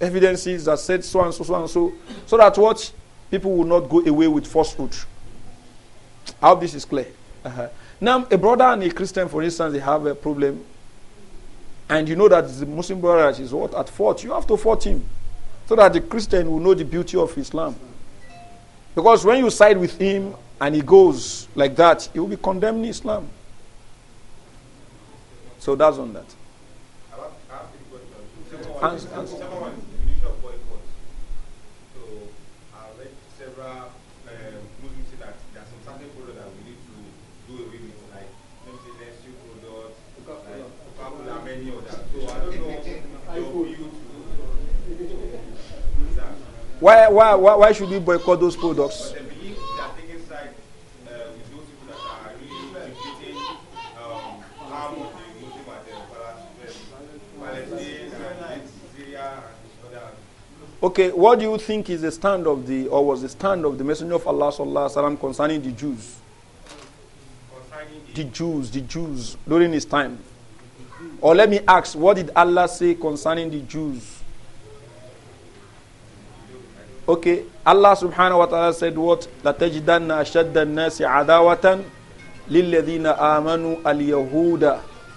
evidences that said so and so, so and so, so that what? People will not go away with falsehood. I hope this is clear. Uh -huh. Now, a brother and a Christian, for instance, they have a problem, and you know that the Muslim brother is what? At fault. You have to fault him so that the Christian will know the beauty of Islam. Because when you side with him and he goes like that, he will be condemning Islam. So that's on that. Answer, answer. Why, why, why, why should we boycott those products? Okay, what do you think is the stand of the, or was the stand of the Messenger of Allah sallallahu alaihi wasallam concerning the Jews? Concerning the, the Jews, the Jews during his time. Or let me ask, what did Allah say concerning the Jews Okay, Allah subhanahu wa ta'ala said what? لَتَجْدَنَّ أَشَدَّ النَّاسِ عَدَاوَةً لِلَّذِينَ آمَنُوا الْيَهُودَ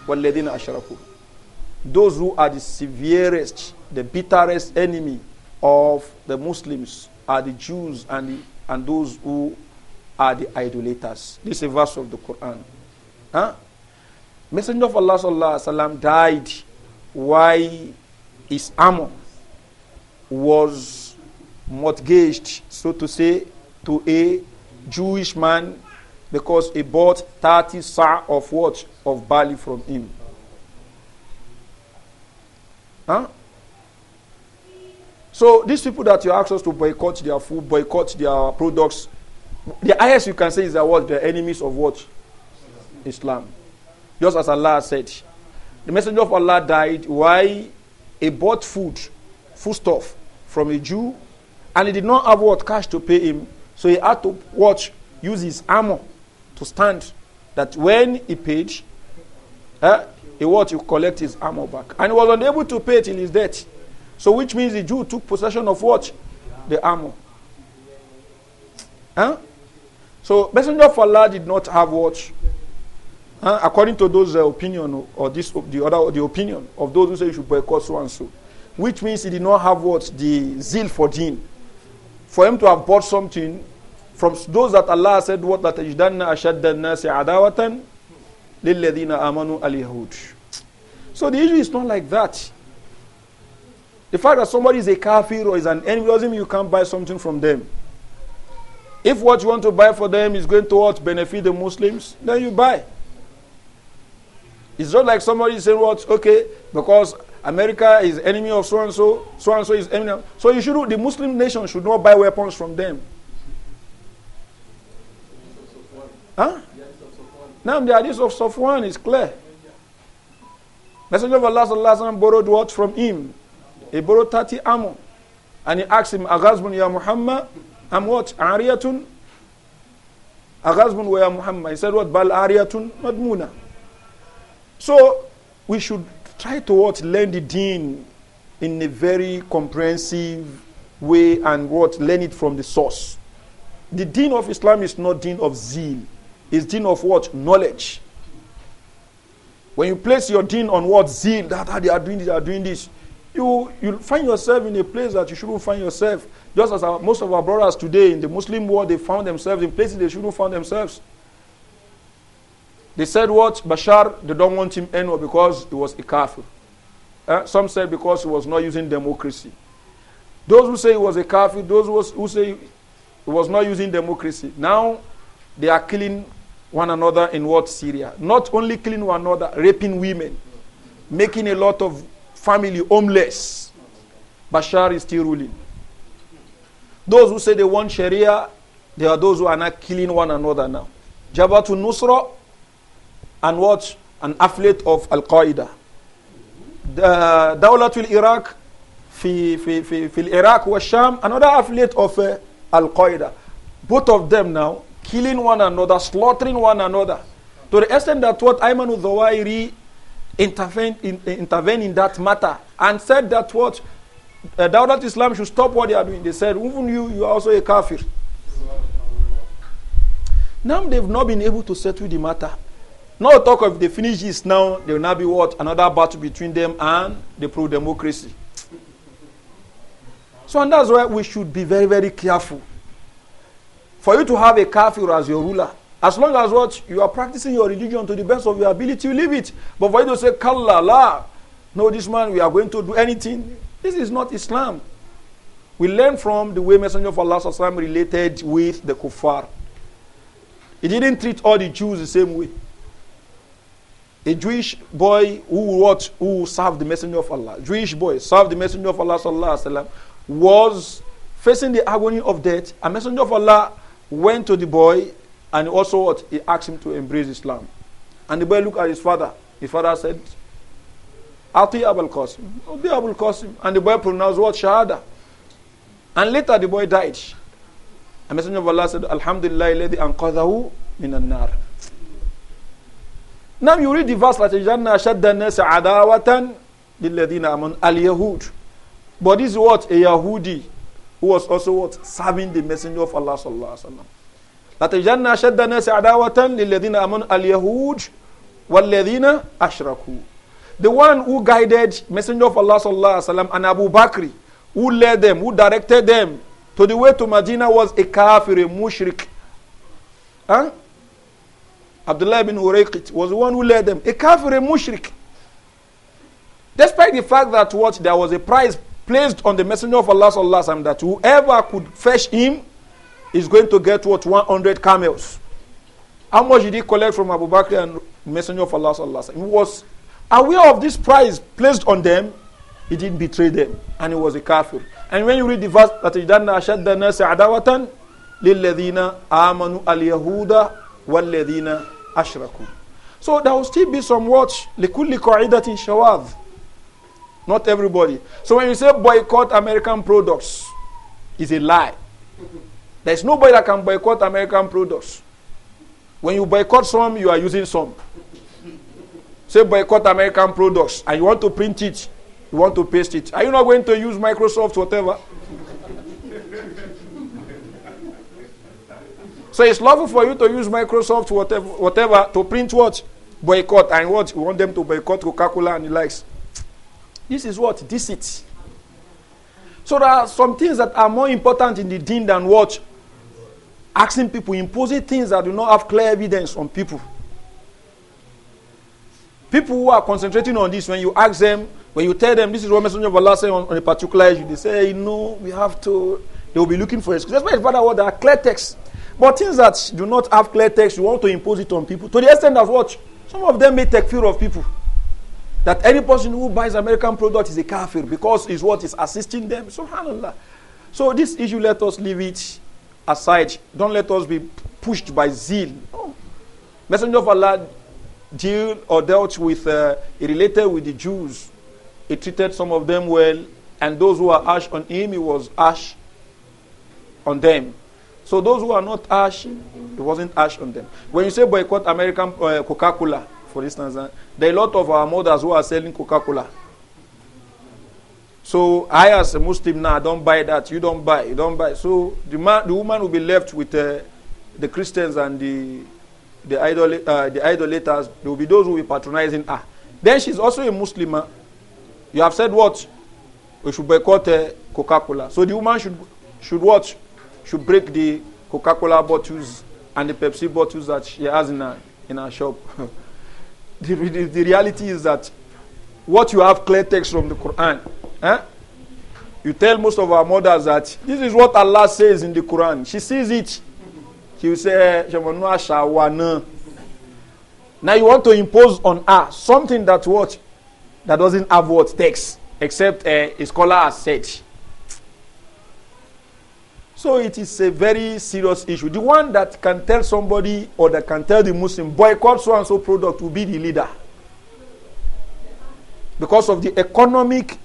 وَالَّذِينَ أَشْرَكُوا Those who are the severest, the bitterest enemy of the Muslims are the Jews and, the, and those who are the idolaters. This is a verse of the Quran. Huh? Messenger of Allah sallallahu alaihi wasallam died while his armor was mortgaged, so to say, to a Jewish man because he bought 30 sa of what? Of barley from him. Huh? So these people that you ask us to boycott their food, boycott their products, the highest you can say is that what? They're enemies of what? Islam. Just as Allah said. The messenger of Allah died. Why? He bought food, foodstuff, from a Jew And he did not have what cash to pay him. So he had to watch, use his armor to stand that when he paid, eh, he what you collect his armor back. And he was unable to pay till his death. So which means the Jew took possession of what? The armor. Huh? Eh? So Messenger of Allah did not have what? Huh? Eh, according to those uh, opinion or this the other the opinion of those who say you should boycott so and so, which means he did not have what the zeal for Deen. for him to have bought something from those that Allah said, what that ajdanna ashaddan nasi adawatan lilladina amanu al yahud. So the issue is not like that. The fact that somebody is a kafir or is an enemy doesn't mean you can't buy something from them. If what you want to buy for them is going towards benefit the Muslims, then you buy. It's not like somebody saying what okay because America is enemy of so and so, so and so is enemy. Of, so you should, the Muslim nation should not buy weapons from them. Huh? Now the hadith of Safwan is clear. Messenger of Allah sallallahu alaihi borrowed what from him? He borrowed 30 ammo. And he asked him, Aghazbun ya Muhammad, I'm what? Ariatun? Aghazbun wa ya Muhammad. He said what? Bal ariyatun madmuna. So we should try to what learn the deen in a very comprehensive way and what learn it from the source. The deen of Islam is not deen of zeal, it's deen of what? Knowledge. When you place your deen on what zeal, that, that they are doing this, they are doing this, you you find yourself in a place that you shouldn't find yourself. Just as our, most of our brothers today in the Muslim world, they found themselves in places they shouldn't find themselves. They said what? Bashar, they don't want him anymore because he was a kafir. Eh? Some said because he was not using democracy. Those who say he was a kafir, those who say he was not using democracy, now they are killing one another in what Syria. Not only killing one another, raping women, making a lot of family homeless. Bashar is still ruling. Those who say they want Sharia, they are those who are not killing one another now. Jabhatun Nusra and what? An affiliate of Al Qaeda. The Dawlatul Iraq, fi, Iraq was Sham, another affiliate of uh, Al Qaeda. Both of them now killing one another, slaughtering one another. To the extent that what Ayman al-Zawahiri intervened in, intervened in that matter and said that what uh, Dawlat Islam should stop what they are doing. They said, even you, you are also a kafir. now they've not been able to settle the matter. No talk of the finish this now, there will now be what? Another battle between them and the pro democracy. So, and that's why we should be very, very careful. For you to have a kafir as your ruler, as long as what you are practicing your religion to the best of your ability, you leave it. But for you to say, Kalla, la, no, this man, we are going to do anything, this is not Islam. We learn from the way Messenger of Allah related with the kuffar. He didn't treat all the Jews the same way. a Jewish boy who what who served the messenger of Allah, Jewish boy served the messenger of Allah sallallahu alaihi wasallam, was facing the agony of death. A messenger of Allah went to the boy and also what he asked him to embrace Islam. And the boy looked at his father. His father said, "Ati Abul Qasim, obey oh, Abul Qasim." And the boy pronounced what Shahada. And later the boy died. A messenger of Allah said, "Alhamdulillah, lady anqadahu min an-nar." Now you read the verse that Janna Shaddanes Adawatan Liladina Amon Al Yahud. But this what a Yahudi who was also what serving the messenger of Allah sallallahu alaihi wasallam. That Janna Shaddanes Adawatan Liladina Amon Al Yahud Waladina Ashraku. The one who guided messenger of Allah sallallahu alaihi wasallam and Abu Bakr, who led them, who directed them to the way to Medina was a kafir, a mushrik. Huh? Abdullah bin Urayqit was the one who led them. A kafir, a mushrik. Despite the fact that what there was a prize placed on the Messenger of Allah sallallahu alaihi that whoever could fetch him is going to get what 100 camels. How much did he collect from Abu Bakr and Messenger of Allah sallallahu alaihi He was aware of this prize placed on them. He didn't betray them, and he was a kafir. And when you read the verse that Ijanna Ashadda Nasi Adawatan, al Yahuda wal وَالَّذِينَ ashraku. So there will still be some watch. لِكُلِّ in شَوَاذٍ Not everybody. So when you say boycott American products, it's a lie. There's nobody that can boycott American products. When you boycott some, you are using some. Say boycott American products and you want to print it, you want to paste it. Are you not going to use Microsoft, whatever? So it's lawful for you to use Microsoft, whatever, whatever to print what? Boycott. And what? You want them to boycott Coca-Cola and the likes. This is what? This it. So there are some things that are more important in the deen than what? Asking people, imposing things that do not have clear evidence on people. People who are concentrating on this, when you ask them, when you tell them this is what Messenger of Allah said on, on, a particular issue, they say, hey, no, we have to, they will be looking for excuses. That's why it's rather what there are clear texts. But things that do not have clear text, you want to impose it on people. To the extent that what? Some of them may take fear of people. That any person who buys American product is a kafir because it's what is assisting them. Subhanallah. So this issue, let us leave it aside. Don't let us be pushed by zeal. No. Messenger of Allah deal or dealt with, uh, he related with the Jews. He treated some of them well, and those who were ash on him, he was ash on them. So those who are not ash, it wasn't ash on them. When you say boycott American uh, Coca-Cola, for instance, uh, there are a lot of our mothers who are selling Coca-Cola. So I, as a Muslim now, nah, don't buy that. You don't buy. You don't buy. So the man, the woman will be left with uh, the Christians and the the, idol, uh, the idolaters. There will be those who will be patronizing her. Then she's also a Muslim. Uh. You have said what? We should boycott uh, Coca-Cola. So the woman should should watch should break the Coca-Cola bottles and the Pepsi bottles that she has in her, in her shop. the, the, the reality is that what you have clear text from the Quran. Eh? You tell most of our mothers that this is what Allah says in the Quran. She sees it. She will say, eh, Now you want to impose on her something that what that doesn't have what text, except uh, a scholar has said. So it is a very serious issue. The one that can tell somebody or that can tell the Muslim, boycott so and so product will be the leader. Because of the economic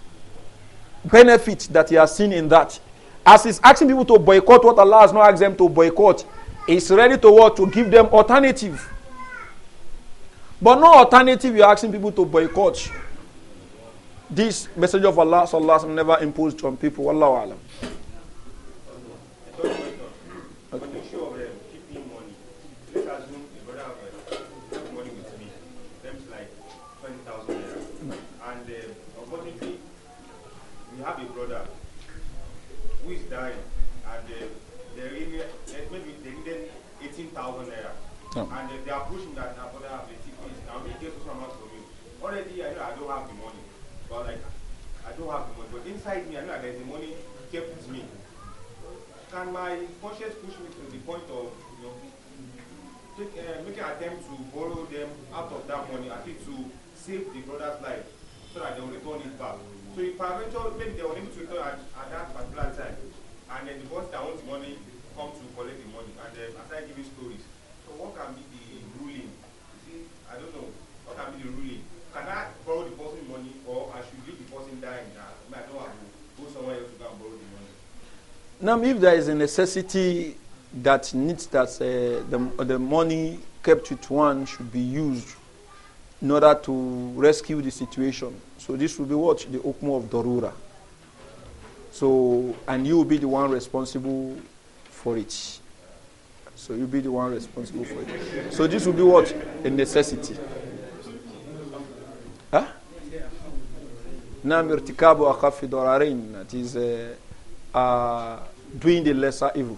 benefit that he has seen in that. As he's asking people to boycott what Allah has not asked them to boycott, he's ready to what? To give them alternative. But no alternative you're asking people to boycott. This message of Allah sallallahu never imposed on people. Wallahu alam. Okay. But make sure them um, keeping money. Let's assume the brother of mine money with me. Them's like 20,000 naira. And uh, unfortunately, we have a brother who is dying. And uh, they really, maybe they needed 18,000 naira. Oh. And uh, they are pushing that now, brother, have the please. Now, we get some amount from you. Already, I know I don't have the money. But like, I don't have the money. But inside me, I know there's the money kept with me. Can my conscience take, uh, eh, making attempt to borrow them out of that money, at least to save the brother's life, so that they will return it back. So if I eventually maybe they were able to return at, at that particular time, and then the person that wants money come to collect the money, and then I start giving stories. So what can be the ruling? You see, I don't know. What can be the ruling? Can I borrow the person money, or I should leave the person dying? I, I don't have to go somewhere else to go and borrow the money. Now, if there is a necessity that needs that uh, the, the money kept with one should be used in order to rescue the situation. So this will be what? The Okmo of Dorura. So, and you will be the one responsible for it. So you'll be the one responsible for it. So this will be what? A necessity. Huh? That is uh, uh, doing the lesser evil.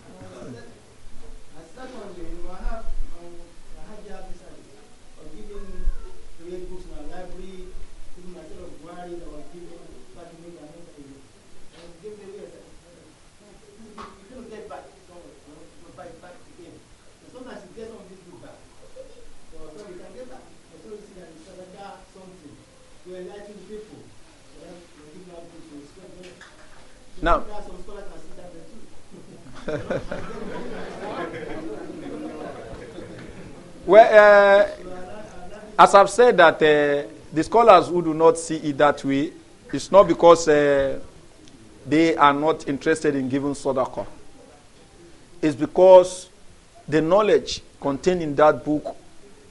Now, well, uh, as I've said that uh, the scholars who do not see it that way, it's not because uh, they are not interested in giving Sodaka. It's because the knowledge contained in that book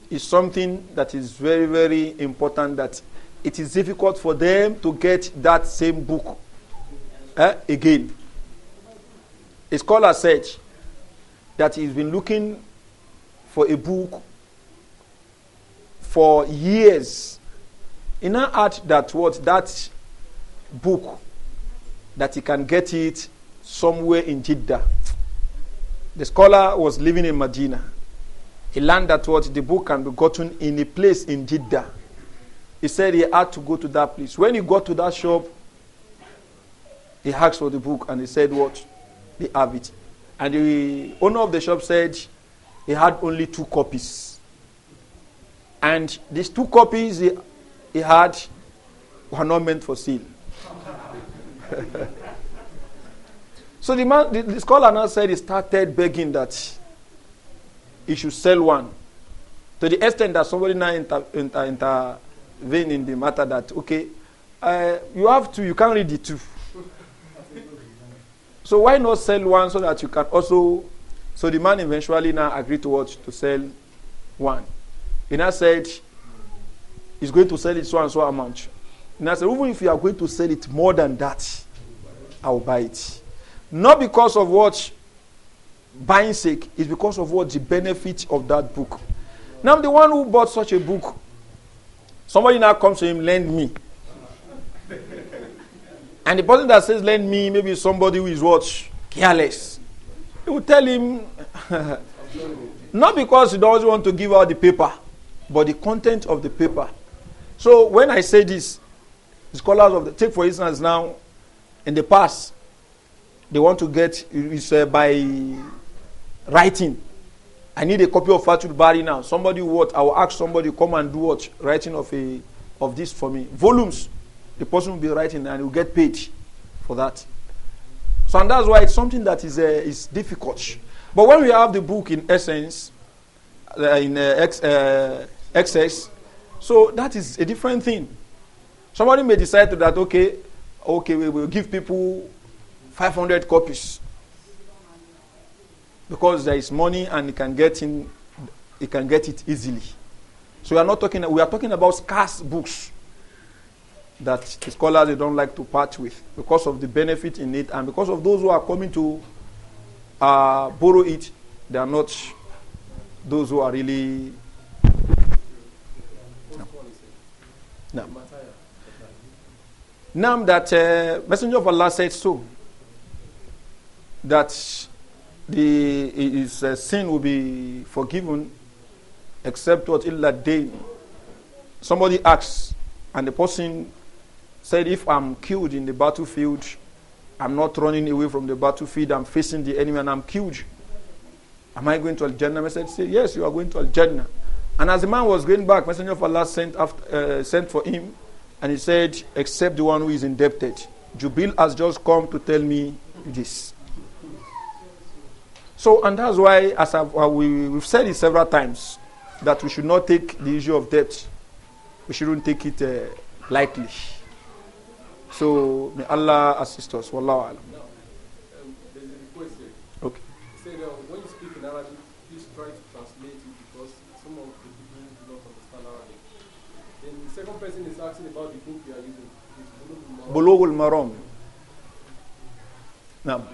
is something that is very, very important that it is difficult for them to get that same book eh, again. A scholar said that he's been looking for a book for years. He now had that what that book that he can get it somewhere in Jeddah. The scholar was living in Medina. He learned that what the book can be gotten in a place in Jeddah. He said he had to go to that place. When he got to that shop, He asked for the book and he said, What? They have it. And the owner of the shop said he had only two copies. And these two copies he, he had were not meant for sale. so the, man, the, the scholar now said he started begging that he should sell one. To the extent that somebody now inter, inter, intervened in the matter that, okay, uh, you have two, you can't read the two. So why not sell one so that you can also? So the man eventually now agreed to what to sell one. He now said he's going to sell it so and so amount. And I said, even if you are going to sell it more than that, I will buy it. Not because of what buying sake, it's because of what the benefit of that book. Now, I'm the one who bought such a book, somebody now comes to him, lend me. And the person that says, lend me, maybe somebody who is what? Careless. You will tell him, not because he doesn't want to give out the paper, but the content of the paper. So when I say this, scholars of the, take for instance now, in the past, they want to get it's uh, by writing. I need a copy of Fatul Bari now. Somebody what? I will ask somebody come and do what writing of a of this for me. Volumes. The person will be writing and will get paid for that. So and that's why it's something that is, uh, is difficult. But when we have the book in essence, uh, in uh, uh, excess, so that is a different thing. Somebody may decide that, okay, okay, we will give people 500 copies because there is money and you can get in, you can get it easily. So we are not talking, we are talking about scarce books. that the scholars they don't like to part with because of the benefit in it and because of those who are coming to uh, borrow it, they are not those who are really. No. Now no. that uh, Messenger of Allah said so, that the his uh, sin will be forgiven, except what illa day. Somebody asks, and the person said, If I'm killed in the battlefield, I'm not running away from the battlefield, I'm facing the enemy and I'm killed. Am I going to Al Jannah? Messenger said, Yes, you are going to Al Jannah. And as the man was going back, Messenger of Allah sent, after, uh, sent for him and he said, Except the one who is indebted. Jubil has just come to tell me this. So, and that's why, as I've, uh, we, we've said it several times, that we should not take the issue of debt, we shouldn't take it uh, lightly. So may Allah assist us. Wallahu alam. Now, um, there's a request there. Okay. Say that uh, when you speak in Arabic, please try to translate it because some of the people do not understand Arabic. Then the second person is asking about the book you are using. Bulugh al-Maram. Now.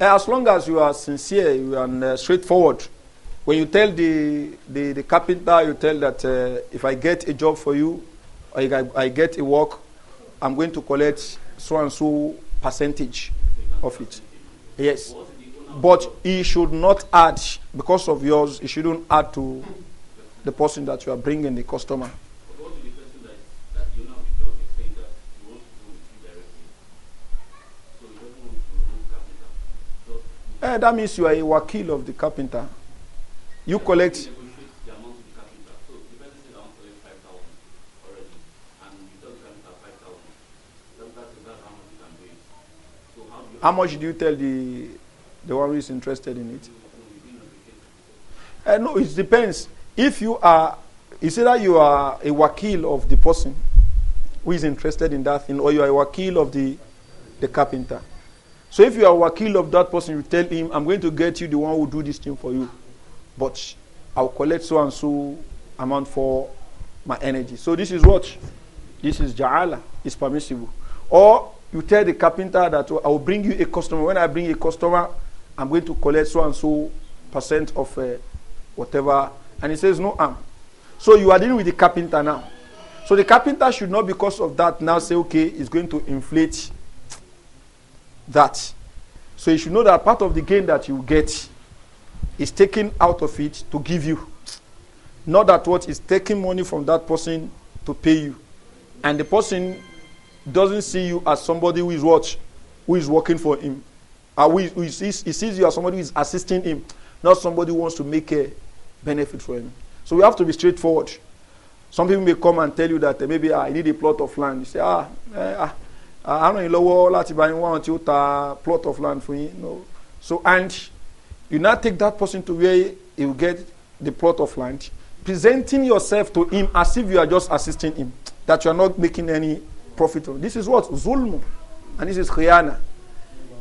Eh, as long as you are sincere you are uh, straightforward when you tell the, the, the carpenter you tell that uh, if i get a job for you or I, I get a work i'm going to collect so and so percentage of it yes but he should not add because of yours he shouldn't add to the person that you are bringing the customer Eh, that means you are a wakil of the carpenter. You collect. How much do you tell the the one who is interested in it? Uh, no, it depends. If you are, is that you are a wakil of the person who is interested in that thing, or you are a wakil of the the carpenter. So if you are wakil of that person, you tell him, I'm going to get you the one who do this thing for you. But I'll collect so and so amount for my energy. So this is what? This is ja'ala. It's permissible. Or you tell the carpenter that oh, I will bring you a customer. When I bring a customer, I'm going to collect so and so percent of uh, whatever. And he says, no harm. So you are dealing with the carpenter now. So the carpenter should not, because of that, now say, okay, it's going to inflate that. So you should know that part of the gain that you get is taken out of it to give you. Not that what is taking money from that person to pay you. And the person doesn't see you as somebody who is what? Who is working for him. Uh, who is, who is, he sees you as somebody who is assisting him, not somebody who wants to make a benefit for him. So we have to be straightforward. Some people may come and tell you that uh, maybe uh, I need a plot of land. You say, ah, uh, àárọ̀ yín lọ́wọ́ láti bá yín wá àwọn tí ó ta plot of land fún yín no so and you now take that person to where he will get the plot of land presenting yourself to him as if you are just assisting him that you are not making any profit from this is what zulmu and this is khiyana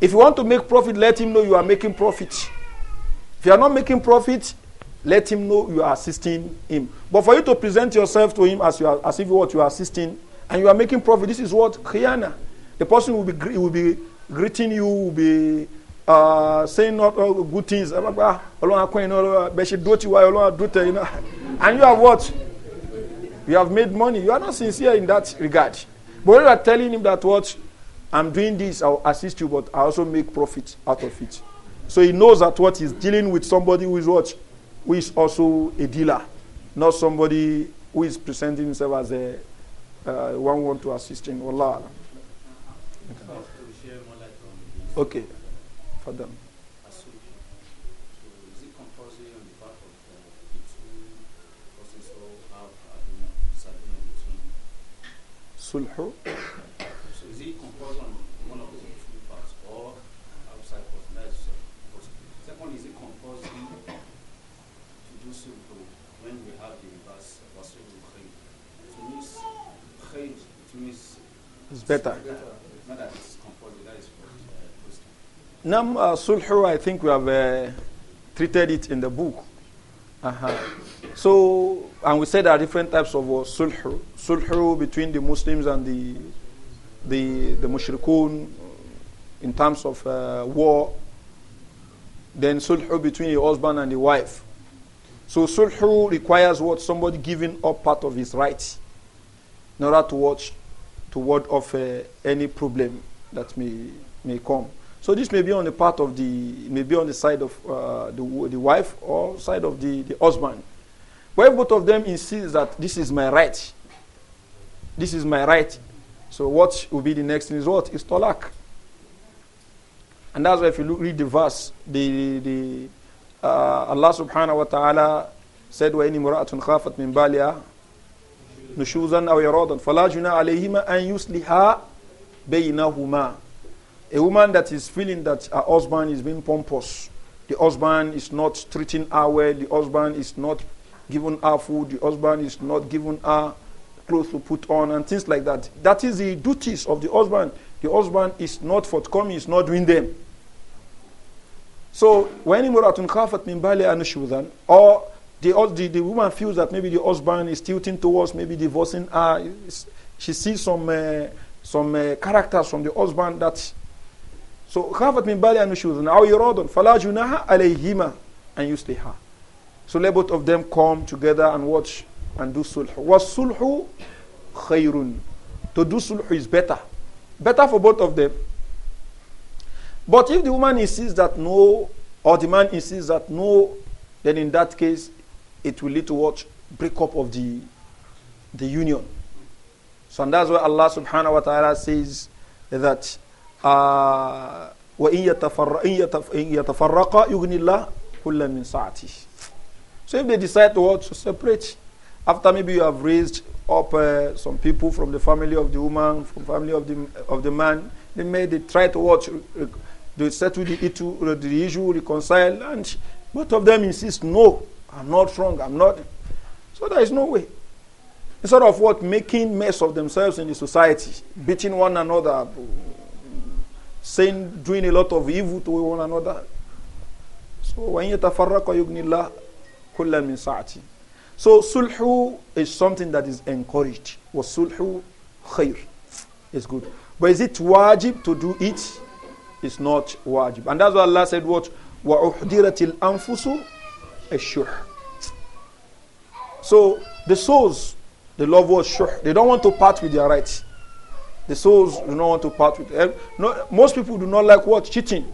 if you want to make profit let him know you are making profit if you are not making profit let him know you are assisting him but for you to present yourself to him as you are as if what you are assisting and you are making profit this is what khiyana The person will be, will be greeting you, will be uh, saying not all good things. But she do it, you know. And you are what? You have made money. You are not sincere in that regard. But when you are telling him that what? I'm doing this, I'll assist you, but I also make profit out of it. So he knows that what he's dealing with somebody who is what? Who is also a dealer, not somebody who is presenting himself as a uh, one want to assist in. Okay. For them. Sulhu. So is it composed on one of the two parts or outside of that? Second, is it composed to do sulhu when we have the reverse So It means it means it's better. better. Now, uh, Sulhu, I think we have uh, treated it in the book. Uh -huh. So, and we said there are different types of uh, Sulhu. Sulhu between the Muslims and the, the, the Mushrikun in terms of uh, war. Then Sulhu between the husband and the wife. So, Sulhu requires what? Somebody giving up part of his rights in order to watch off of uh, any problem that may, may come. So this may be on the part of the, may be on the side of uh, the, the wife or side of the, the husband. Where both of them insist that this is my right, this is my right. So what will be the next thing is what? Is talak. And that's why if you look, read the verse, the, the uh, Allah subhanahu wa ta'ala said, وَإِنِ مُرَأَةٌ خَافَتْ مِنْ بَالِهَا نُشُوزًا أَوْ يَرَادًا فَلَا جُنَا عَلَيْهِمَا أَنْ يُسْلِحَا بَيْنَهُمَا a woman that is feeling that her husband is being pompous, the husband is not treating her well, the husband is not giving her food, the husband is not giving her clothes to put on, and things like that. That is the duties of the husband. The husband is not forthcoming, is not doing them. So, when Imuratun Khafat min Bali Anushudan, or the, the, the woman feels that maybe the husband is tilting towards maybe divorcing her, she sees some, uh, some uh, characters from the husband that so خافت من بالي أن نشوذن أو يراد فلا جناح عليهما أن يصلحا. So let both of them come together and watch and do sulh. والصلح خير. To do sulh is better. Better for both of them. But if the woman insists that no, or the man insists that no, then in that case, it will lead to what? Breakup of the, the union. So and that's why Allah subhanahu wa ta'ala says that uh, So if they decide to, to separate, after maybe you have raised up uh, some people from the family of the woman, from family of the, of the man, they may they try to watch, uh, they settle the the issue, reconcile, and both of them insist, no, I'm not wrong, I'm not. So there is no way. Instead of what making mess of themselves in the society, beating one another, saying, doing a lot of evil to one another. So, وَإِنْ يَتَفَرَّقَ يُغْنِ اللَّهُ كُلًّا مِنْ سَعْتِهِ So, sulhu is something that is encouraged. Was sulh khair. It's good. But is it wajib to do it? It's not wajib. And that's why Allah said what? وَأُحْدِرَتِ anfusu الشُّحْ So, the souls, the love what They don't want to part with their rights. The souls do not want to part with them. No, most people do not like what? Cheating.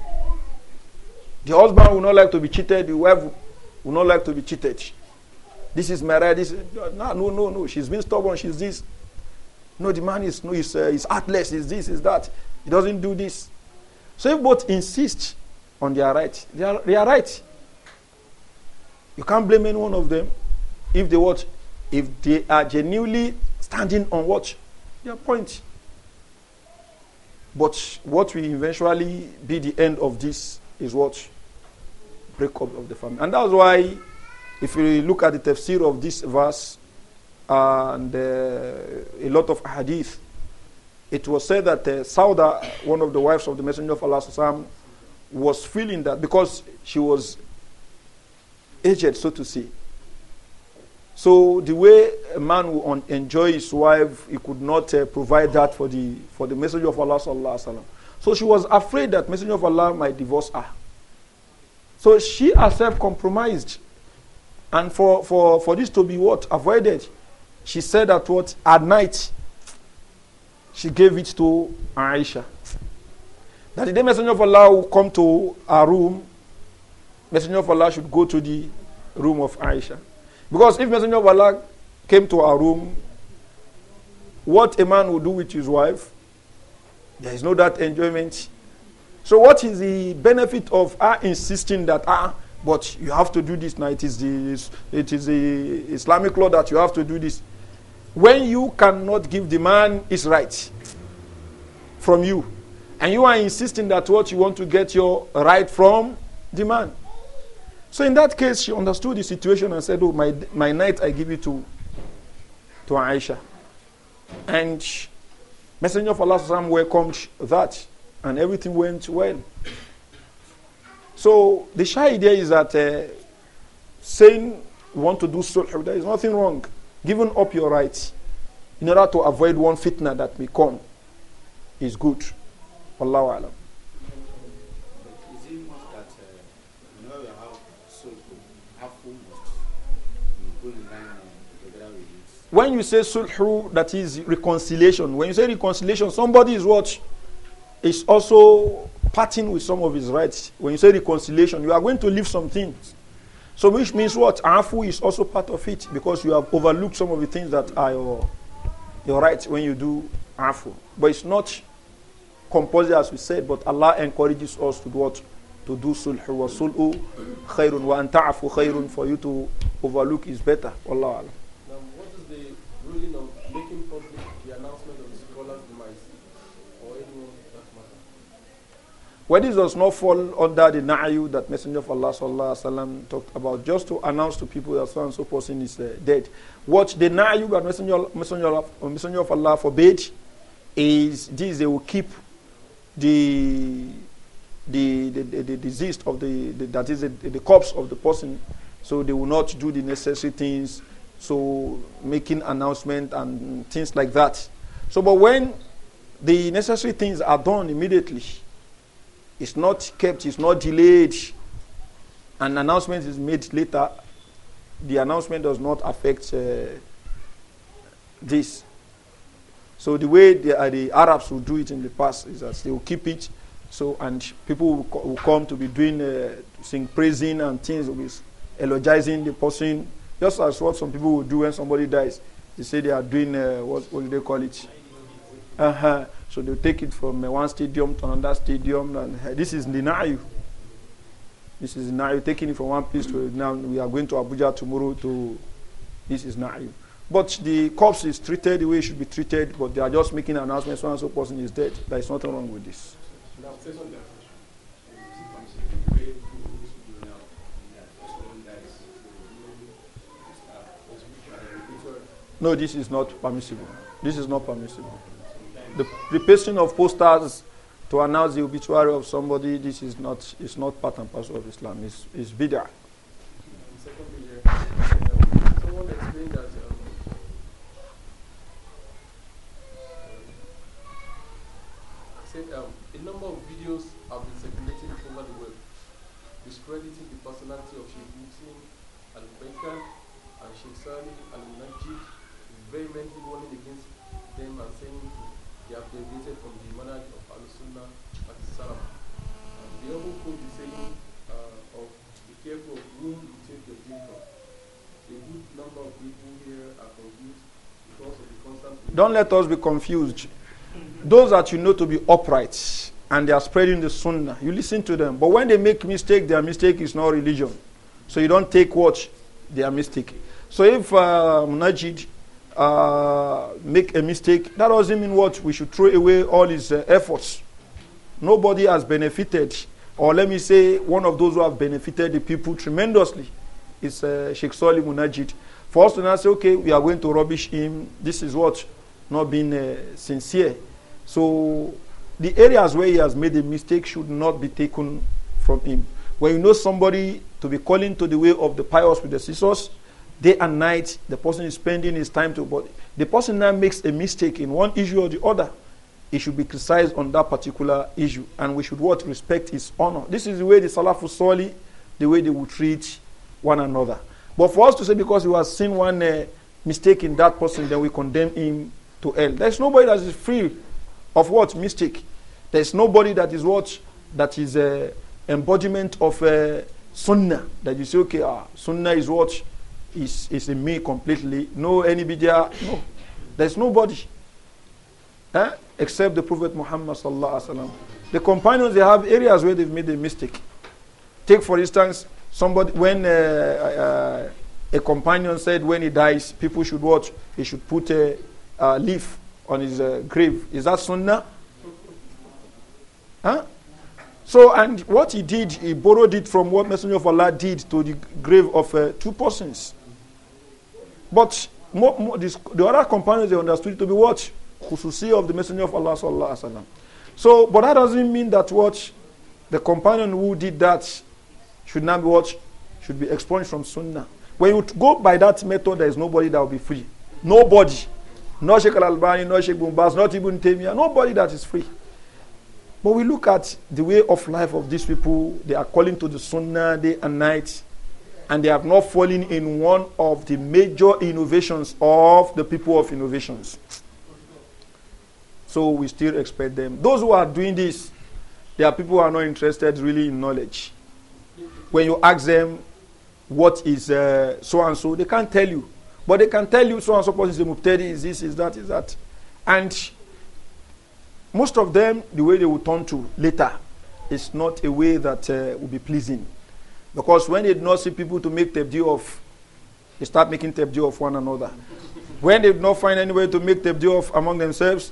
The husband will not like to be cheated. The wife will not like to be cheated. This is marriage. This, no, no, no, no. She's been stubborn. She's this. No, the man is no, he's, uh, he's heartless. He's this, he's that. He doesn't do this. So if both insist on their right, they are, they are right. You can't blame any one of them if they watch. If they are genuinely standing on watch, Their point. But what will eventually be the end of this is what? Breakup of the family. And that's why, if you look at the tafsir of this verse and uh, a lot of hadith, it was said that uh, Sauda, one of the wives of the Messenger of Allah, was feeling that because she was aged, so to say. So the way a man will enjoy his wife, he could not uh, provide that for the for the Messenger of Allah sallallahu alaihi wasallam. So she was afraid that Messenger of Allah might divorce her. So she herself compromised, and for for for this to be what avoided, she said that what at night. She gave it to Aisha. That the day Messenger of Allah will come to her room, Messenger of Allah should go to the room of Aisha. Because if Messenger of Allah came to our room, what a man would do with his wife, there is no that enjoyment. So what is the benefit of our insisting that ah, but you have to do this now? It is the it is the Islamic law that you have to do this. When you cannot give the man his right from you, and you are insisting that what you want to get your right from the man. So in that case, she understood the situation and said, Oh, my, my night I give you to, to Aisha. And Messenger of Allah welcomed that, and everything went well. So the shy idea is that uh, saying you want to do sulh, there is nothing wrong. Giving up your rights in order to avoid one fitna that may come is good. Allahu Alam. when you say sulhu, that is reconciliation. When you say reconciliation, somebody is what? Is also parting with some of his rights. When you say reconciliation, you are going to leave some things. So which means what? Afu is also part of it because you have overlooked some of the things that are your, your rights when you do afu. But it's not compulsory as we said, but Allah encourages us to do what? To do sulhu wa sulhu khairun wa anta'afu khairun for you to overlook is better. Wallahu alam. Where this does not fall under the na'ayu that Messenger of Allah sallallahu alaihi wasallam talked about, just to announce to people that so and so person is uh, dead. What the na'ayu that Messenger, Messenger, of, uh, Messenger of Allah forbade is this: they will keep the the the, the, the disease of the, the that is the, the corpse of the person, so they will not do the necessary things, so making announcement and things like that. So, but when the necessary things are done immediately it's not kept, it's not delayed. An announcement is made later. The announcement does not affect uh, this. So the way the, uh, the Arabs will do it in the past is that they will keep it. So and people will, co will come to be doing uh, sing praising and things will be elogizing the person, just as what some people will do when somebody dies. They say they are doing uh, what, what do they call it? Uh -huh. So they take it from one stadium to another stadium, and uh, this is Ninayu. This is Ninayu, taking it from one place to now. We are going to Abuja tomorrow to. This is Ninayu. But the corpse is treated the way it should be treated, but they are just making announcements. so and so person is dead. There is nothing wrong with this. No, this is not permissible. This is not permissible the preparation of posters to announce the obituary of somebody, this is not, it's not part and parcel of Islam. It's, it's bid'ah. Someone explained that said um, a number of videos have been circulating over the web, discrediting the personality of Sheikh Muslim and Baker and Sheikh Sali and Najib, vehemently warning against them and saying deviated from the manhaj of Al-Sunnah at Salaf. And they often quote the saying uh, of the careful of whom you take your drink from. A good number of people here are confused because of the constant... Don't let us be confused. Those that you know to be upright and they are spreading the sunnah, you listen to them. But when they make mistake, their mistake is not religion. So you don't take what? Their mistake. So if uh, Najid uh, make a mistake, that doesn't mean what? We should throw away all his uh, efforts. Nobody has benefited, or let me say, one of those who have benefited the people tremendously is uh, Sheikh Soli Munajid. For us to now say, okay, we are going to rubbish him, this is what? Not being uh, sincere. So the areas where he has made a mistake should not be taken from him. When you know somebody to be calling to the way of the pious with the scissors, day and night, the person is spending his time to, but the person now makes a mistake in one issue or the other, he should be criticized on that particular issue. And we should what? Respect his honor. This is the way the salafu Soli, the way they would treat one another. But for us to say because we have seen one uh, mistake in that person, then we condemn him to hell. There's nobody that is free of what? Mistake. There's nobody that is what? That is a uh, embodiment of a uh, sunnah. That you say, okay, ah, sunnah is what? is, is in me completely. No any No. There's nobody. Eh? Except the Prophet Muhammad sallallahu alaihi wasallam. The companions, they have areas where they've made a mistake. Take, for instance, somebody, when uh, uh, a companion said when he dies, people should watch, he should put a, a leaf on his uh, grave. Is that sunnah? Huh? So, and what he did, he borrowed it from what Messenger of Allah did to the grave of uh, two persons. But mo, mo, this, the other companions, they understood it to be what? Khususi of the Messenger of Allah sallallahu alaihi wasallam. So, but that doesn't mean that what the companion who did that should not be what? Should be expunged from Sunnah. When you go by that method, there is nobody that will be free. Nobody. Not Sheikh Al-Albani, not Sheikh Bumbas, not Ibn Taymiyyah. Nobody that is free. But we look at the way of life of these people. They are calling to the Sunnah day and night. and they have not fallen in one of the major innovations of the people of innovations. So we still expect them. Those who are doing this, there are people who are not interested really in knowledge. When you ask them what is uh, so and so, they can't tell you. But they can tell you so and so is a Mupteri, is this, is that, is that. And most of them, the way they will turn to later is not a way that uh, will be pleasing. Because when they did not see people to make tabdi of, they start making tabdi of one another. when they did not find any way to make tabdi of among themselves,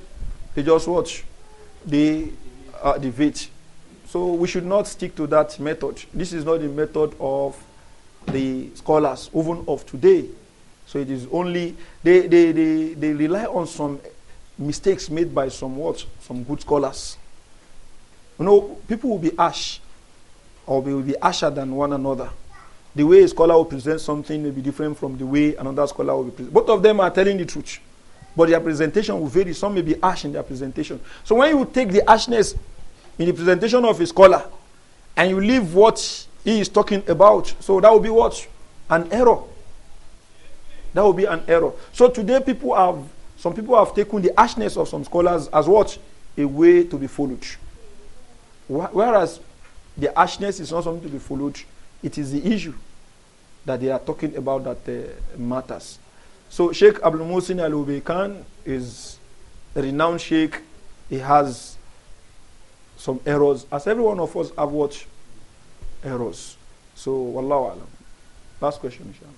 they just watch. Uh, the uh, debate. So we should not stick to that method. This is not the method of the scholars, even of today. So it is only, they, they, they, they rely on some mistakes made by some what? Some good scholars. You know, people will be ash or we will be harsher than one another. The way a scholar will present something may be different from the way another scholar will be present. Both of them are telling the truth, but their presentation will vary. Some may be ash in their presentation. So when you take the ashness in the presentation of a scholar and you leave what he is talking about, so that will be what? An error. That will be an error. So today people have some people have taken the ashness of some scholars as what? A way to be followed. Whereas the harshness is not something to be followed. It is the issue that they are talking about that uh, matters. So Sheikh Abdul Musin Al Khan is a renowned Sheikh. He has some errors, as every one of us have watched errors. So, Wallahu Alam. Last question, inshallah.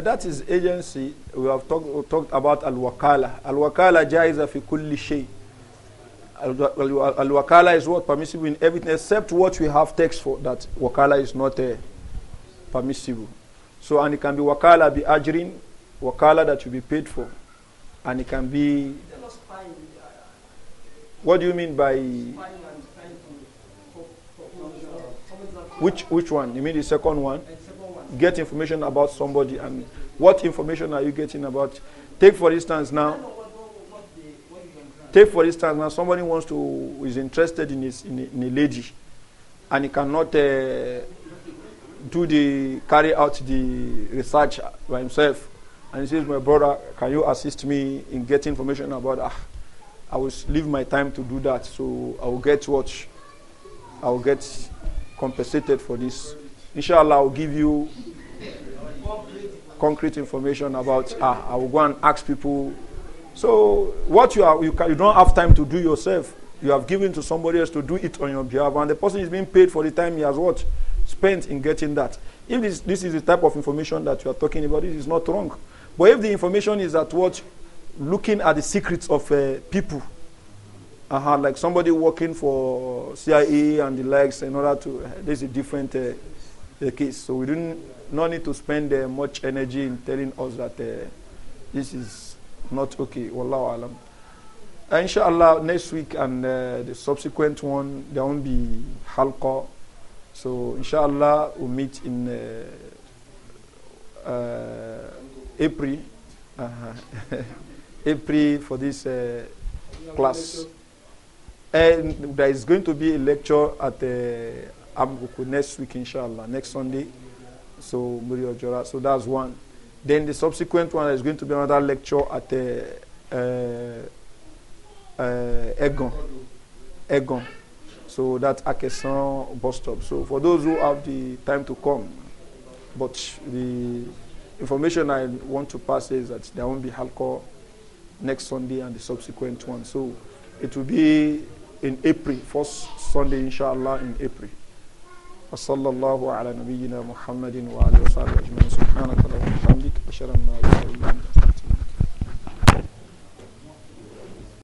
that is agency. We have talk, talked about al-wakala. Al-wakala jaiza fi kulli shay. Al-wakala is what permissible in everything except what we have text for that wakala is not uh, permissible. So and it can be wakala be ajrin, wakala that you be paid for, and it can be. What do you mean by? Which which one? You mean the second one? get information about somebody and what information are you getting about? Take for instance now. Take for instance now somebody wants to is interested in his, in, a, in a lady, and he cannot uh, do the carry out the research by himself, and he says, "My brother, can you assist me in getting information about her?" Ah, I will leave my time to do that, so I will get what I will get compensated for this. Inshallah, I'll give you concrete information about. Ah, I will go and ask people. So, what you are, you, can, you don't have time to do yourself. You have given to somebody else to do it on your behalf, and the person is being paid for the time he has what spent in getting that. If this, this is the type of information that you are talking about, it is not wrong. But if the information is at what looking at the secrets of uh, people, uh -huh, like somebody working for CIA and the likes in order to, uh, there's a different. Uh, the case. So we do not need to spend uh, much energy in telling us that uh, this is not okay. Wallahu alam. Uh, inshallah, next week and uh, the subsequent one, there won't be halqa. So inshallah, we'll meet in uh, uh, April. -huh. April for this class. And there is going to be a lecture at the Abuku next week, inshallah, next Sunday. So Muri Ojora. So that's one. Then the subsequent one is going to be another lecture at uh, uh, uh, Egon. Egon. So that's Akesan bus stop. So for those who have the time to come, but the information I want to pass is that there won't be alcohol next Sunday and the subsequent one. So it will be in April, first Sunday, inshallah, in April. وصلى الله على نبينا محمد وعلى اله وصحبه أجمعين سبحانك اللهم وبحمدك أشهد أن لا إله إلا أنت